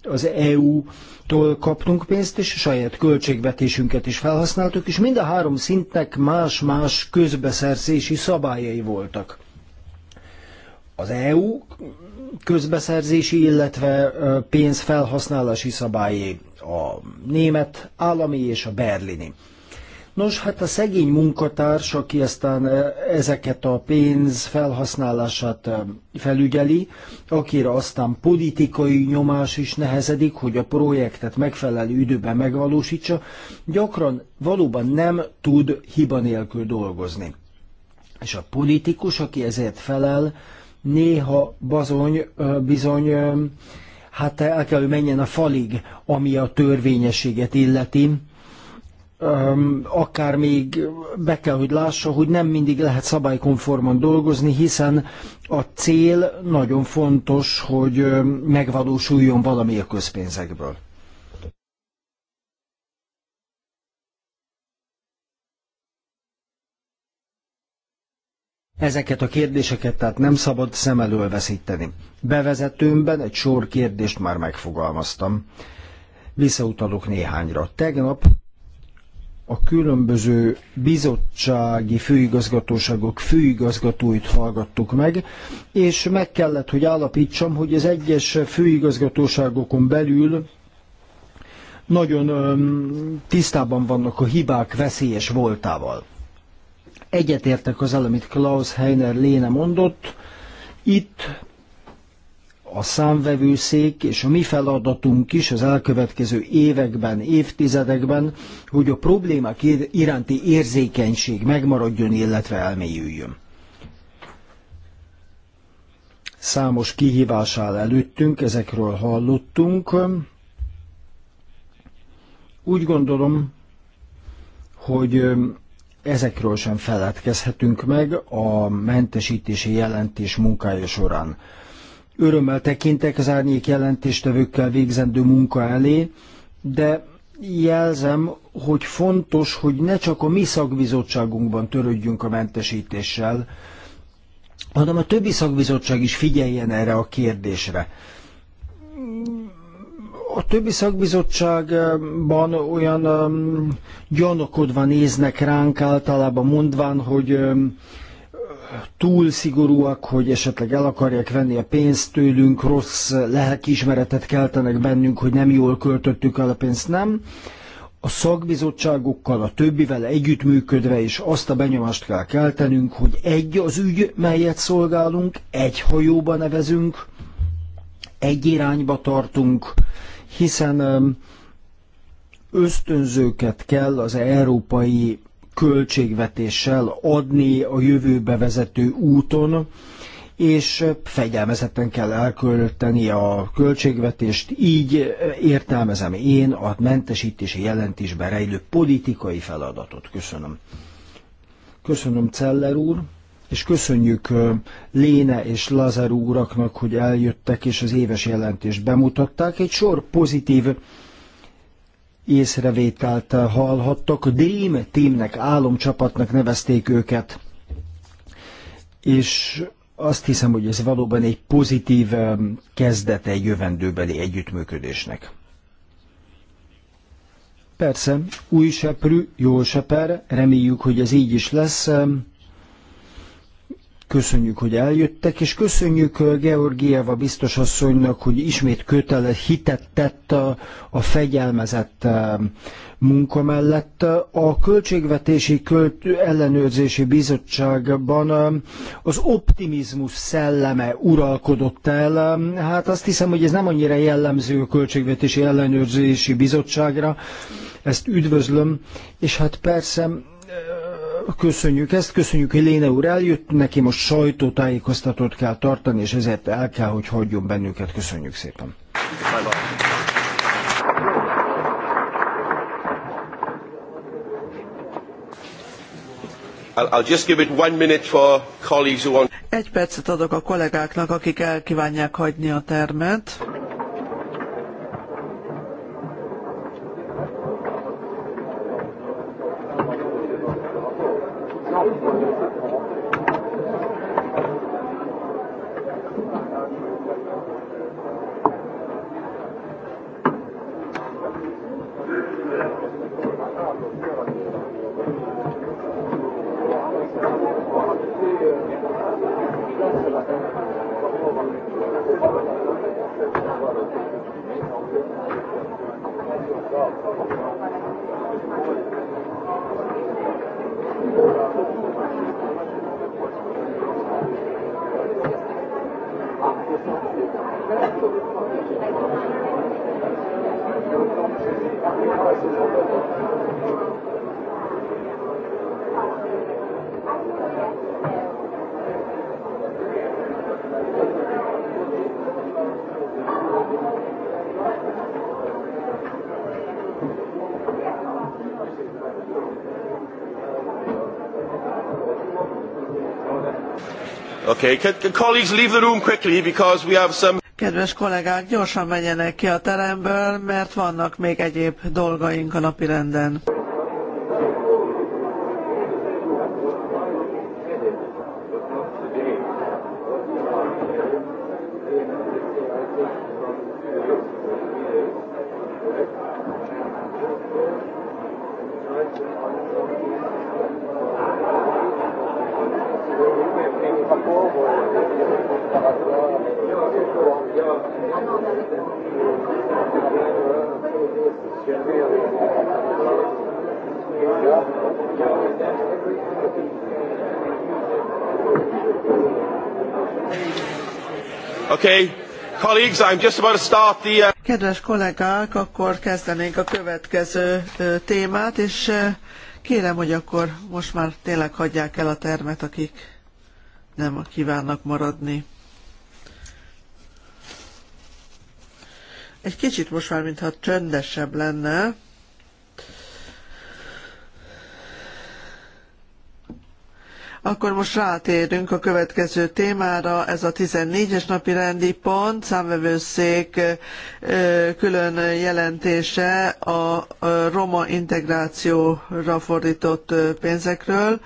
az EU-tól kaptunk pénzt, és a saját költségvetésünket is felhasználtuk, és mind a három szintnek más-más közbeszerzési szabályai voltak az EU közbeszerzési, illetve pénzfelhasználási szabályé, a német állami és a berlini. Nos, hát a szegény munkatárs, aki aztán ezeket a pénz felhasználását felügyeli, akire aztán politikai nyomás is nehezedik, hogy a projektet megfelelő időben megvalósítsa, gyakran valóban nem tud hiba nélkül dolgozni. És a politikus, aki ezért felel, néha bazony, bizony, hát el kell, hogy menjen a falig, ami a törvényességet illeti. Akár még be kell, hogy lássa, hogy nem mindig lehet szabálykonforman dolgozni, hiszen a cél nagyon fontos, hogy megvalósuljon valami a közpénzekből. Ezeket a kérdéseket tehát nem szabad szem elől veszíteni. Bevezetőmben egy sor kérdést már megfogalmaztam. Visszautalok néhányra. Tegnap a különböző bizottsági főigazgatóságok főigazgatóit hallgattuk meg, és meg kellett, hogy állapítsam, hogy az egyes főigazgatóságokon belül nagyon tisztában vannak a hibák veszélyes voltával. Egyetértek az, amit Klaus Heiner Léne mondott. Itt a számvevőszék és a mi feladatunk is az elkövetkező években, évtizedekben, hogy a problémák iránti érzékenység megmaradjon, illetve elmélyüljön. Számos kihívás áll előttünk, ezekről hallottunk. Úgy gondolom, hogy ezekről sem feledkezhetünk meg a mentesítési jelentés munkája során. Örömmel tekintek az árnyék jelentéstevőkkel végzendő munka elé, de jelzem, hogy fontos, hogy ne csak a mi szakbizottságunkban törődjünk a mentesítéssel, hanem a többi szakbizottság is figyeljen erre a kérdésre a többi szakbizottságban olyan um, gyanakodva néznek ránk általában mondván, hogy um, túl szigorúak, hogy esetleg el akarják venni a pénzt tőlünk, rossz lelkiismeretet keltenek bennünk, hogy nem jól költöttük el a pénzt, nem. A szakbizottságokkal, a többivel együttműködve is azt a benyomást kell keltenünk, hogy egy az ügy, melyet szolgálunk, egy hajóba nevezünk, egy irányba tartunk, hiszen ösztönzőket kell az európai költségvetéssel adni a jövőbe vezető úton, és fegyelmezetten kell elkölteni a költségvetést, így eh, értelmezem én a mentesítési jelentésben rejlő politikai feladatot. Köszönöm. Köszönöm, Celler úr és köszönjük Léne és Lazar úraknak, hogy eljöttek és az éves jelentést bemutatták. Egy sor pozitív észrevételt hallhattak. A Dream Teamnek, álomcsapatnak nevezték őket, és azt hiszem, hogy ez valóban egy pozitív kezdete jövendőbeli együttműködésnek. Persze, új seprű, jól seper, reméljük, hogy ez így is lesz. Köszönjük, hogy eljöttek, és köszönjük eh, Georgieva biztos asszonynak, hogy ismét kötele hitet tett a, a fegyelmezett eh, munka mellett. A Költségvetési Költ Ellenőrzési Bizottságban eh, az optimizmus szelleme uralkodott el. Hát azt hiszem, hogy ez nem annyira jellemző a Költségvetési Ellenőrzési Bizottságra. Ezt üdvözlöm, és hát persze Köszönjük ezt, köszönjük, hogy Léne úr eljött, neki most sajtótájékoztatót kell tartani, és ezért el kell, hogy hagyjon bennünket. Köszönjük szépen. who want. Egy percet adok a kollégáknak, akik el hagyni a termet. Köszönöm. Okay, colleagues leave the room quickly because we have some... Kedves kollégák, gyorsan menjenek ki a teremből, mert vannak még egyéb dolgaink a napirenden. colleagues, I'm just about to start the... Uh, Kedves kollégák, akkor kezdenénk a következő témát, és kérem, hogy akkor most már tényleg hagyják el a termet, akik nem kívánnak maradni. Egy kicsit most már, mintha csöndesebb lenne. Akkor most rátérünk a következő témára, ez a 14-es napi rendi pont, számvevőszék külön jelentése a roma integrációra fordított pénzekről.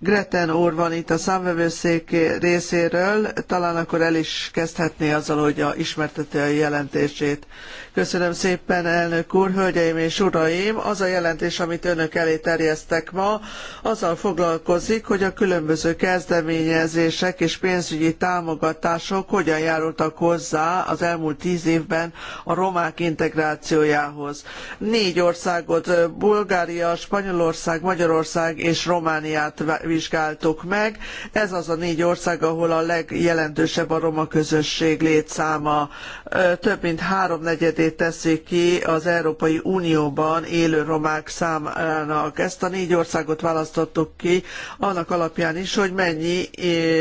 Greten úr van itt a számvevőszék részéről, talán akkor el is kezdhetné azzal, hogy a, ismerteti a jelentését. Köszönöm szépen, elnök úr, hölgyeim és uraim! Az a jelentés, amit önök elé terjesztek ma, azzal foglalkozik, hogy a különböző kezdeményezések és pénzügyi támogatások hogyan járultak hozzá az elmúlt tíz évben a romák integrációjához. Négy országot, Bulgária, Spanyolország, Magyarország és Romániát vizsgáltuk meg. Ez az a négy ország, ahol a legjelentősebb a roma közösség létszáma. Több mint háromnegyedét teszik ki az Európai Unióban élő romák számának. Ezt a négy országot választottuk ki annak alapján is, hogy mennyi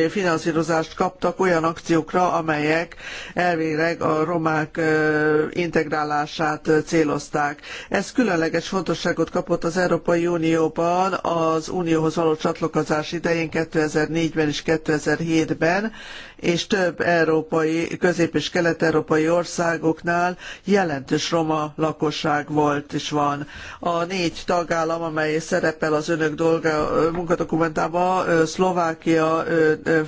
finanszírozást kaptak olyan akciókra, amelyek elvileg a romák integrálását célozták. Ez különleges fontosságot kapott az Európai Unióban az unióhoz való csatlakozás vállalkozás idején 2004-ben és 2007-ben, és több európai, közép- és kelet-európai országoknál jelentős roma lakosság volt és van. A négy tagállam, amely szerepel az önök dolga, munkadokumentában, Szlovákia,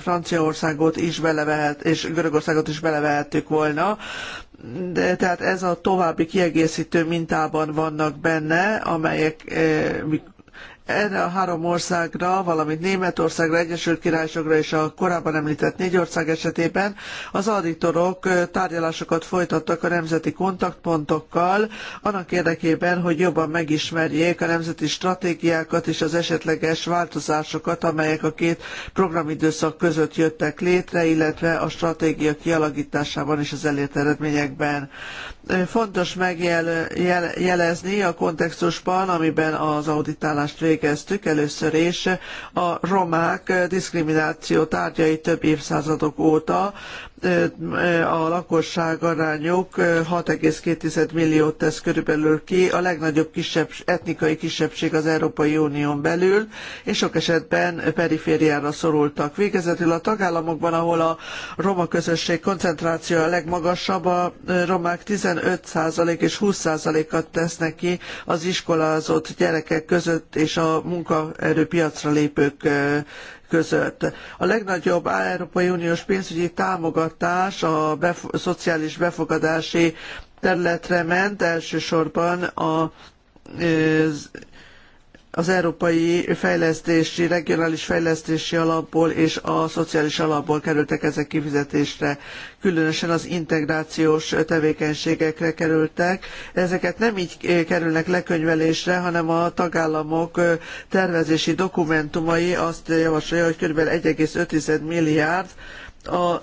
Franciaországot is belevehet, és Görögországot is belevehettük volna. De, tehát ez a további kiegészítő mintában vannak benne, amelyek erre a három országra, valamint Németországra, Egyesült Királyságra és a korábban említett négy ország esetében az auditorok tárgyalásokat folytattak a nemzeti kontaktpontokkal, annak érdekében, hogy jobban megismerjék a nemzeti stratégiákat és az esetleges változásokat, amelyek a két programidőszak között jöttek létre, illetve a stratégia kialakításában és az elért eredményekben. Fontos megjelezni a kontextusban, amiben az auditálást végeztük először is, a romák diszkrimináció tárgyai több évszázadok óta, a lakosság arányok 6,2 milliót tesz körülbelül ki, a legnagyobb kisebb, etnikai kisebbség az Európai Unión belül, és sok esetben perifériára szorultak. Végezetül a tagállamokban, ahol a roma közösség koncentrációja a legmagasabb, a romák 15% és 20%-at tesznek ki az iskolázott gyerekek között és a munkaerőpiacra lépők között. A legnagyobb Európai Uniós pénzügyi támogatás a befo- szociális befogadási területre ment, elsősorban a az az Európai Fejlesztési, Regionális Fejlesztési Alapból és a Szociális Alapból kerültek ezek kifizetésre. Különösen az integrációs tevékenységekre kerültek. Ezeket nem így kerülnek lekönyvelésre, hanem a tagállamok tervezési dokumentumai azt javasolja, hogy kb. 1,5 milliárd a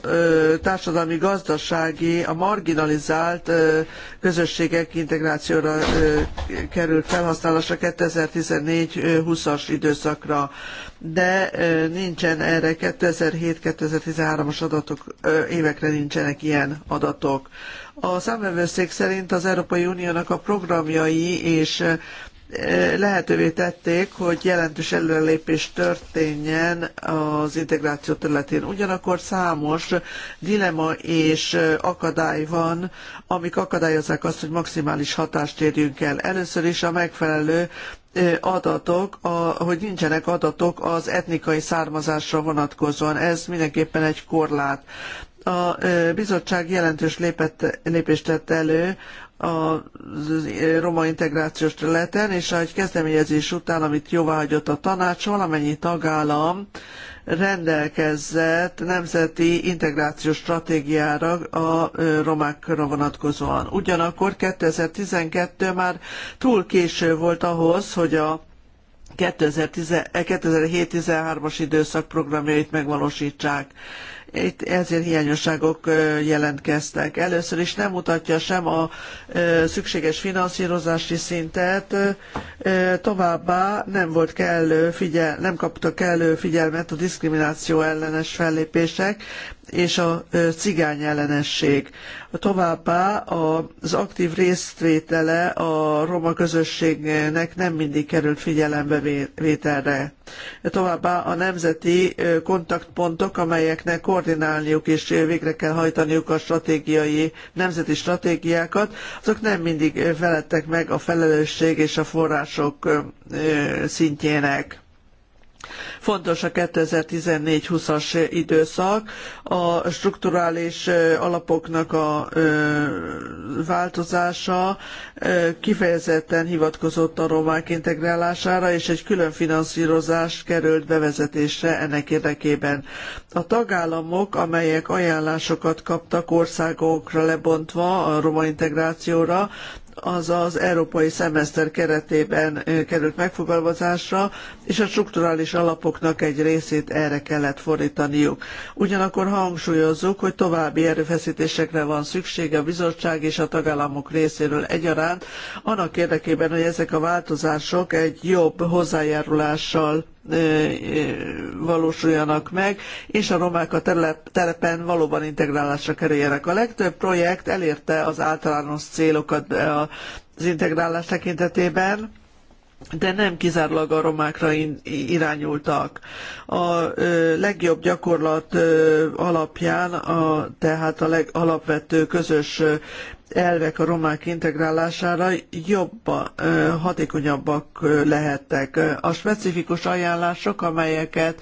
társadalmi, gazdasági, a marginalizált közösségek integrációra kerül felhasználásra 2014-20-as időszakra, de nincsen erre 2007-2013-as adatok, évekre nincsenek ilyen adatok. A számvevőszék szerint az Európai Uniónak a programjai és lehetővé tették, hogy jelentős előrelépés történjen az integráció területén. Ugyanakkor számos dilema és akadály van, amik akadályozzák azt, hogy maximális hatást érjünk el. Először is a megfelelő adatok, a, hogy nincsenek adatok az etnikai származásra vonatkozóan. Ez mindenképpen egy korlát. A bizottság jelentős lépett, lépést tett elő a roma integrációs területen, és egy kezdeményezés után, amit jóváhagyott a tanács, valamennyi tagállam rendelkezett nemzeti integrációs stratégiára a romákra vonatkozóan. Ugyanakkor 2012 már túl késő volt ahhoz, hogy a 2007-13-as eh, időszak programjait megvalósítsák. Itt ezért hiányosságok jelentkeztek. Először is nem mutatja sem a szükséges finanszírozási szintet, továbbá nem volt kellő figyel, nem kapta kellő figyelmet a diszkrimináció ellenes fellépések, és a cigány ellenesség. Továbbá az aktív résztvétele a roma közösségnek nem mindig került figyelembevételre. Továbbá a nemzeti kontaktpontok, amelyeknek koordinálniuk és végre kell hajtaniuk a stratégiai, nemzeti stratégiákat, azok nem mindig felettek meg a felelősség és a források szintjének. Fontos a 2014-20-as időszak, a strukturális alapoknak a változása kifejezetten hivatkozott a romák integrálására, és egy külön finanszírozás került bevezetésre ennek érdekében. A tagállamok, amelyek ajánlásokat kaptak országokra lebontva a roma integrációra, az az európai szemeszter keretében került megfogalmazásra, és a strukturális alapoknak egy részét erre kellett fordítaniuk. Ugyanakkor hangsúlyozzuk, hogy további erőfeszítésekre van szükség a bizottság és a tagállamok részéről egyaránt, annak érdekében, hogy ezek a változások egy jobb hozzájárulással valósuljanak meg, és a romák a telepen valóban integrálásra kerüljenek. A legtöbb projekt elérte az általános célokat az integrálás tekintetében, de nem kizárólag a romákra irányultak. A legjobb gyakorlat alapján, a, tehát a legalapvető közös elvek a romák integrálására jobba, hatékonyabbak lehettek. A specifikus ajánlások, amelyeket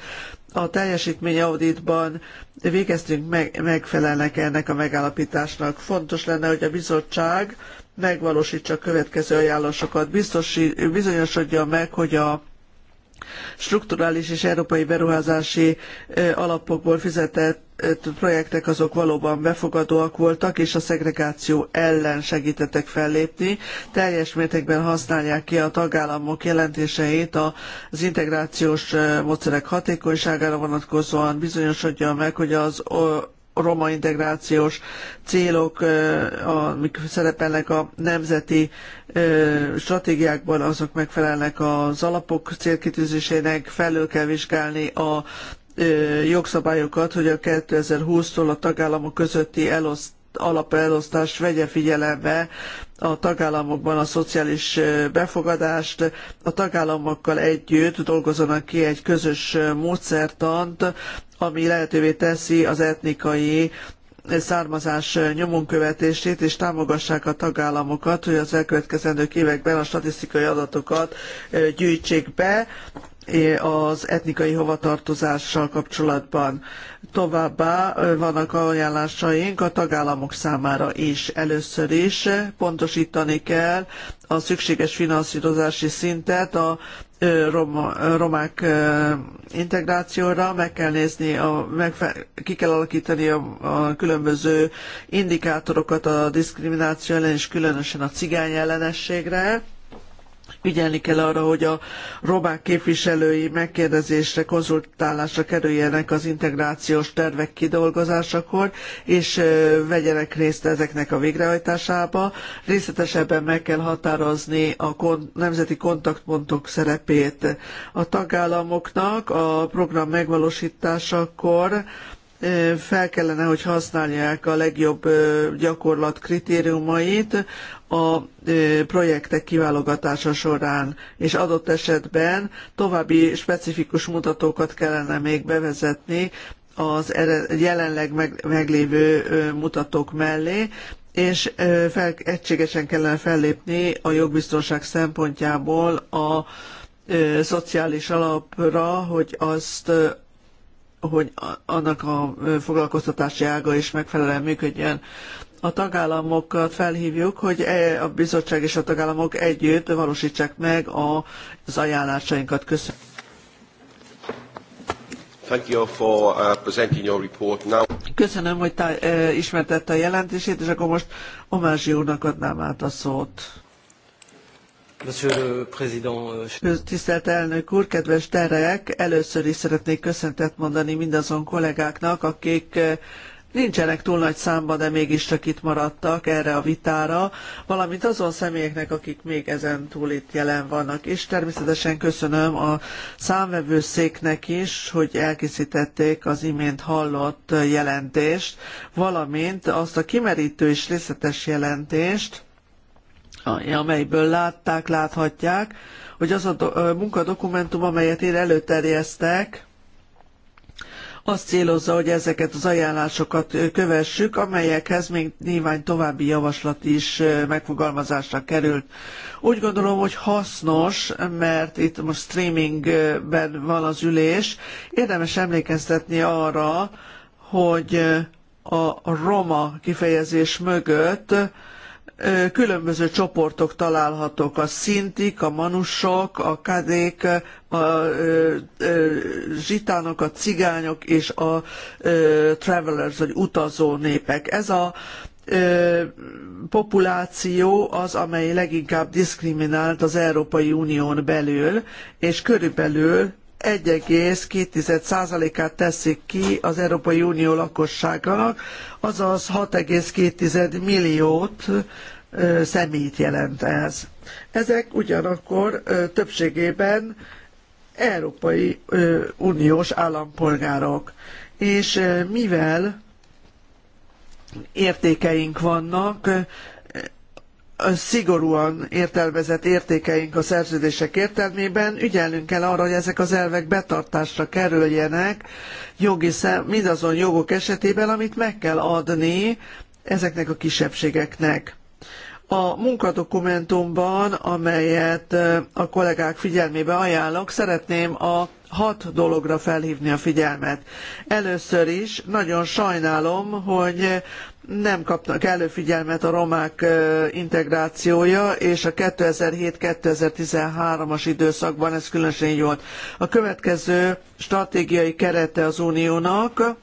a teljesítmény auditban végeztünk, meg, megfelelnek ennek a megállapításnak. Fontos lenne, hogy a bizottság megvalósítsa a következő ajánlásokat, bizonyosodja meg, hogy a strukturális és európai beruházási alapokból fizetett projektek azok valóban befogadóak voltak, és a szegregáció ellen segítettek fellépni. Teljes mértékben használják ki a tagállamok jelentéseit az integrációs módszerek hatékonyságára vonatkozóan. Bizonyosodjon meg, hogy az roma integrációs célok, amik szerepelnek a nemzeti stratégiákban, azok megfelelnek az alapok célkitűzésének, felül kell vizsgálni a jogszabályokat, hogy a 2020-tól a tagállamok közötti elosztás alapelosztás vegye figyelembe a tagállamokban a szociális befogadást, a tagállamokkal együtt dolgozzanak ki egy közös módszertant, ami lehetővé teszi az etnikai származás nyomon követését, és támogassák a tagállamokat, hogy az elkövetkezendő években a statisztikai adatokat gyűjtsék be, az etnikai hovatartozással kapcsolatban. Továbbá vannak ajánlásaink a tagállamok számára is. Először is pontosítani kell a szükséges finanszírozási szintet a romák integrációra, meg kell nézni, a, ki kell alakítani a, a különböző indikátorokat a diszkrimináció ellen, és különösen a cigány ellenességre figyelni kell arra, hogy a romák képviselői megkérdezésre, konzultálásra kerüljenek az integrációs tervek kidolgozásakor, és vegyenek részt ezeknek a végrehajtásába. Részletesebben meg kell határozni a kon nemzeti kontaktpontok szerepét. A tagállamoknak a program megvalósításakor fel kellene, hogy használják a legjobb gyakorlat kritériumait a projektek kiválogatása során, és adott esetben további specifikus mutatókat kellene még bevezetni az jelenleg meglévő mutatók mellé, és fel, egységesen kellene fellépni a jogbiztonság szempontjából a szociális alapra, hogy azt hogy annak a foglalkoztatási ága is megfelelően működjön. A tagállamokat felhívjuk, hogy e, a bizottság és a tagállamok együtt valósítsák meg az ajánlásainkat. Köszönöm. Uh, Köszönöm, hogy tá- ismertette a jelentését, és akkor most Omázsi úrnak adnám át a szót. Euh, Tisztelt elnök úr, kedves terek! Először is szeretnék köszöntet mondani mindazon kollégáknak, akik nincsenek túl nagy számban, de mégiscsak itt maradtak erre a vitára, valamint azon személyeknek, akik még ezen túl itt jelen vannak. És természetesen köszönöm a számvevőszéknek is, hogy elkészítették az imént hallott jelentést, valamint azt a kimerítő és részletes jelentést, amelyből látták, láthatják, hogy az a munkadokumentum, amelyet én előterjesztek, azt célozza, hogy ezeket az ajánlásokat kövessük, amelyekhez még néhány további javaslat is megfogalmazásra került. Úgy gondolom, hogy hasznos, mert itt most streamingben van az ülés, érdemes emlékeztetni arra, hogy a roma kifejezés mögött különböző csoportok találhatók, a szintik, a manusok, a kadék, a zsitánok, a cigányok és a travelers, vagy utazó népek. Ez a populáció az, amely leginkább diszkriminált az Európai Unión belül, és körülbelül 1,2%-át teszik ki az Európai Unió lakosságának, azaz 6,2 milliót személyt jelent ez. Ezek ugyanakkor többségében Európai Uniós állampolgárok. És mivel értékeink vannak, szigorúan értelmezett értékeink a szerződések értelmében, ügyelnünk kell arra, hogy ezek az elvek betartásra kerüljenek jogi szem, mindazon jogok esetében, amit meg kell adni ezeknek a kisebbségeknek. A munkadokumentumban, amelyet a kollégák figyelmébe ajánlok, szeretném a hat dologra felhívni a figyelmet. Először is nagyon sajnálom, hogy nem kapnak előfigyelmet a romák integrációja, és a 2007-2013-as időszakban ez különösen jó volt. A következő stratégiai kerete az uniónak,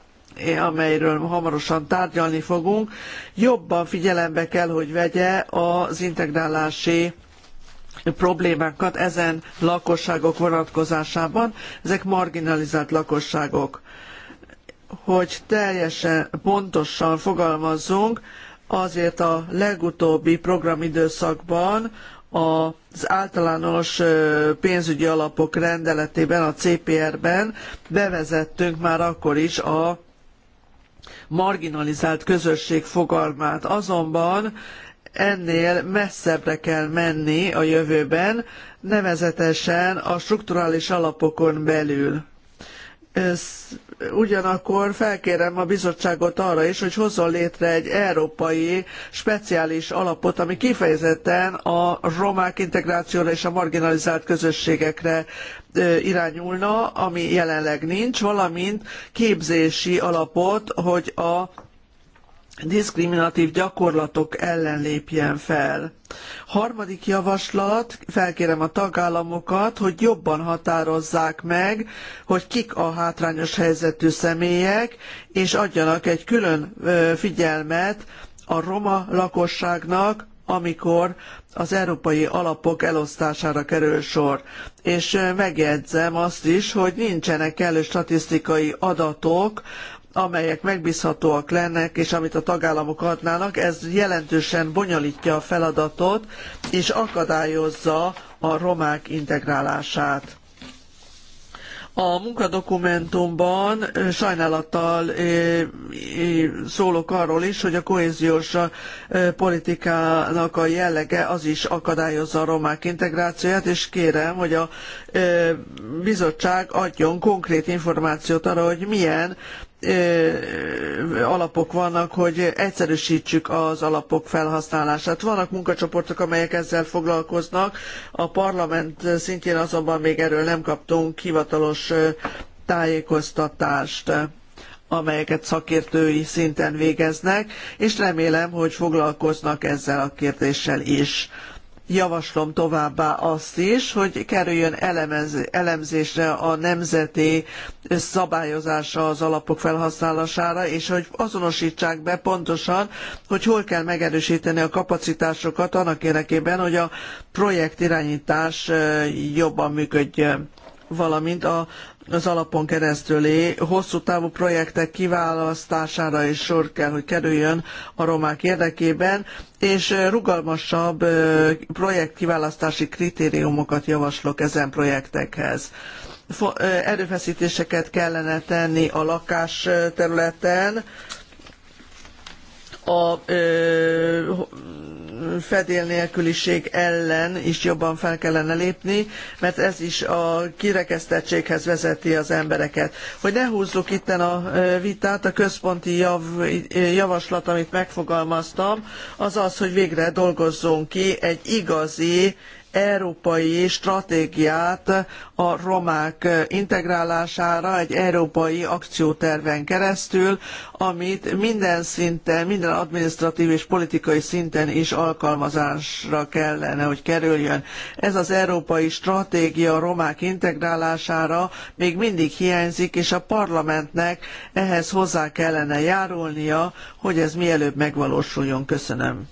amelyről hamarosan tárgyalni fogunk, jobban figyelembe kell, hogy vegye az integrálási problémákat ezen lakosságok vonatkozásában. Ezek marginalizált lakosságok. Hogy teljesen pontosan fogalmazzunk, azért a legutóbbi programidőszakban az általános pénzügyi alapok rendeletében, a CPR-ben bevezettünk már akkor is a marginalizált közösség fogalmát. Azonban ennél messzebbre kell menni a jövőben, nevezetesen a strukturális alapokon belül. Ugyanakkor felkérem a bizottságot arra is, hogy hozzon létre egy európai speciális alapot, ami kifejezetten a romák integrációra és a marginalizált közösségekre irányulna, ami jelenleg nincs, valamint képzési alapot, hogy a diszkriminatív gyakorlatok ellen lépjen fel. Harmadik javaslat, felkérem a tagállamokat, hogy jobban határozzák meg, hogy kik a hátrányos helyzetű személyek, és adjanak egy külön figyelmet a roma lakosságnak, amikor az európai alapok elosztására kerül sor. És megjegyzem azt is, hogy nincsenek elő statisztikai adatok, amelyek megbízhatóak lennek, és amit a tagállamok adnának, ez jelentősen bonyolítja a feladatot, és akadályozza a romák integrálását. A munkadokumentumban sajnálattal szólok arról is, hogy a kohéziós politikának a jellege az is akadályozza a romák integrációját, és kérem, hogy a bizottság adjon konkrét információt arra, hogy milyen alapok vannak, hogy egyszerűsítsük az alapok felhasználását. Vannak munkacsoportok, amelyek ezzel foglalkoznak, a parlament szintjén azonban még erről nem kaptunk hivatalos tájékoztatást amelyeket szakértői szinten végeznek, és remélem, hogy foglalkoznak ezzel a kérdéssel is. Javaslom továbbá azt is, hogy kerüljön elemzésre a nemzeti szabályozása az alapok felhasználására, és hogy azonosítsák be pontosan, hogy hol kell megerősíteni a kapacitásokat annak érdekében, hogy a projektirányítás jobban működjön valamint a az alapon keresztüli hosszú távú projektek kiválasztására is sor kell, hogy kerüljön a romák érdekében, és rugalmasabb projekt kiválasztási kritériumokat javaslok ezen projektekhez erőfeszítéseket kellene tenni a lakás területen, a ö, fedél nélküliség ellen is jobban fel kellene lépni, mert ez is a kirekesztettséghez vezeti az embereket. Hogy ne húzzuk itten a vitát, a központi jav, javaslat, amit megfogalmaztam, az az, hogy végre dolgozzunk ki egy igazi európai stratégiát a romák integrálására egy európai akcióterven keresztül, amit minden szinten, minden adminisztratív és politikai szinten is alkalmazásra kellene, hogy kerüljön. Ez az európai stratégia a romák integrálására még mindig hiányzik, és a parlamentnek ehhez hozzá kellene járulnia, hogy ez mielőbb megvalósuljon. Köszönöm.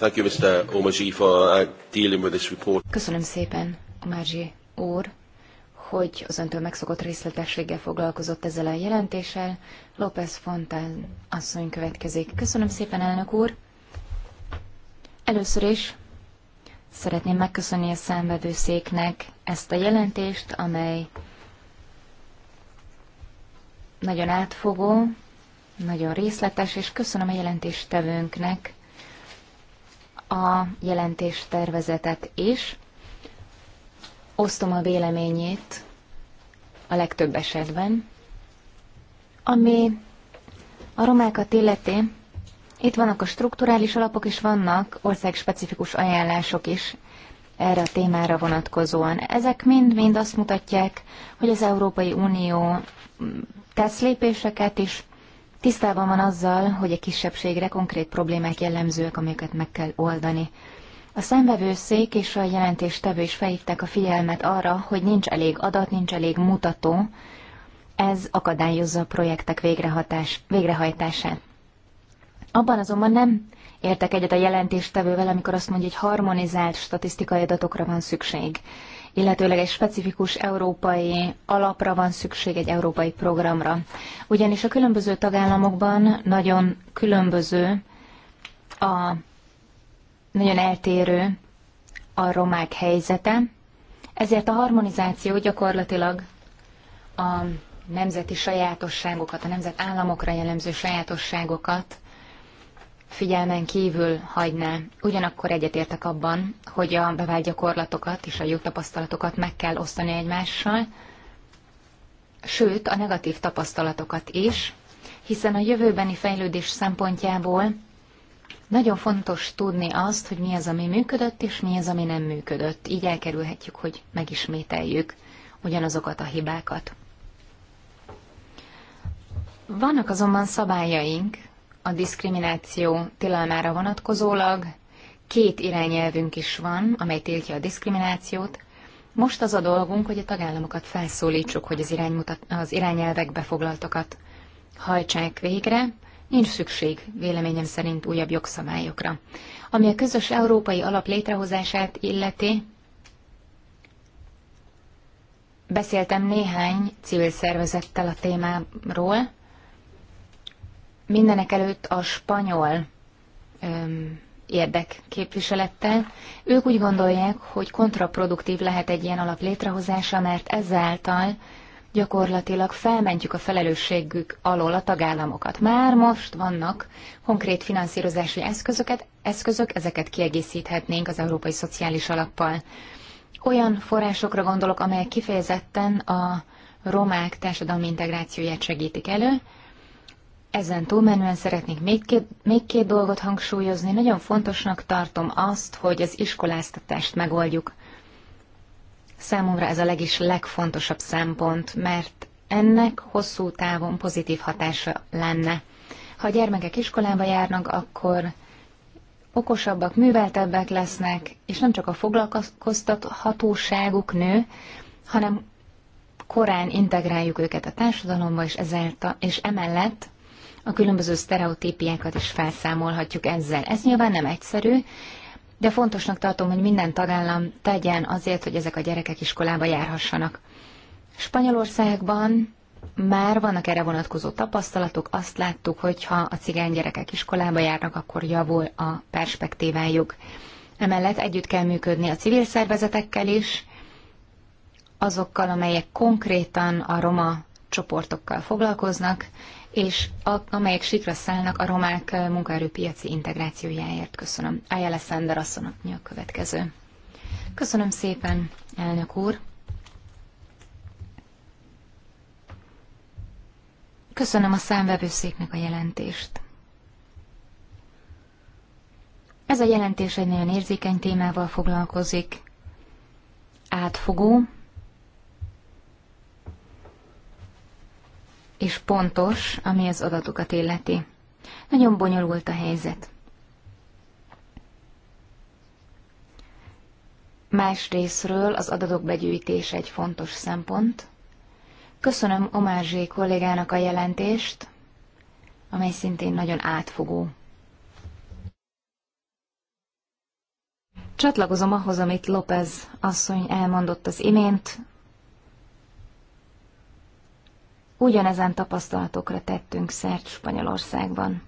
Uh, köszönöm szépen, Omaji úr, hogy az öntől megszokott részletességgel foglalkozott ezzel a jelentéssel. López Fontán asszony következik. Köszönöm szépen, elnök úr. Először is szeretném megköszönni a számvevőszéknek ezt a jelentést, amely nagyon átfogó, nagyon részletes, és köszönöm a jelentéstevőnknek a jelentés tervezetet is. Osztom a véleményét a legtöbb esetben, ami a romákat illeti, itt vannak a strukturális alapok, és vannak országspecifikus ajánlások is erre a témára vonatkozóan. Ezek mind-mind azt mutatják, hogy az Európai Unió tesz lépéseket is, tisztában van azzal, hogy a kisebbségre konkrét problémák jellemzőek, amiket meg kell oldani. A szék és a jelentéstevő is felhívták a figyelmet arra, hogy nincs elég adat, nincs elég mutató, ez akadályozza a projektek végrehatás, végrehajtását. Abban azonban nem értek egyet a jelentéstevővel, amikor azt mondja, hogy harmonizált statisztikai adatokra van szükség illetőleg egy specifikus európai alapra van szükség, egy európai programra. Ugyanis a különböző tagállamokban nagyon különböző a nagyon eltérő a romák helyzete, ezért a harmonizáció gyakorlatilag a nemzeti sajátosságokat, a államokra jellemző sajátosságokat figyelmen kívül hagyná. Ugyanakkor egyetértek abban, hogy a bevált gyakorlatokat és a jó tapasztalatokat meg kell osztani egymással, sőt a negatív tapasztalatokat is, hiszen a jövőbeni fejlődés szempontjából nagyon fontos tudni azt, hogy mi az, ami működött, és mi az, ami nem működött. Így elkerülhetjük, hogy megismételjük ugyanazokat a hibákat. Vannak azonban szabályaink, a diszkrimináció tilalmára vonatkozólag. Két irányelvünk is van, amely tiltja a diszkriminációt. Most az a dolgunk, hogy a tagállamokat felszólítsuk, hogy az, iránymutat, az irányelvek befoglaltokat hajtsák végre. Nincs szükség, véleményem szerint, újabb jogszabályokra. Ami a közös európai alap létrehozását illeti, beszéltem néhány civil szervezettel a témáról, mindenek előtt a spanyol öm, képviselettel. Ők úgy gondolják, hogy kontraproduktív lehet egy ilyen alap létrehozása, mert ezáltal gyakorlatilag felmentjük a felelősségük alól a tagállamokat. Már most vannak konkrét finanszírozási eszközöket, eszközök, ezeket kiegészíthetnénk az Európai Szociális Alappal. Olyan forrásokra gondolok, amelyek kifejezetten a romák társadalmi integrációját segítik elő, ezen túlmenően szeretnék még két, még két dolgot hangsúlyozni. Nagyon fontosnak tartom azt, hogy az iskoláztatást megoldjuk. Számomra ez a legis legfontosabb szempont, mert ennek hosszú távon pozitív hatása lenne. Ha a gyermekek iskolába járnak, akkor okosabbak, műveltebbek lesznek, és nem csak a foglalkoztathatóságuk nő, hanem korán integráljuk őket a társadalomba, és, ezáltal, és emellett a különböző sztereotípiákat is felszámolhatjuk ezzel. Ez nyilván nem egyszerű, de fontosnak tartom, hogy minden tagállam tegyen azért, hogy ezek a gyerekek iskolába járhassanak. Spanyolországban már vannak erre vonatkozó tapasztalatok, azt láttuk, hogy ha a cigány gyerekek iskolába járnak, akkor javul a perspektívájuk. Emellett együtt kell működni a civil szervezetekkel is, azokkal, amelyek konkrétan a roma csoportokkal foglalkoznak, és a, amelyek sikra szállnak a romák eh, munkaerőpiaci integrációjáért. Köszönöm. Ájele Szender asszony a következő. Köszönöm szépen, elnök úr. Köszönöm a számvevőszéknek a jelentést. Ez a jelentés egy nagyon érzékeny témával foglalkozik, átfogó, és pontos, ami az adatokat illeti. Nagyon bonyolult a helyzet. Más részről az adatok begyűjtése egy fontos szempont. Köszönöm Omázsé kollégának a jelentést, amely szintén nagyon átfogó. Csatlakozom ahhoz, amit López asszony elmondott az imént, Ugyanezen tapasztalatokra tettünk szert Spanyolországban.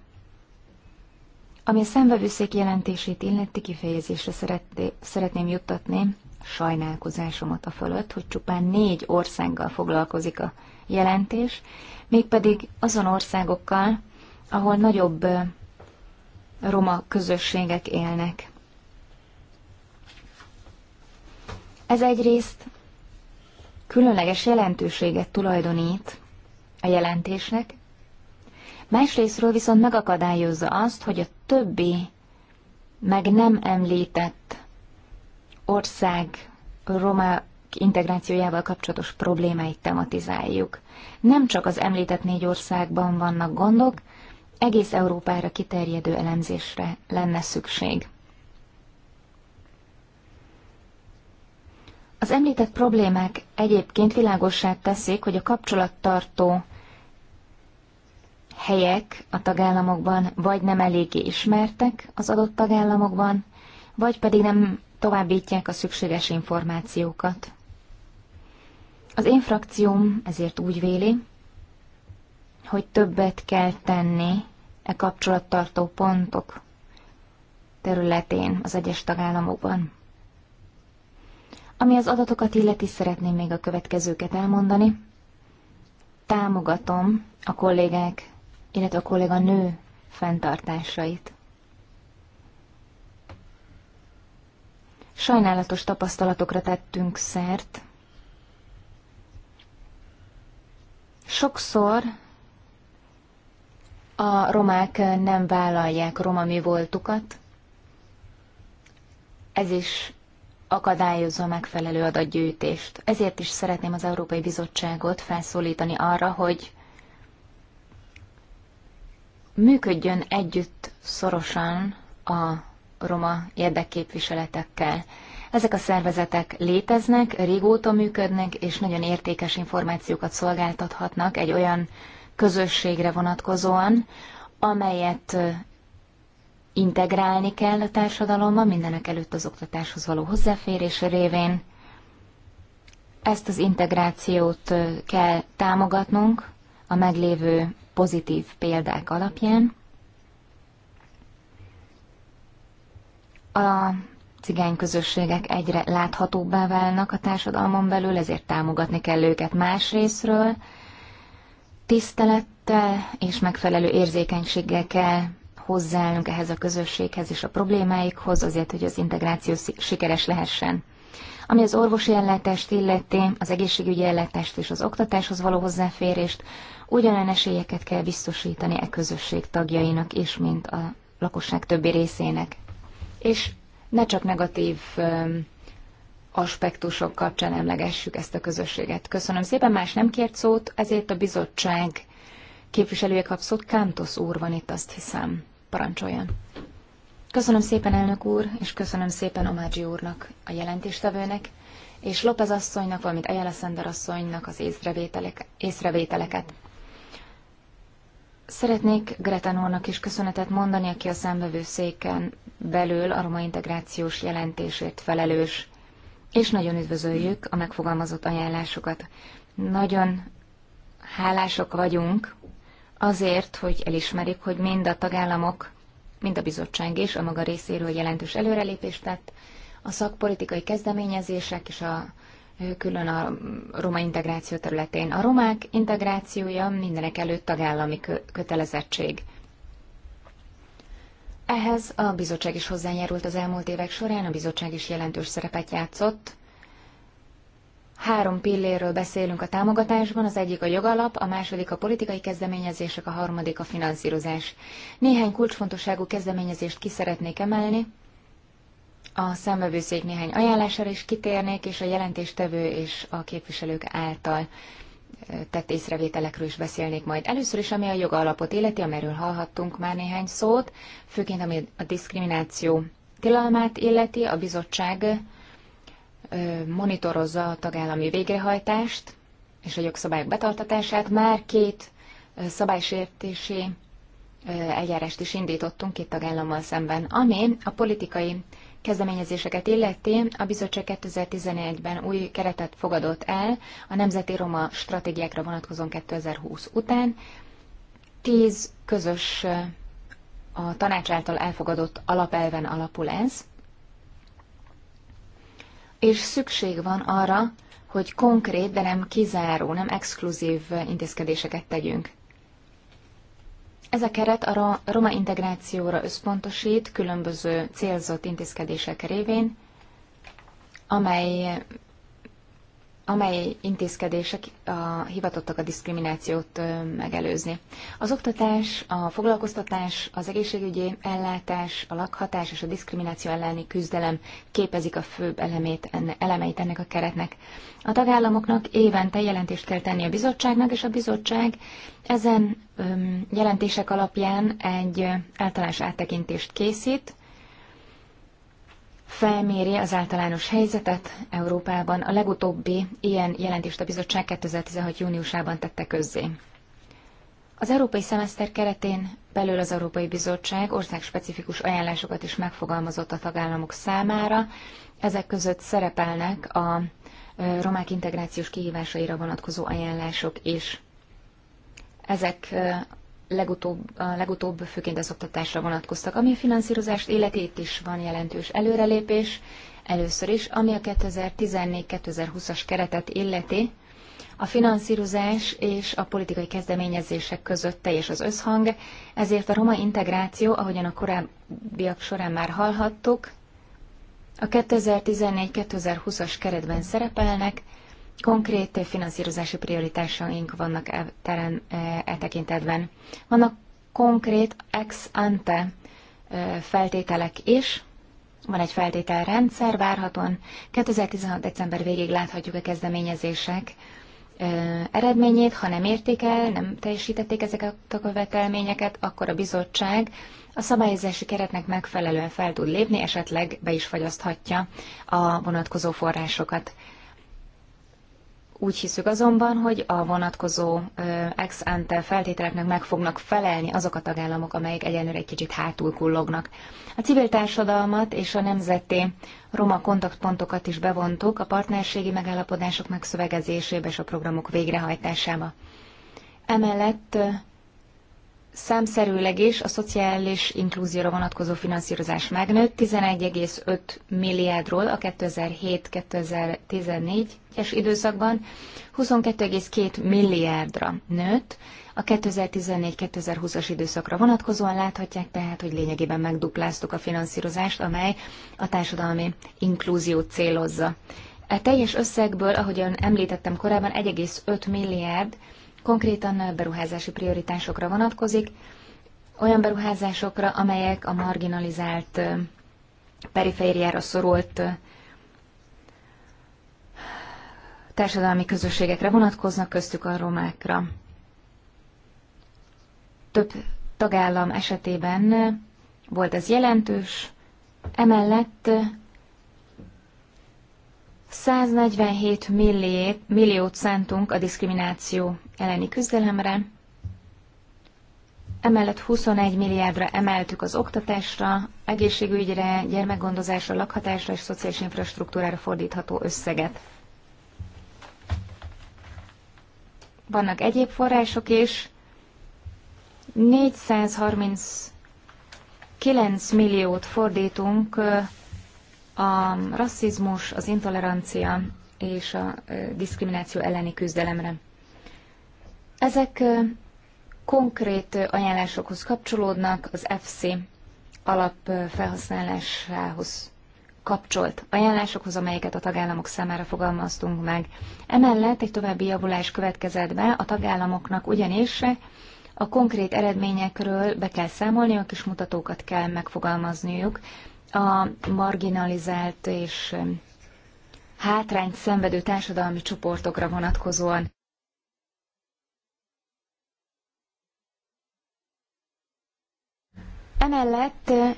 Ami a szembevőszék jelentését illeti kifejezésre szeretné, szeretném juttatni sajnálkozásomat a fölött, hogy csupán négy országgal foglalkozik a jelentés, mégpedig azon országokkal, ahol nagyobb roma közösségek élnek. Ez egyrészt különleges jelentőséget tulajdonít a jelentésnek, másrésztről viszont megakadályozza azt, hogy a többi meg nem említett ország romák integrációjával kapcsolatos problémáit tematizáljuk. Nem csak az említett négy országban vannak gondok, egész Európára kiterjedő elemzésre lenne szükség. Az említett problémák egyébként világossá teszik, hogy a kapcsolattartó helyek a tagállamokban vagy nem eléggé ismertek az adott tagállamokban, vagy pedig nem továbbítják a szükséges információkat. Az én frakcióm ezért úgy véli, hogy többet kell tenni e kapcsolattartó pontok területén az egyes tagállamokban. Ami az adatokat illeti, szeretném még a következőket elmondani. Támogatom a kollégák, illetve a nő fenntartásait. Sajnálatos tapasztalatokra tettünk szert. Sokszor a romák nem vállalják romami voltukat. Ez is akadályozza a megfelelő adatgyűjtést. Ezért is szeretném az Európai Bizottságot felszólítani arra, hogy működjön együtt szorosan a roma érdekképviseletekkel. Ezek a szervezetek léteznek, régóta működnek, és nagyon értékes információkat szolgáltathatnak egy olyan közösségre vonatkozóan, amelyet integrálni kell a társadalomba, mindenek előtt az oktatáshoz való hozzáférés révén. Ezt az integrációt kell támogatnunk a meglévő pozitív példák alapján. A cigány közösségek egyre láthatóbbá válnak a társadalmon belül, ezért támogatni kell őket más részről. Tisztelettel és megfelelő érzékenységgel kell hozzáállnunk ehhez a közösséghez és a problémáikhoz, azért, hogy az integráció sikeres lehessen. Ami az orvosi ellátást illeti, az egészségügyi ellátást és az oktatáshoz való hozzáférést, ugyanolyan esélyeket kell biztosítani e közösség tagjainak is, mint a lakosság többi részének. És ne csak negatív aspektusok kapcsán emlegessük ezt a közösséget. Köszönöm szépen, más nem kért szót, ezért a bizottság képviselője kap szót. Kántos úr van itt, azt hiszem. Parancsoljon! Köszönöm szépen, elnök úr, és köszönöm szépen Omágyi úrnak, a jelentéstevőnek, és López asszonynak, valamint Ayala Szender asszonynak az észrevételek, észrevételeket. Szeretnék Greten úrnak is köszönetet mondani, aki a széken belül a roma integrációs jelentésért felelős, és nagyon üdvözöljük a megfogalmazott ajánlásokat. Nagyon hálások vagyunk azért, hogy elismerik, hogy mind a tagállamok, mind a bizottság is a maga részéről jelentős előrelépést tett, a szakpolitikai kezdeményezések és a külön a roma integráció területén. A romák integrációja mindenek előtt tagállami kötelezettség. Ehhez a bizottság is hozzájárult az elmúlt évek során, a bizottság is jelentős szerepet játszott, Három pillérről beszélünk a támogatásban, az egyik a jogalap, a második a politikai kezdeményezések, a harmadik a finanszírozás. Néhány kulcsfontosságú kezdeményezést ki szeretnék emelni, a szembevőszék néhány ajánlására is kitérnék, és a jelentéstevő és a képviselők által tett észrevételekről is beszélnék majd. Először is, ami a jogalapot illeti, amiről hallhattunk már néhány szót, főként ami a diszkrimináció tilalmát illeti, a bizottság monitorozza a tagállami végrehajtást és a jogszabályok betartatását. Már két szabálysértési eljárást is indítottunk két tagállammal szemben, ami a politikai kezdeményezéseket illeti, a bizottság 2011-ben új keretet fogadott el a Nemzeti Roma stratégiákra vonatkozóan 2020 után. Tíz közös a tanács által elfogadott alapelven alapul ez és szükség van arra, hogy konkrét, de nem kizáró, nem exkluzív intézkedéseket tegyünk. Ez a keret a roma integrációra összpontosít különböző célzott intézkedések révén, amely amely intézkedések a, hivatottak a diszkriminációt megelőzni. Az oktatás, a foglalkoztatás, az egészségügyi ellátás, a lakhatás és a diszkrimináció elleni küzdelem képezik a főbb elemét, elemeit ennek a keretnek. A tagállamoknak évente jelentést kell tenni a bizottságnak, és a bizottság ezen jelentések alapján egy általános áttekintést készít, felméri az általános helyzetet Európában. A legutóbbi ilyen jelentést a bizottság 2016. júniusában tette közzé. Az európai szemeszter keretén belül az Európai Bizottság országspecifikus ajánlásokat is megfogalmazott a tagállamok számára. Ezek között szerepelnek a romák integrációs kihívásaira vonatkozó ajánlások is. Ezek legutóbb, a legutóbb főként az oktatásra vonatkoztak. Ami a finanszírozást illeti, itt is van jelentős előrelépés. Először is, ami a 2014-2020-as keretet illeti, a finanszírozás és a politikai kezdeményezések között teljes az összhang, ezért a roma integráció, ahogyan a korábbiak során már hallhattuk, a 2014-2020-as keretben szerepelnek, konkrét finanszírozási prioritásaink vannak e, teren, e, e tekintetben. Vannak konkrét ex ante e, feltételek is, van egy feltételrendszer, várhatóan 2016. december végéig láthatjuk a kezdeményezések e, eredményét, ha nem érték el, nem teljesítették ezeket a követelményeket, akkor a bizottság a szabályozási keretnek megfelelően fel tud lépni, esetleg be is fagyaszthatja a vonatkozó forrásokat. Úgy hiszük azonban, hogy a vonatkozó ex ante feltételeknek meg fognak felelni azok a tagállamok, amelyek egyenlőre egy kicsit hátul kullognak. A civil társadalmat és a nemzeti roma kontaktpontokat is bevontuk a partnerségi megállapodások megszövegezésébe és a programok végrehajtásába. Emellett Számszerűleg is a szociális inklúzióra vonatkozó finanszírozás megnőtt 11,5 milliárdról a 2007-2014-es időszakban 22,2 milliárdra nőtt. A 2014-2020-as időszakra vonatkozóan láthatják tehát, hogy lényegében megdupláztuk a finanszírozást, amely a társadalmi inklúziót célozza. E teljes összegből, ahogyan említettem korábban, 1,5 milliárd konkrétan beruházási prioritásokra vonatkozik, olyan beruházásokra, amelyek a marginalizált perifériára szorult társadalmi közösségekre vonatkoznak, köztük a romákra. Több tagállam esetében volt ez jelentős, emellett 147 milliét, milliót szántunk a diszkrimináció elleni küzdelemre, emellett 21 milliárdra emeltük az oktatásra, egészségügyre, gyermekgondozásra, lakhatásra és szociális infrastruktúrára fordítható összeget. Vannak egyéb források is, 439 milliót fordítunk a rasszizmus, az intolerancia és a diszkrimináció elleni küzdelemre. Ezek konkrét ajánlásokhoz kapcsolódnak az FC alap felhasználásához kapcsolt ajánlásokhoz, amelyeket a tagállamok számára fogalmaztunk meg. Emellett egy további javulás következett be a tagállamoknak ugyanis a konkrét eredményekről be kell számolniuk, és mutatókat kell megfogalmazniuk, a marginalizált és um, hátrányt szenvedő társadalmi csoportokra vonatkozóan. Emellett uh,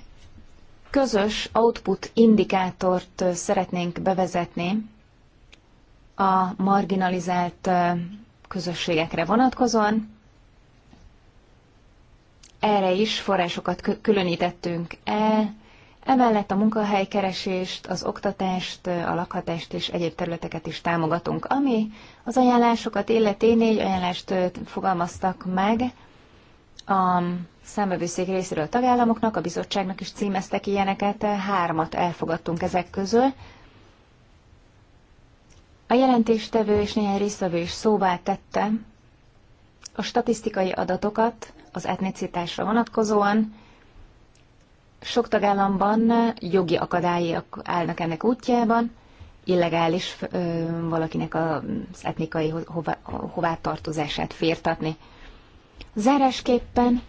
közös output indikátort uh, szeretnénk bevezetni a marginalizált uh, közösségekre vonatkozóan. Erre is forrásokat különítettünk el, Emellett a munkahelykeresést, az oktatást, a lakhatást és egyéb területeket is támogatunk. Ami az ajánlásokat illeti, négy ajánlást fogalmaztak meg a számbevőszék részéről a tagállamoknak, a bizottságnak is címeztek ilyeneket, hármat elfogadtunk ezek közül. A jelentéstevő és néhány résztvevő is szóvá tette a statisztikai adatokat az etnicitásra vonatkozóan, sok tagállamban jogi akadályok állnak ennek útjában, illegális ö, valakinek az etnikai hová, hová tartozását fértatni. Zárásképpen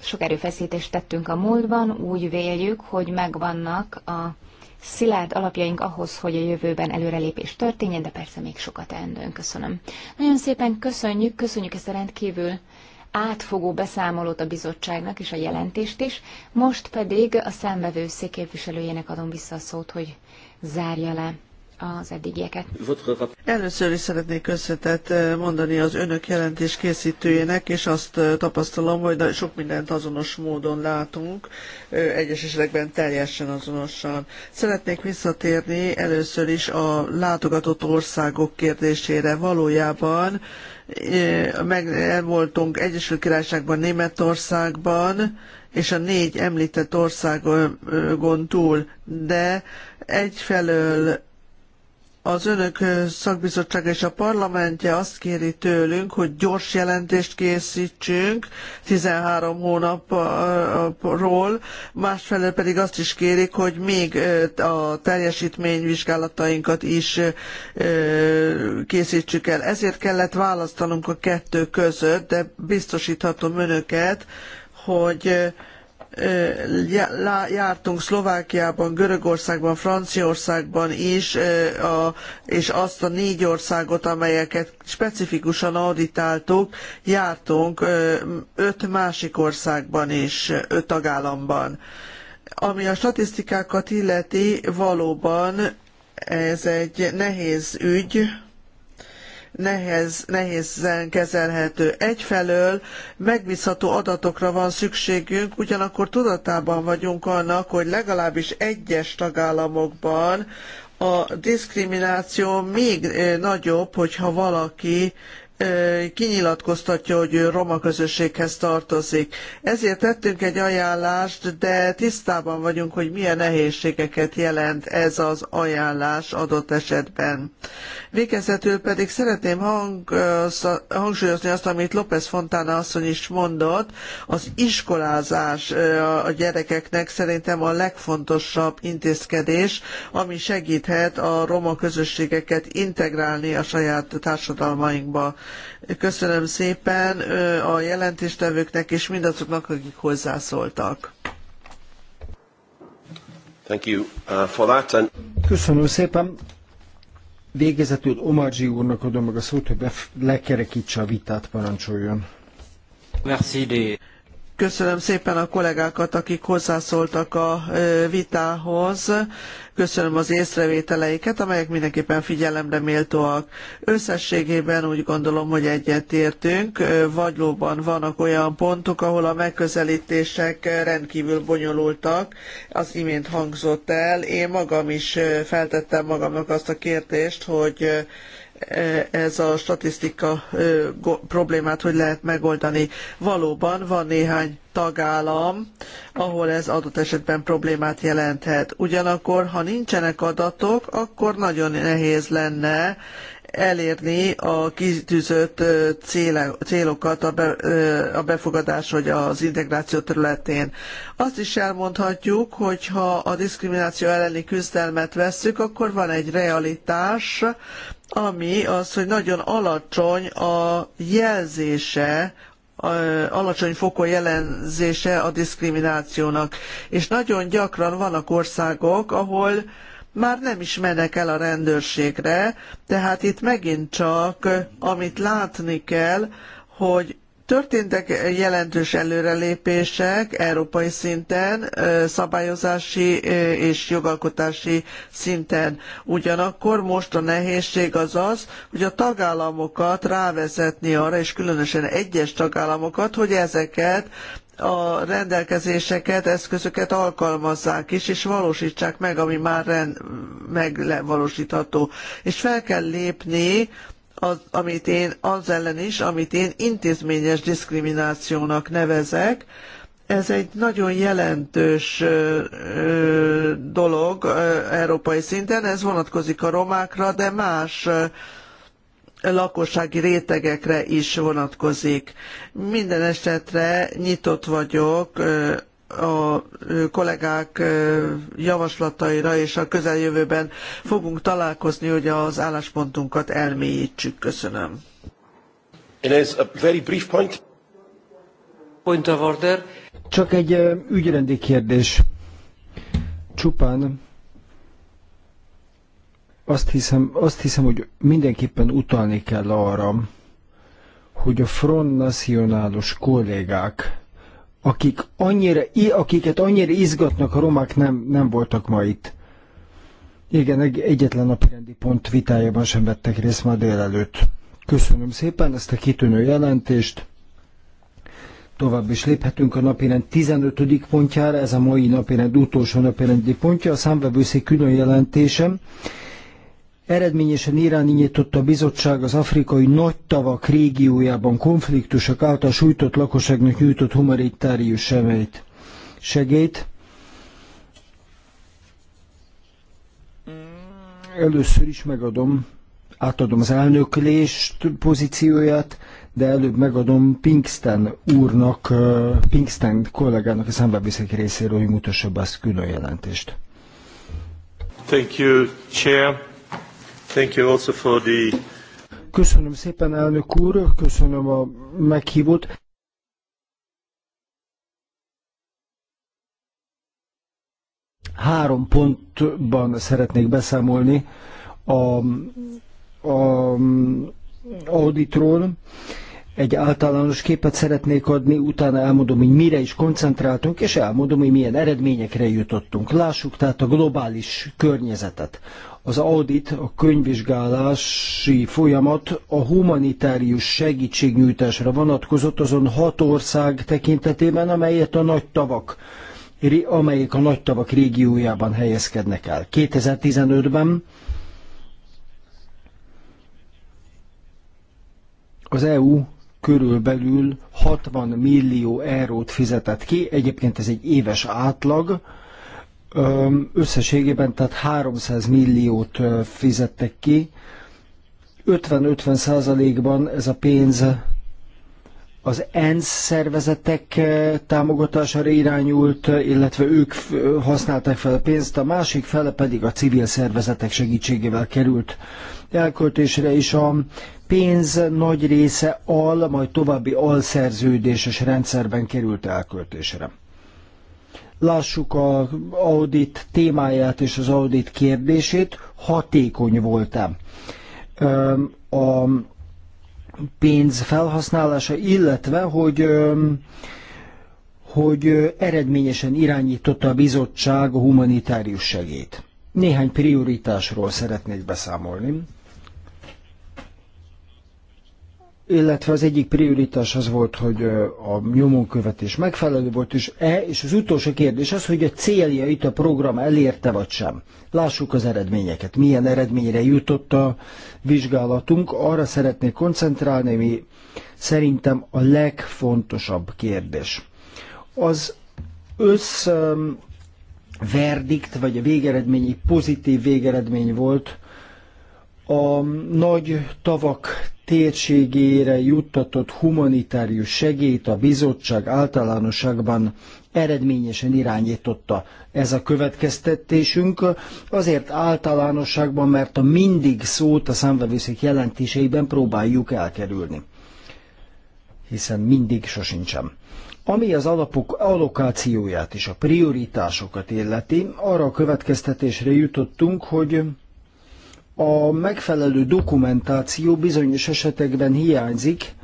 sok erőfeszítést tettünk a múltban, úgy véljük, hogy megvannak a szilárd alapjaink ahhoz, hogy a jövőben előrelépés történjen, de persze még sokat endőn. Köszönöm. Nagyon szépen köszönjük, köszönjük ezt a rendkívül átfogó beszámolót a bizottságnak és a jelentést is. Most pedig a szembevő székképviselőjének adom vissza a szót, hogy zárja le az eddigieket. Először is szeretnék köszönetet eh, mondani az önök jelentés készítőjének, és azt eh, tapasztalom, hogy sok mindent azonos módon látunk, eh, egyes esetekben teljesen azonosan. Szeretnék visszatérni először is a látogatott országok kérdésére. Valójában meg voltunk Egyesült Királyságban, Németországban, és a négy említett országon túl, de egyfelől az önök szakbizottsága és a parlamentje azt kéri tőlünk, hogy gyors jelentést készítsünk 13 hónapról, másfelől pedig azt is kérik, hogy még a teljesítményvizsgálatainkat is készítsük el. Ezért kellett választanunk a kettő között, de biztosíthatom önöket, hogy jártunk Szlovákiában, Görögországban, Franciaországban is, és azt a négy országot, amelyeket specifikusan auditáltuk, jártunk öt másik országban is, öt tagállamban. Ami a statisztikákat illeti, valóban ez egy nehéz ügy, nehez, nehézen kezelhető. Egyfelől megbízható adatokra van szükségünk, ugyanakkor tudatában vagyunk annak, hogy legalábbis egyes tagállamokban a diszkrimináció még eh, nagyobb, hogyha valaki kinyilatkoztatja, hogy ő roma közösséghez tartozik. Ezért tettünk egy ajánlást, de tisztában vagyunk, hogy milyen nehézségeket jelent ez az ajánlás adott esetben. Végezetül pedig szeretném hang, hangsúlyozni azt, amit López Fontana asszony is mondott, az iskolázás a gyerekeknek szerintem a legfontosabb intézkedés, ami segíthet a roma közösségeket integrálni a saját társadalmainkba. Köszönöm szépen a jelentéstevőknek és mindazoknak, akik hozzászóltak. Thank you uh, for that. And... Köszönöm szépen. Végezetül Omarzsi úrnak adom meg a szót, hogy lekerekítse a vitát, parancsoljon. Merci de... Köszönöm szépen a kollégákat, akik hozzászóltak a vitához. Köszönöm az észrevételeiket, amelyek mindenképpen figyelemre méltóak. Összességében úgy gondolom, hogy egyetértünk. Vagylóban vannak olyan pontok, ahol a megközelítések rendkívül bonyolultak. Az imént hangzott el. Én magam is feltettem magamnak azt a kérdést, hogy ez a statisztika problémát hogy lehet megoldani. Valóban van néhány tagállam, ahol ez adott esetben problémát jelenthet. Ugyanakkor, ha nincsenek adatok, akkor nagyon nehéz lenne elérni a kitűzött célokat a befogadás vagy az integráció területén. Azt is elmondhatjuk, hogy ha a diszkrimináció elleni küzdelmet vesszük, akkor van egy realitás, ami az, hogy nagyon alacsony a jelzése, alacsony fokon jelenzése a diszkriminációnak. És nagyon gyakran vannak országok, ahol már nem is mennek el a rendőrségre, tehát itt megint csak, amit látni kell, hogy Történtek jelentős előrelépések európai szinten, szabályozási és jogalkotási szinten. Ugyanakkor most a nehézség az az, hogy a tagállamokat rávezetni arra, és különösen egyes tagállamokat, hogy ezeket a rendelkezéseket, eszközöket alkalmazzák is, és valósítsák meg, ami már rend, megvalósítható. És fel kell lépni az, amit én, az ellen is, amit én intézményes diszkriminációnak nevezek, ez egy nagyon jelentős ö, ö, dolog ö, európai szinten, ez vonatkozik a romákra, de más ö, lakossági rétegekre is vonatkozik. Minden esetre nyitott vagyok a kollégák javaslataira, és a közeljövőben fogunk találkozni, hogy az álláspontunkat elmélyítsük. Köszönöm. Point of order. Csak egy ügyrendi kérdés. Csupán azt hiszem, azt hiszem, hogy mindenképpen utalni kell arra, hogy a Front Nacionálos kollégák akik annyira, akiket annyira izgatnak a romák nem, nem voltak ma itt. Igen, egyetlen napirendi pont vitájában sem vettek részt ma délelőtt. Köszönöm szépen ezt a kitűnő jelentést. Tovább is léphetünk a napirend 15. pontjára, ez a mai napirend utolsó napirendi pontja, a számvevőszék külön jelentésem. Eredményesen Irán nyitotta a bizottság az afrikai nagy tavak régiójában konfliktusok által sújtott lakosságnak nyújtott humanitárius segélyt. Először is megadom, átadom az elnöklést pozícióját, de előbb megadom Pinkston úrnak, Pinkston kollégának a számbábiszek részéről, hogy mutassa be ezt külön jelentést. Thank you, Chair. Köszönöm szépen, elnök úr, köszönöm a meghívót. Három pontban szeretnék beszámolni a, a auditról. Egy általános képet szeretnék adni, utána elmondom, hogy mire is koncentráltunk, és elmondom, hogy milyen eredményekre jutottunk. Lássuk tehát a globális környezetet az audit, a könyvvizsgálási folyamat a humanitárius segítségnyújtásra vonatkozott azon hat ország tekintetében, amelyet a nagy tavak amelyek a nagy tavak régiójában helyezkednek el. 2015-ben az EU körülbelül 60 millió eurót fizetett ki, egyébként ez egy éves átlag, Összességében tehát 300 milliót fizettek ki. 50-50 százalékban ez a pénz az ENSZ szervezetek támogatására irányult, illetve ők használták fel a pénzt, a másik fele pedig a civil szervezetek segítségével került elköltésre, és a pénz nagy része al, majd további alszerződéses rendszerben került elköltésre. Lássuk az audit témáját és az audit kérdését, hatékony voltam. A pénz felhasználása, illetve hogy hogy eredményesen irányította a bizottság a humanitárius segét. Néhány prioritásról szeretnék beszámolni illetve az egyik prioritás az volt, hogy a nyomonkövetés megfelelő volt, és, e, és az utolsó kérdés az, hogy a célja itt a program elérte vagy sem. Lássuk az eredményeket. Milyen eredményre jutott a vizsgálatunk, arra szeretnék koncentrálni, mi szerintem a legfontosabb kérdés. Az összverdikt, vagy a végeredményi pozitív végeredmény volt, a nagy tavak térségére juttatott humanitárius segélyt a bizottság általánosságban eredményesen irányította. Ez a következtetésünk azért általánosságban, mert a mindig szót a számvevőszék jelentéseiben próbáljuk elkerülni. Hiszen mindig sosincsem. Ami az alapok allokációját és a prioritásokat illeti, arra a következtetésre jutottunk, hogy a megfelelő dokumentáció bizonyos esetekben hiányzik,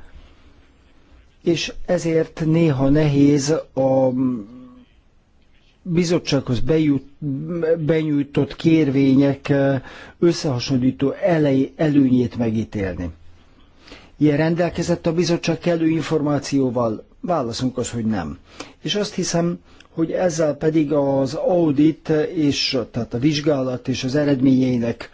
és ezért néha nehéz a bizottsághoz bejut, benyújtott kérvények eh, összehasonlító elej, előnyét megítélni. Ilyen rendelkezett a bizottság kellő információval? Válaszunk az, hogy nem. És azt hiszem, hogy ezzel pedig az audit, és, tehát a vizsgálat és az eredményeinek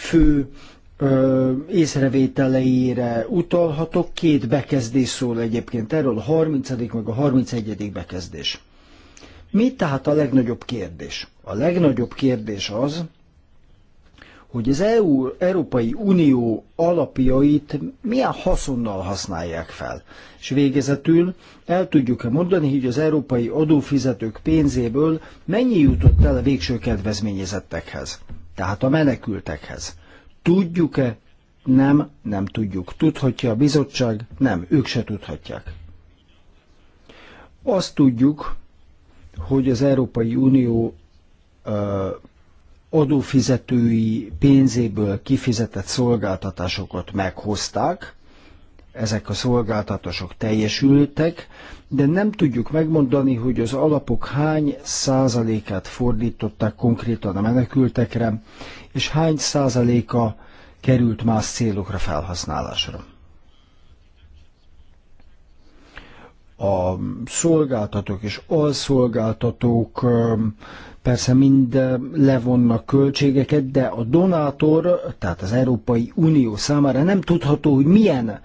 fő ö, észrevételeire utalhatok. Két bekezdés szól egyébként erről, a 30. meg a 31. bekezdés. Mi tehát a legnagyobb kérdés? A legnagyobb kérdés az, hogy az EU, Európai Unió alapjait milyen haszonnal használják fel. És végezetül el tudjuk-e mondani, hogy az európai adófizetők pénzéből mennyi jutott el a végső kedvezményezettekhez tehát a menekültekhez. Tudjuk-e? Nem, nem tudjuk. Tudhatja a bizottság? Nem, ők se tudhatják. Azt tudjuk, hogy az Európai Unió adófizetői pénzéből kifizetett szolgáltatásokat meghozták, ezek a szolgáltatások teljesültek, de nem tudjuk megmondani, hogy az alapok hány százalékát fordították konkrétan a menekültekre, és hány százaléka került más célokra felhasználásra. A szolgáltatók és alszolgáltatók persze mind levonnak költségeket, de a donátor, tehát az Európai Unió számára nem tudható, hogy milyen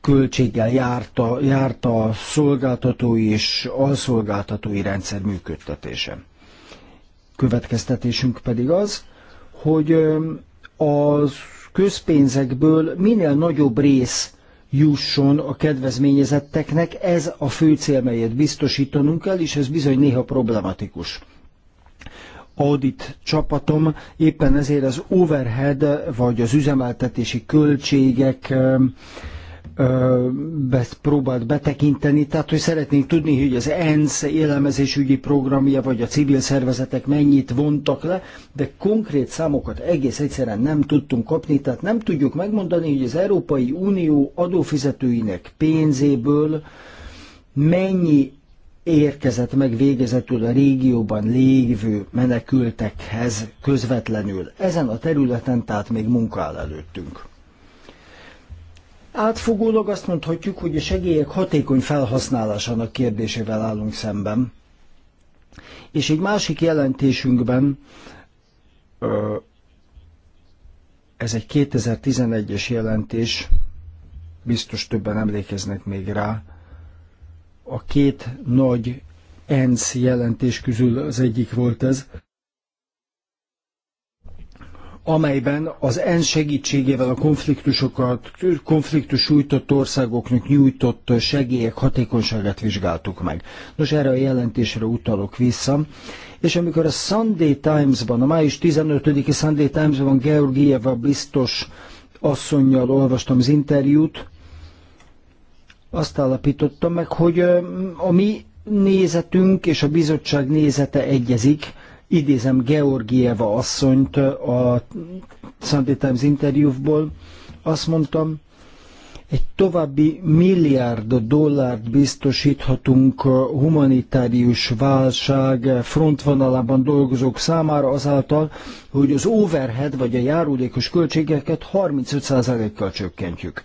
költséggel járta, járta a szolgáltatói és alszolgáltatói rendszer működtetése. Következtetésünk pedig az, hogy az közpénzekből minél nagyobb rész jusson a kedvezményezetteknek, ez a fő cél, melyet biztosítanunk kell, és ez bizony néha problematikus audit csapatom, éppen ezért az overhead, vagy az üzemeltetési költségek próbált betekinteni, tehát hogy szeretnénk tudni, hogy az ENSZ élelmezésügyi programja vagy a civil szervezetek mennyit vontak le, de konkrét számokat egész egyszerűen nem tudtunk kapni, tehát nem tudjuk megmondani, hogy az Európai Unió adófizetőinek pénzéből mennyi érkezett meg végezetül a régióban lévő menekültekhez közvetlenül. Ezen a területen tehát még munka áll előttünk. Átfogólag azt mondhatjuk, hogy a segélyek hatékony felhasználásának kérdésével állunk szemben. És egy másik jelentésünkben, ez egy 2011-es jelentés, biztos többen emlékeznek még rá, a két nagy ENSZ jelentés közül az egyik volt ez, amelyben az EN segítségével a konfliktusokat, konfliktus sújtott országoknak nyújtott segélyek hatékonyságát vizsgáltuk meg. Nos, erre a jelentésre utalok vissza. És amikor a Sunday Times-ban, a május 15-i Sunday Times-ban Georgieva biztos asszonynal olvastam az interjút, azt állapítottam meg, hogy a mi nézetünk és a bizottság nézete egyezik, idézem Georgieva asszonyt a Sunday Times interjúból, azt mondtam, egy további milliárd dollárt biztosíthatunk a humanitárius válság frontvonalában dolgozók számára azáltal, hogy az overhead vagy a járulékos költségeket 35%-kal csökkentjük.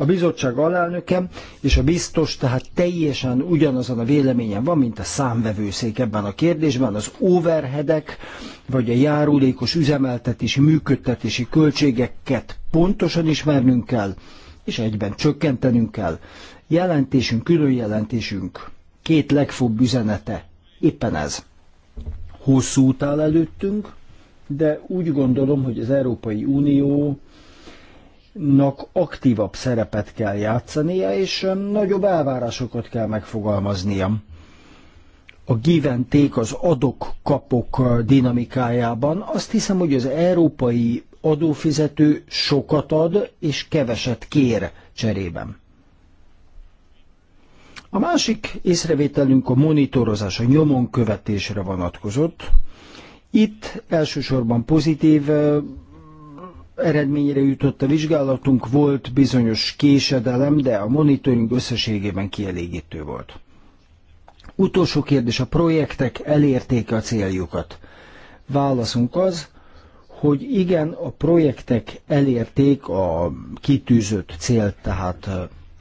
A bizottság alelnöke és a biztos tehát teljesen ugyanazon a véleményen van, mint a számvevőszék ebben a kérdésben. Az overheadek vagy a járulékos üzemeltetési, működtetési költségeket pontosan ismernünk kell, és egyben csökkentenünk kell. Jelentésünk, külön jelentésünk két legfőbb üzenete éppen ez. Hosszú út áll előttünk, de úgy gondolom, hogy az Európai Unió nak aktívabb szerepet kell játszania, és nagyobb elvárásokat kell megfogalmaznia. A giventék az adok-kapok dinamikájában azt hiszem, hogy az európai adófizető sokat ad és keveset kér cserében. A másik észrevételünk a monitorozás, a nyomon követésre vonatkozott. Itt elsősorban pozitív eredményre jutott a vizsgálatunk, volt bizonyos késedelem, de a monitoring összességében kielégítő volt. Utolsó kérdés, a projektek elérték a céljukat? Válaszunk az, hogy igen, a projektek elérték a kitűzött célt, tehát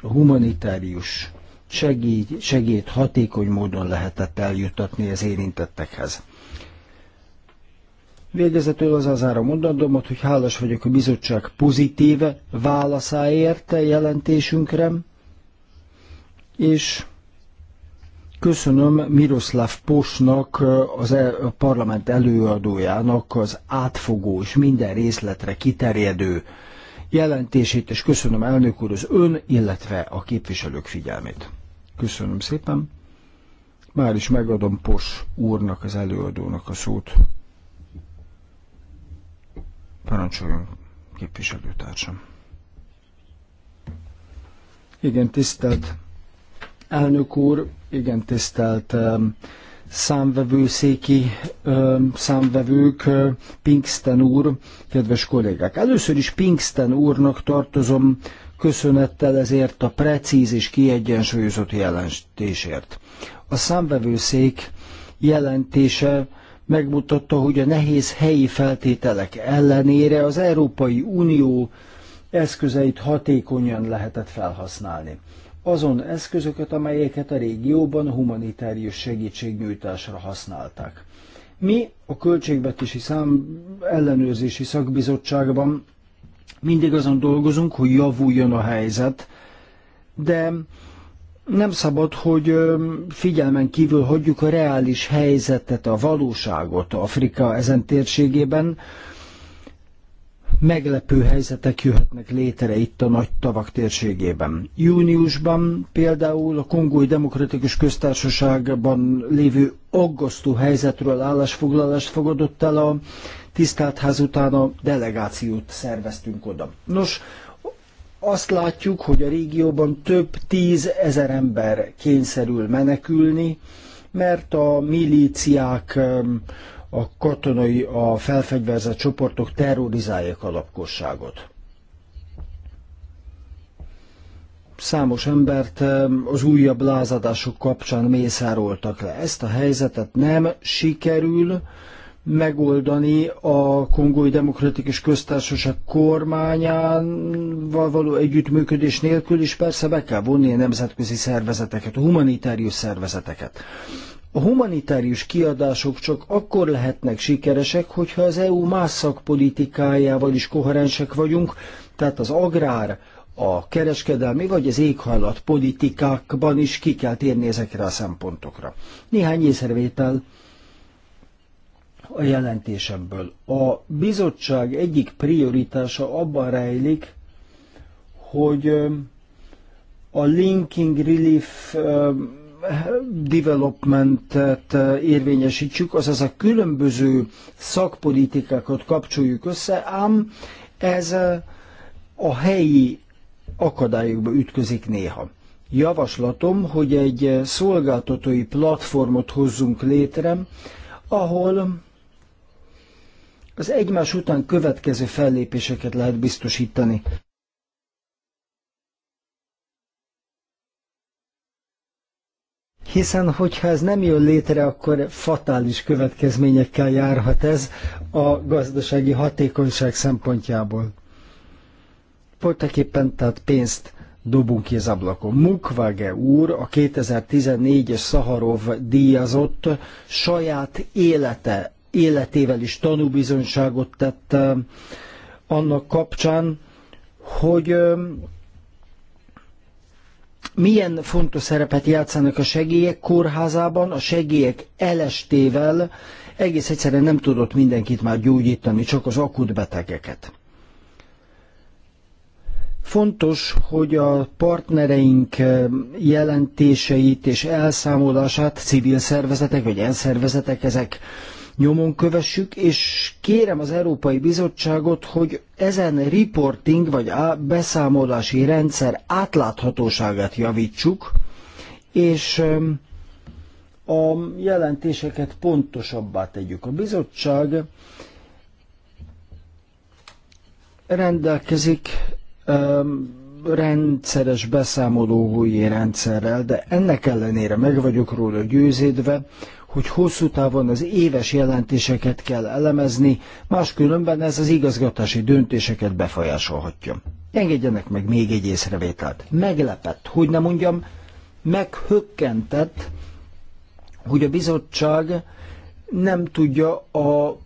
a humanitárius segít, segít hatékony módon lehetett eljutatni az érintettekhez. Végezetül az azára mondandomat, hogy hálás vagyok a bizottság pozitíve válaszáért a jelentésünkre, és köszönöm Miroslav Posnak, az e- a parlament előadójának az átfogó és minden részletre kiterjedő jelentését, és köszönöm elnök úr az ön, illetve a képviselők figyelmét. Köszönöm szépen. Már is megadom Pos úrnak, az előadónak a szót. Parancsoljon, képviselőtársam. Igen, tisztelt elnök úr, igen, tisztelt um, számvevőszéki um, számvevők, uh, Pinkston úr, kedves kollégák. Először is Pinkston úrnak tartozom köszönettel ezért a precíz és kiegyensúlyozott jelentésért. A számvevőszék jelentése megmutatta, hogy a nehéz helyi feltételek ellenére az Európai Unió eszközeit hatékonyan lehetett felhasználni. Azon eszközöket, amelyeket a régióban humanitárius segítségnyújtásra használták. Mi a Költségvetési Szám ellenőrzési szakbizottságban mindig azon dolgozunk, hogy javuljon a helyzet, de nem szabad, hogy figyelmen kívül hagyjuk a reális helyzetet, a valóságot Afrika ezen térségében. Meglepő helyzetek jöhetnek létre itt a nagy tavak térségében. Júniusban például a Kongói Demokratikus Köztársaságban lévő aggasztó helyzetről állásfoglalást fogadott el a tisztelt ház után a delegációt szerveztünk oda. Nos, azt látjuk, hogy a régióban több tízezer ember kényszerül menekülni, mert a milíciák, a katonai, a felfegyverzett csoportok terrorizálják a lakosságot. Számos embert az újabb lázadások kapcsán mészároltak le. Ezt a helyzetet nem sikerül megoldani a Kongói Demokratikus Köztársaság kormányán való együttműködés nélkül, és persze be kell vonni a nemzetközi szervezeteket, a humanitárius szervezeteket. A humanitárius kiadások csak akkor lehetnek sikeresek, hogyha az EU más szakpolitikájával is koherensek vagyunk, tehát az agrár, a kereskedelmi vagy az éghajlat politikákban is ki kell térni ezekre a szempontokra. Néhány észrevétel a jelentésemből. A bizottság egyik prioritása abban rejlik, hogy a linking relief developmentet érvényesítsük, azaz a különböző szakpolitikákat kapcsoljuk össze, ám ez a helyi akadályokba ütközik néha. Javaslatom, hogy egy szolgáltatói platformot hozzunk létre, ahol az egymás után következő fellépéseket lehet biztosítani. Hiszen, hogyha ez nem jön létre, akkor fatális következményekkel járhat ez a gazdasági hatékonyság szempontjából. Voltak éppen tehát pénzt dobunk ki az ablakon. Mukwege úr, a 2014-es Szaharov díjazott saját élete életével is tanúbizonyságot tett annak kapcsán, hogy milyen fontos szerepet játszanak a segélyek kórházában, a segélyek elestével egész egyszerűen nem tudott mindenkit már gyógyítani, csak az akut betegeket. Fontos, hogy a partnereink jelentéseit és elszámolását civil szervezetek vagy enszervezetek ezek nyomon kövessük, és kérem az Európai Bizottságot, hogy ezen reporting vagy beszámolási rendszer átláthatóságát javítsuk, és a jelentéseket pontosabbá tegyük. A bizottság rendelkezik rendszeres beszámolói rendszerrel, de ennek ellenére meg vagyok róla győződve, hogy hosszú távon az éves jelentéseket kell elemezni, máskülönben ez az igazgatási döntéseket befolyásolhatja. Engedjenek meg még egy észrevételt. Meglepett, hogy nem mondjam, meghökkentett, hogy a bizottság nem tudja a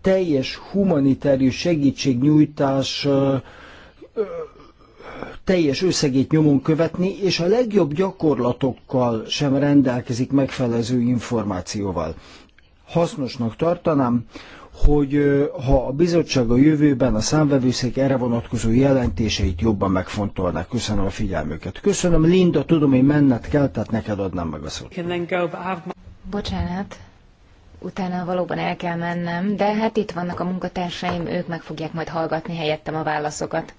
teljes humanitárius segítségnyújtás teljes összegét nyomon követni, és a legjobb gyakorlatokkal sem rendelkezik megfelelő információval. Hasznosnak tartanám, hogy ha a bizottság a jövőben a számvevőszék erre vonatkozó jelentéseit jobban megfontolná. Köszönöm a figyelmüket. Köszönöm, Linda, tudom, én menned kell, tehát neked adnám meg a szót. Bocsánat, utána valóban el kell mennem, de hát itt vannak a munkatársaim, ők meg fogják majd hallgatni helyettem a válaszokat.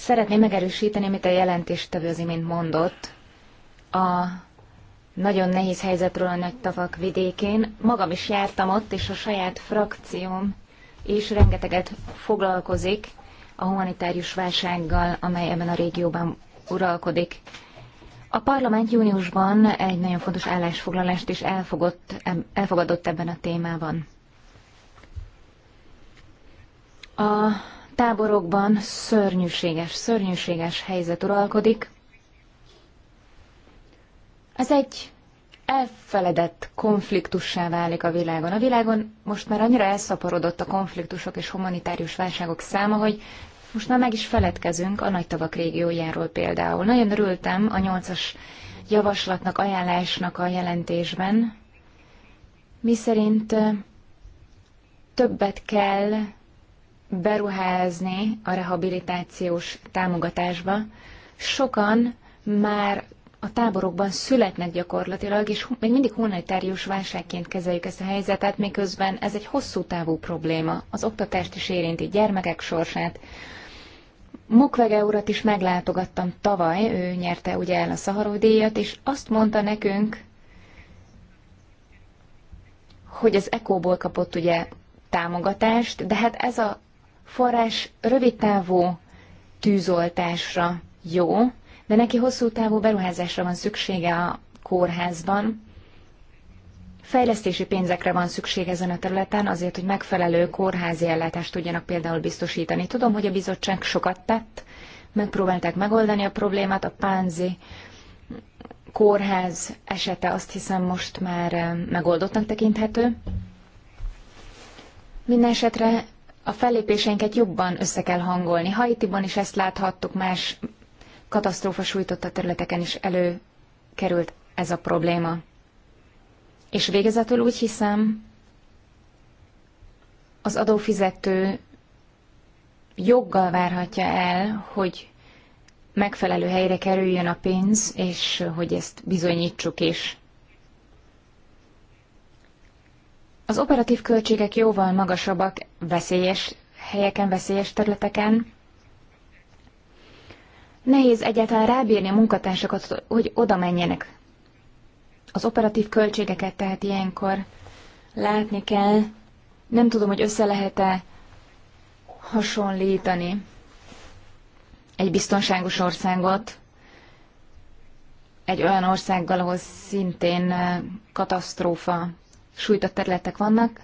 Szeretném megerősíteni, amit a jelentéstevő az imént mondott, a nagyon nehéz helyzetről a nagy tavak vidékén. Magam is jártam ott, és a saját frakcióm is rengeteget foglalkozik a humanitárius válsággal, amely ebben a régióban uralkodik. A parlament júniusban egy nagyon fontos állásfoglalást is elfogott, elfogadott ebben a témában. A táborokban szörnyűséges, szörnyűséges helyzet uralkodik. Ez egy elfeledett konfliktussá válik a világon. A világon most már annyira elszaporodott a konfliktusok és humanitárius válságok száma, hogy most már meg is feledkezünk a nagy tavak régiójáról például. Nagyon örültem a nyolcas javaslatnak, ajánlásnak a jelentésben, miszerint többet kell beruházni a rehabilitációs támogatásba. Sokan már a táborokban születnek gyakorlatilag, és még mindig humanitárius válságként kezeljük ezt a helyzetet, miközben ez egy hosszú távú probléma. Az oktatást is érinti, gyermekek sorsát. Mukwege urat is meglátogattam tavaly, ő nyerte ugye el a Szaharó díjat, és azt mondta nekünk, hogy az ECO-ból kapott ugye támogatást, de hát ez a forrás rövidtávú tűzoltásra jó, de neki hosszú távú beruházásra van szüksége a kórházban. Fejlesztési pénzekre van szükség ezen a területen azért, hogy megfelelő kórházi ellátást tudjanak például biztosítani. Tudom, hogy a bizottság sokat tett, megpróbálták megoldani a problémát, a pánzi kórház esete azt hiszem most már eh, megoldottnak tekinthető. Minden esetre a fellépéseinket jobban össze kell hangolni. Haitiban is ezt láthattuk, más katasztrófa sújtotta területeken is előkerült ez a probléma. És végezetül úgy hiszem, az adófizető joggal várhatja el, hogy megfelelő helyre kerüljön a pénz, és hogy ezt bizonyítsuk is. Az operatív költségek jóval magasabbak veszélyes helyeken, veszélyes területeken. Nehéz egyáltalán rábírni a munkatársakat, hogy oda menjenek. Az operatív költségeket tehát ilyenkor látni kell. Nem tudom, hogy össze lehet-e hasonlítani egy biztonságos országot egy olyan országgal, ahol szintén eh, katasztrófa sújtott területek vannak,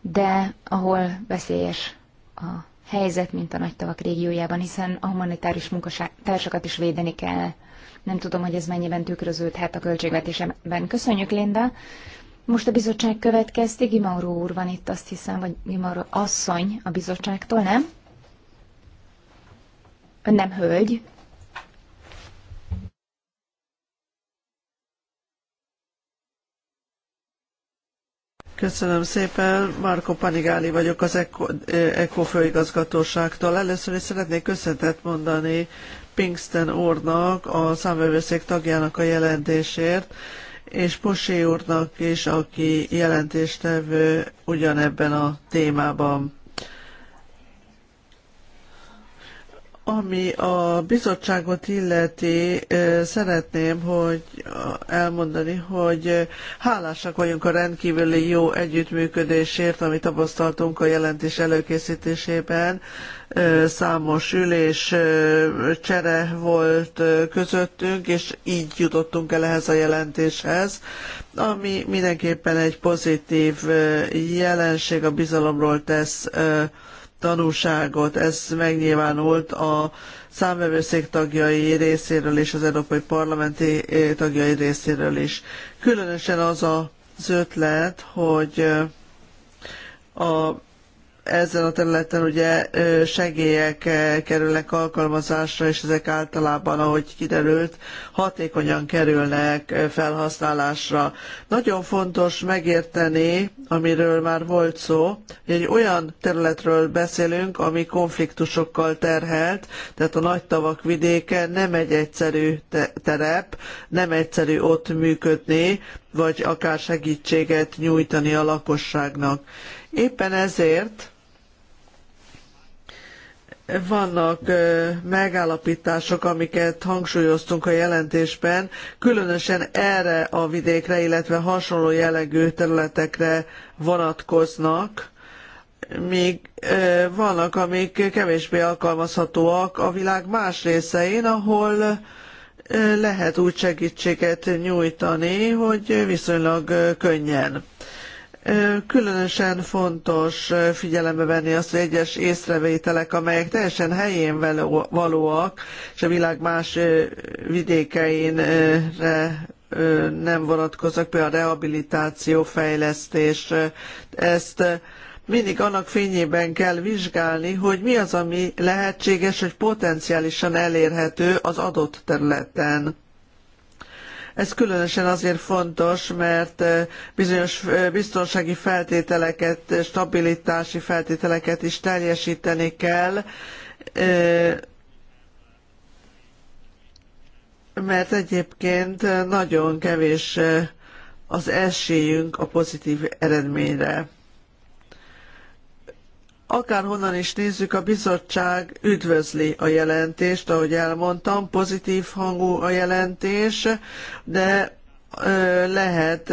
de ahol veszélyes a helyzet, mint a nagy tavak régiójában, hiszen a humanitárius munkatársakat is védeni kell. Nem tudom, hogy ez mennyiben tükröződhet a költségvetésemben. Köszönjük, Linda! Most a bizottság következti, Gimauró úr van itt, azt hiszem, vagy Gimauró asszony a bizottságtól, nem? Ön nem hölgy, Köszönöm szépen, Marko Panigáli vagyok az ECO, főigazgatóságtól. Először is szeretnék köszöntet mondani Pinkston úrnak, a számvevőszék tagjának a jelentésért, és Posé úrnak is, aki jelentéstevő ugyanebben a témában. Ami a bizottságot illeti, szeretném, hogy elmondani, hogy hálásak vagyunk a rendkívüli jó együttműködésért, amit tapasztaltunk a jelentés előkészítésében. Számos ülés csere volt közöttünk, és így jutottunk el ehhez a jelentéshez, ami mindenképpen egy pozitív jelenség a bizalomról tesz tanúságot. Ez megnyilvánult a számvevőszék tagjai részéről és az Európai Parlamenti eh, tagjai részéről is. Különösen az az ötlet, hogy eh, a ezen a területen ugye segélyek kerülnek alkalmazásra, és ezek általában, ahogy kiderült, hatékonyan kerülnek felhasználásra. Nagyon fontos megérteni, amiről már volt szó, hogy egy olyan területről beszélünk, ami konfliktusokkal terhelt, tehát a nagy tavak vidéke nem egy egyszerű terep, nem egyszerű ott működni, vagy akár segítséget nyújtani a lakosságnak. Éppen ezért vannak megállapítások, amiket hangsúlyoztunk a jelentésben, különösen erre a vidékre, illetve hasonló jellegű területekre vonatkoznak, míg vannak, amik kevésbé alkalmazhatóak a világ más részein, ahol lehet úgy segítséget nyújtani, hogy viszonylag könnyen. Különösen fontos figyelembe venni azt, hogy egyes észrevételek, amelyek teljesen helyén valóak, és a világ más vidékein nem vonatkoznak, például a rehabilitáció, fejlesztés, ezt mindig annak fényében kell vizsgálni, hogy mi az, ami lehetséges, hogy potenciálisan elérhető az adott területen. Ez különösen azért fontos, mert bizonyos biztonsági feltételeket, stabilitási feltételeket is teljesíteni kell, mert egyébként nagyon kevés az esélyünk a pozitív eredményre. Akárhonnan is nézzük, a bizottság üdvözli a jelentést, ahogy elmondtam, pozitív hangú a jelentés, de lehet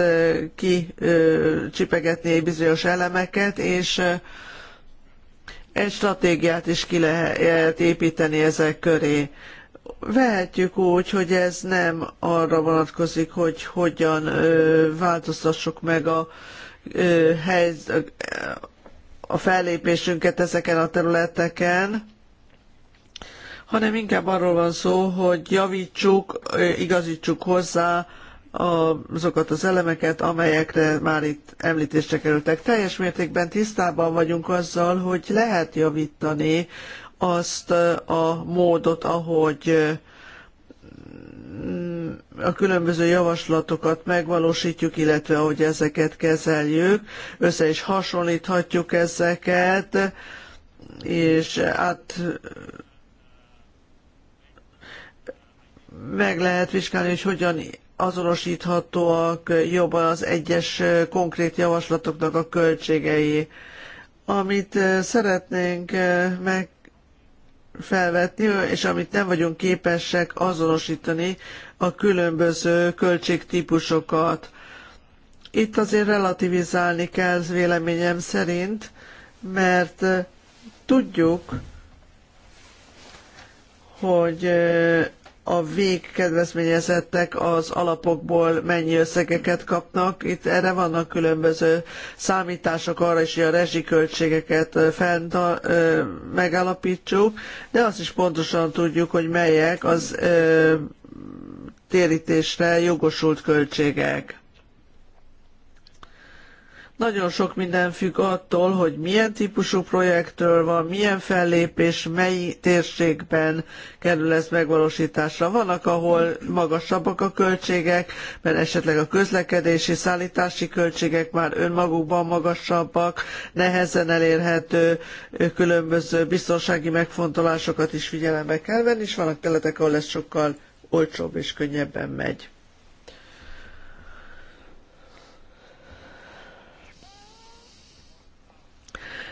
kicsipegetni bizonyos elemeket, és egy stratégiát is ki lehet építeni ezek köré. Vehetjük úgy, hogy ez nem arra vonatkozik, hogy hogyan változtassuk meg a, a fellépésünket ezeken a területeken, hanem inkább arról van szó, hogy javítsuk, igazítsuk hozzá azokat az elemeket, amelyekre már itt említésre kerültek. Teljes mértékben tisztában vagyunk azzal, hogy lehet javítani azt a módot, ahogy a különböző javaslatokat megvalósítjuk, illetve ahogy ezeket kezeljük, össze is hasonlíthatjuk ezeket, és át meg lehet vizsgálni, hogy hogyan azonosíthatóak jobban az egyes konkrét javaslatoknak a költségei. Amit szeretnénk meg felvetni, és amit nem vagyunk képesek azonosítani, a különböző költségtípusokat. Itt azért relativizálni kell véleményem szerint, mert tudjuk, hogy a végkedvezményezettek az alapokból mennyi összegeket kapnak. Itt erre vannak különböző számítások arra is, hogy a rezsiköltségeket fent megállapítsuk, de azt is pontosan tudjuk, hogy melyek az térítésre jogosult költségek. Nagyon sok minden függ attól, hogy milyen típusú projektről van, milyen fellépés, mely térségben kerül ez megvalósításra. Vannak, ahol magasabbak a költségek, mert esetleg a közlekedési, szállítási költségek már önmagukban magasabbak, nehezen elérhető különböző biztonsági megfontolásokat is figyelembe kell venni, és vannak területek, ahol ez sokkal olcsóbb és könnyebben megy.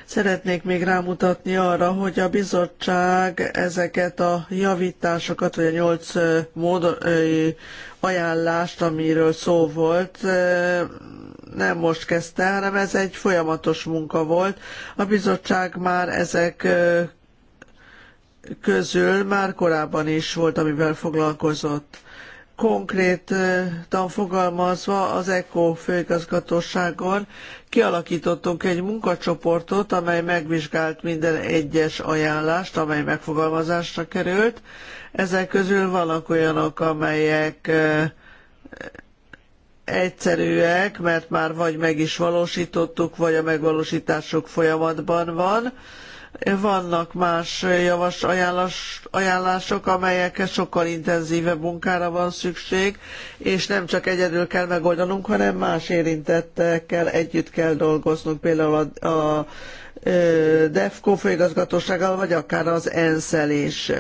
Szeretnék még rámutatni arra, hogy a bizottság ezeket a javításokat, vagy a nyolc mód, ajánlást, amiről szó volt, nem most kezdte, hanem ez egy folyamatos munka volt. A bizottság már ezek közül már korábban is volt, amivel foglalkozott. Konkrétan fogalmazva az ECO főigazgatóságon kialakítottunk egy munkacsoportot, amely megvizsgált minden egyes ajánlást, amely megfogalmazásra került. Ezek közül vannak olyanok, amelyek egyszerűek, mert már vagy meg is valósítottuk, vagy a megvalósítások folyamatban van vannak más javas ajánlás, ajánlások, amelyekhez sokkal intenzívebb munkára van szükség, és nem csak egyedül kell megoldanunk, hanem más érintettekkel együtt kell dolgoznunk, például a, a DEFCO főigazgatósággal, vagy akár az ENSZ-el is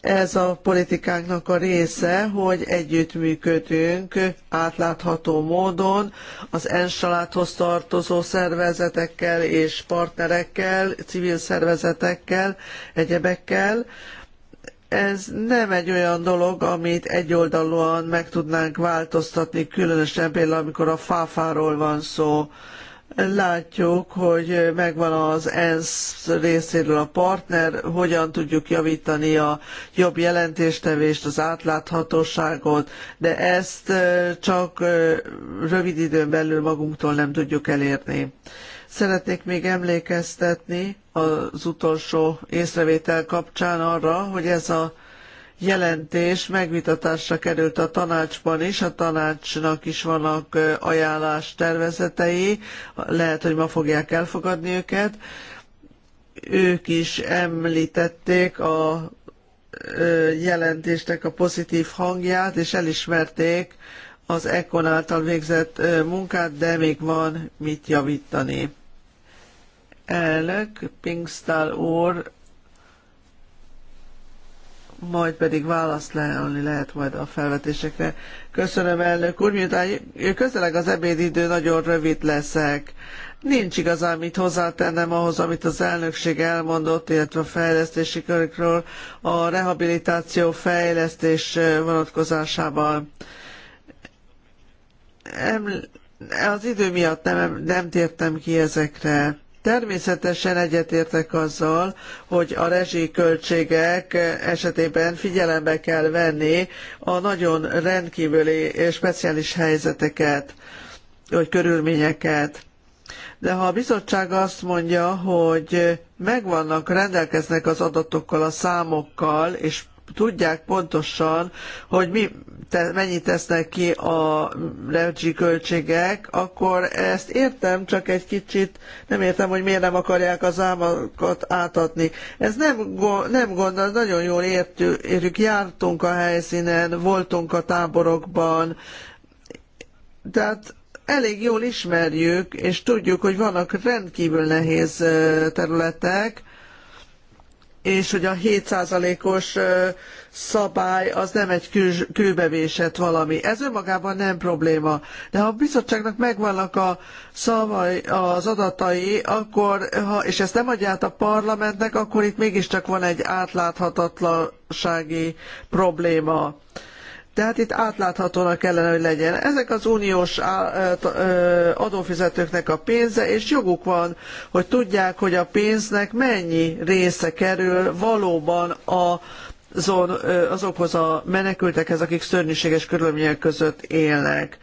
ez a politikánknak a része, hogy együttműködünk átlátható módon az ENSZ-családhoz tartozó szervezetekkel és partnerekkel, civil szervezetekkel, egyebekkel. Ez nem egy olyan dolog, amit egyoldalúan meg tudnánk változtatni, különösen például, amikor a fáfáról van szó Látjuk, hogy megvan az ENSZ részéről a partner, hogyan tudjuk javítani a jobb jelentéstevést, az átláthatóságot, de ezt csak rövid időn belül magunktól nem tudjuk elérni. Szeretnék még emlékeztetni az utolsó észrevétel kapcsán arra, hogy ez a jelentés megvitatásra került a tanácsban is, a tanácsnak is vannak ajánlás tervezetei, lehet, hogy ma fogják elfogadni őket. Ők is említették a jelentésnek a pozitív hangját, és elismerték az Ekon által végzett munkát, de még van mit javítani. Elnök, Pinkstall úr majd pedig választ leállni lehet majd a felvetésekre. Köszönöm, elnök úr, miután közeleg az ebédidő, nagyon rövid leszek. Nincs igazán mit hozzátennem ahhoz, amit az elnökség elmondott, illetve a fejlesztési körökről a rehabilitáció fejlesztés vonatkozásában. Eml- az idő miatt nem, nem tértem ki ezekre. Természetesen egyetértek azzal, hogy a rezsiköltségek esetében figyelembe kell venni a nagyon rendkívüli speciális helyzeteket, vagy körülményeket. De ha a bizottság azt mondja, hogy megvannak, rendelkeznek az adatokkal, a számokkal, és tudják pontosan, hogy mi te, mennyit tesznek ki a revcsi költségek, akkor ezt értem, csak egy kicsit nem értem, hogy miért nem akarják az ámakat átadni. Ez nem, nem gond, az nagyon jól értjük, értjük, jártunk a helyszínen, voltunk a táborokban, tehát elég jól ismerjük, és tudjuk, hogy vannak rendkívül nehéz területek, és hogy a 7%-os szabály az nem egy kül, kőbevésett valami. Ez önmagában nem probléma. De ha a bizottságnak megvannak a szavai, az adatai, akkor, ha, és ezt nem adja át a parlamentnek, akkor itt mégiscsak van egy átláthatatlansági probléma. Tehát itt átláthatónak kellene, hogy legyen. Ezek az uniós adófizetőknek a pénze, és joguk van, hogy tudják, hogy a pénznek mennyi része kerül valóban a azon, azokhoz a menekültekhez, akik szörnyűséges körülmények között élnek.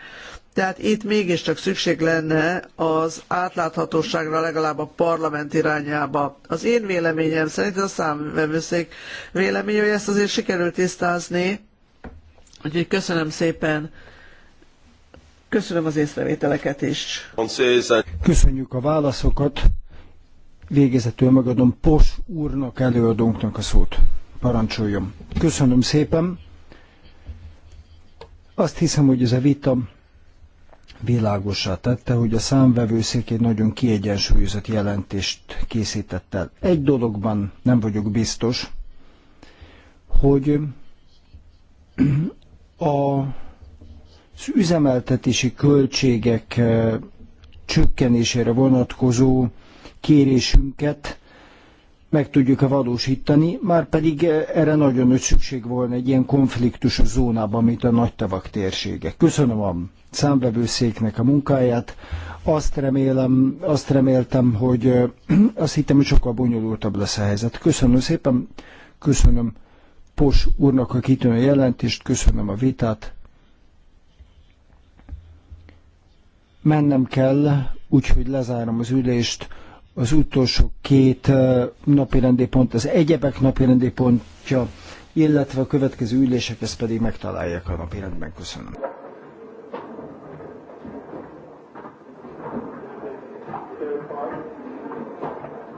Tehát itt mégiscsak szükség lenne az átláthatóságra legalább a parlament irányába. Az én véleményem szerint, ez a számvevőszék véleménye, hogy ezt azért sikerült tisztázni, Úgyhogy köszönöm szépen. Köszönöm az észrevételeket is. Köszönjük a válaszokat. Végezetül megadom Pos úrnak, előadónknak a szót. Parancsoljon. Köszönöm szépen. Azt hiszem, hogy ez a vita világosá tette, hogy a számvevőszék egy nagyon kiegyensúlyozott jelentést készített el. Egy dologban nem vagyok biztos, hogy a az üzemeltetési költségek eh, csökkenésére vonatkozó kérésünket meg tudjuk-e valósítani, már pedig eh, erre nagyon nagy szükség volna egy ilyen konfliktus zónában, mint a nagy tavak térsége. Köszönöm a számvevőszéknek a munkáját. Azt remélem, azt reméltem, hogy eh, azt hittem, hogy sokkal bonyolultabb lesz a helyzet. Köszönöm szépen, köszönöm Pos úrnak a kitűnő jelentést, köszönöm a vitát. Mennem kell, úgyhogy lezárom az ülést. Az utolsó két napirendi pont, az egyebek napirendi pontja, illetve a következő ülések, ezt pedig megtalálják a napirendben. Köszönöm.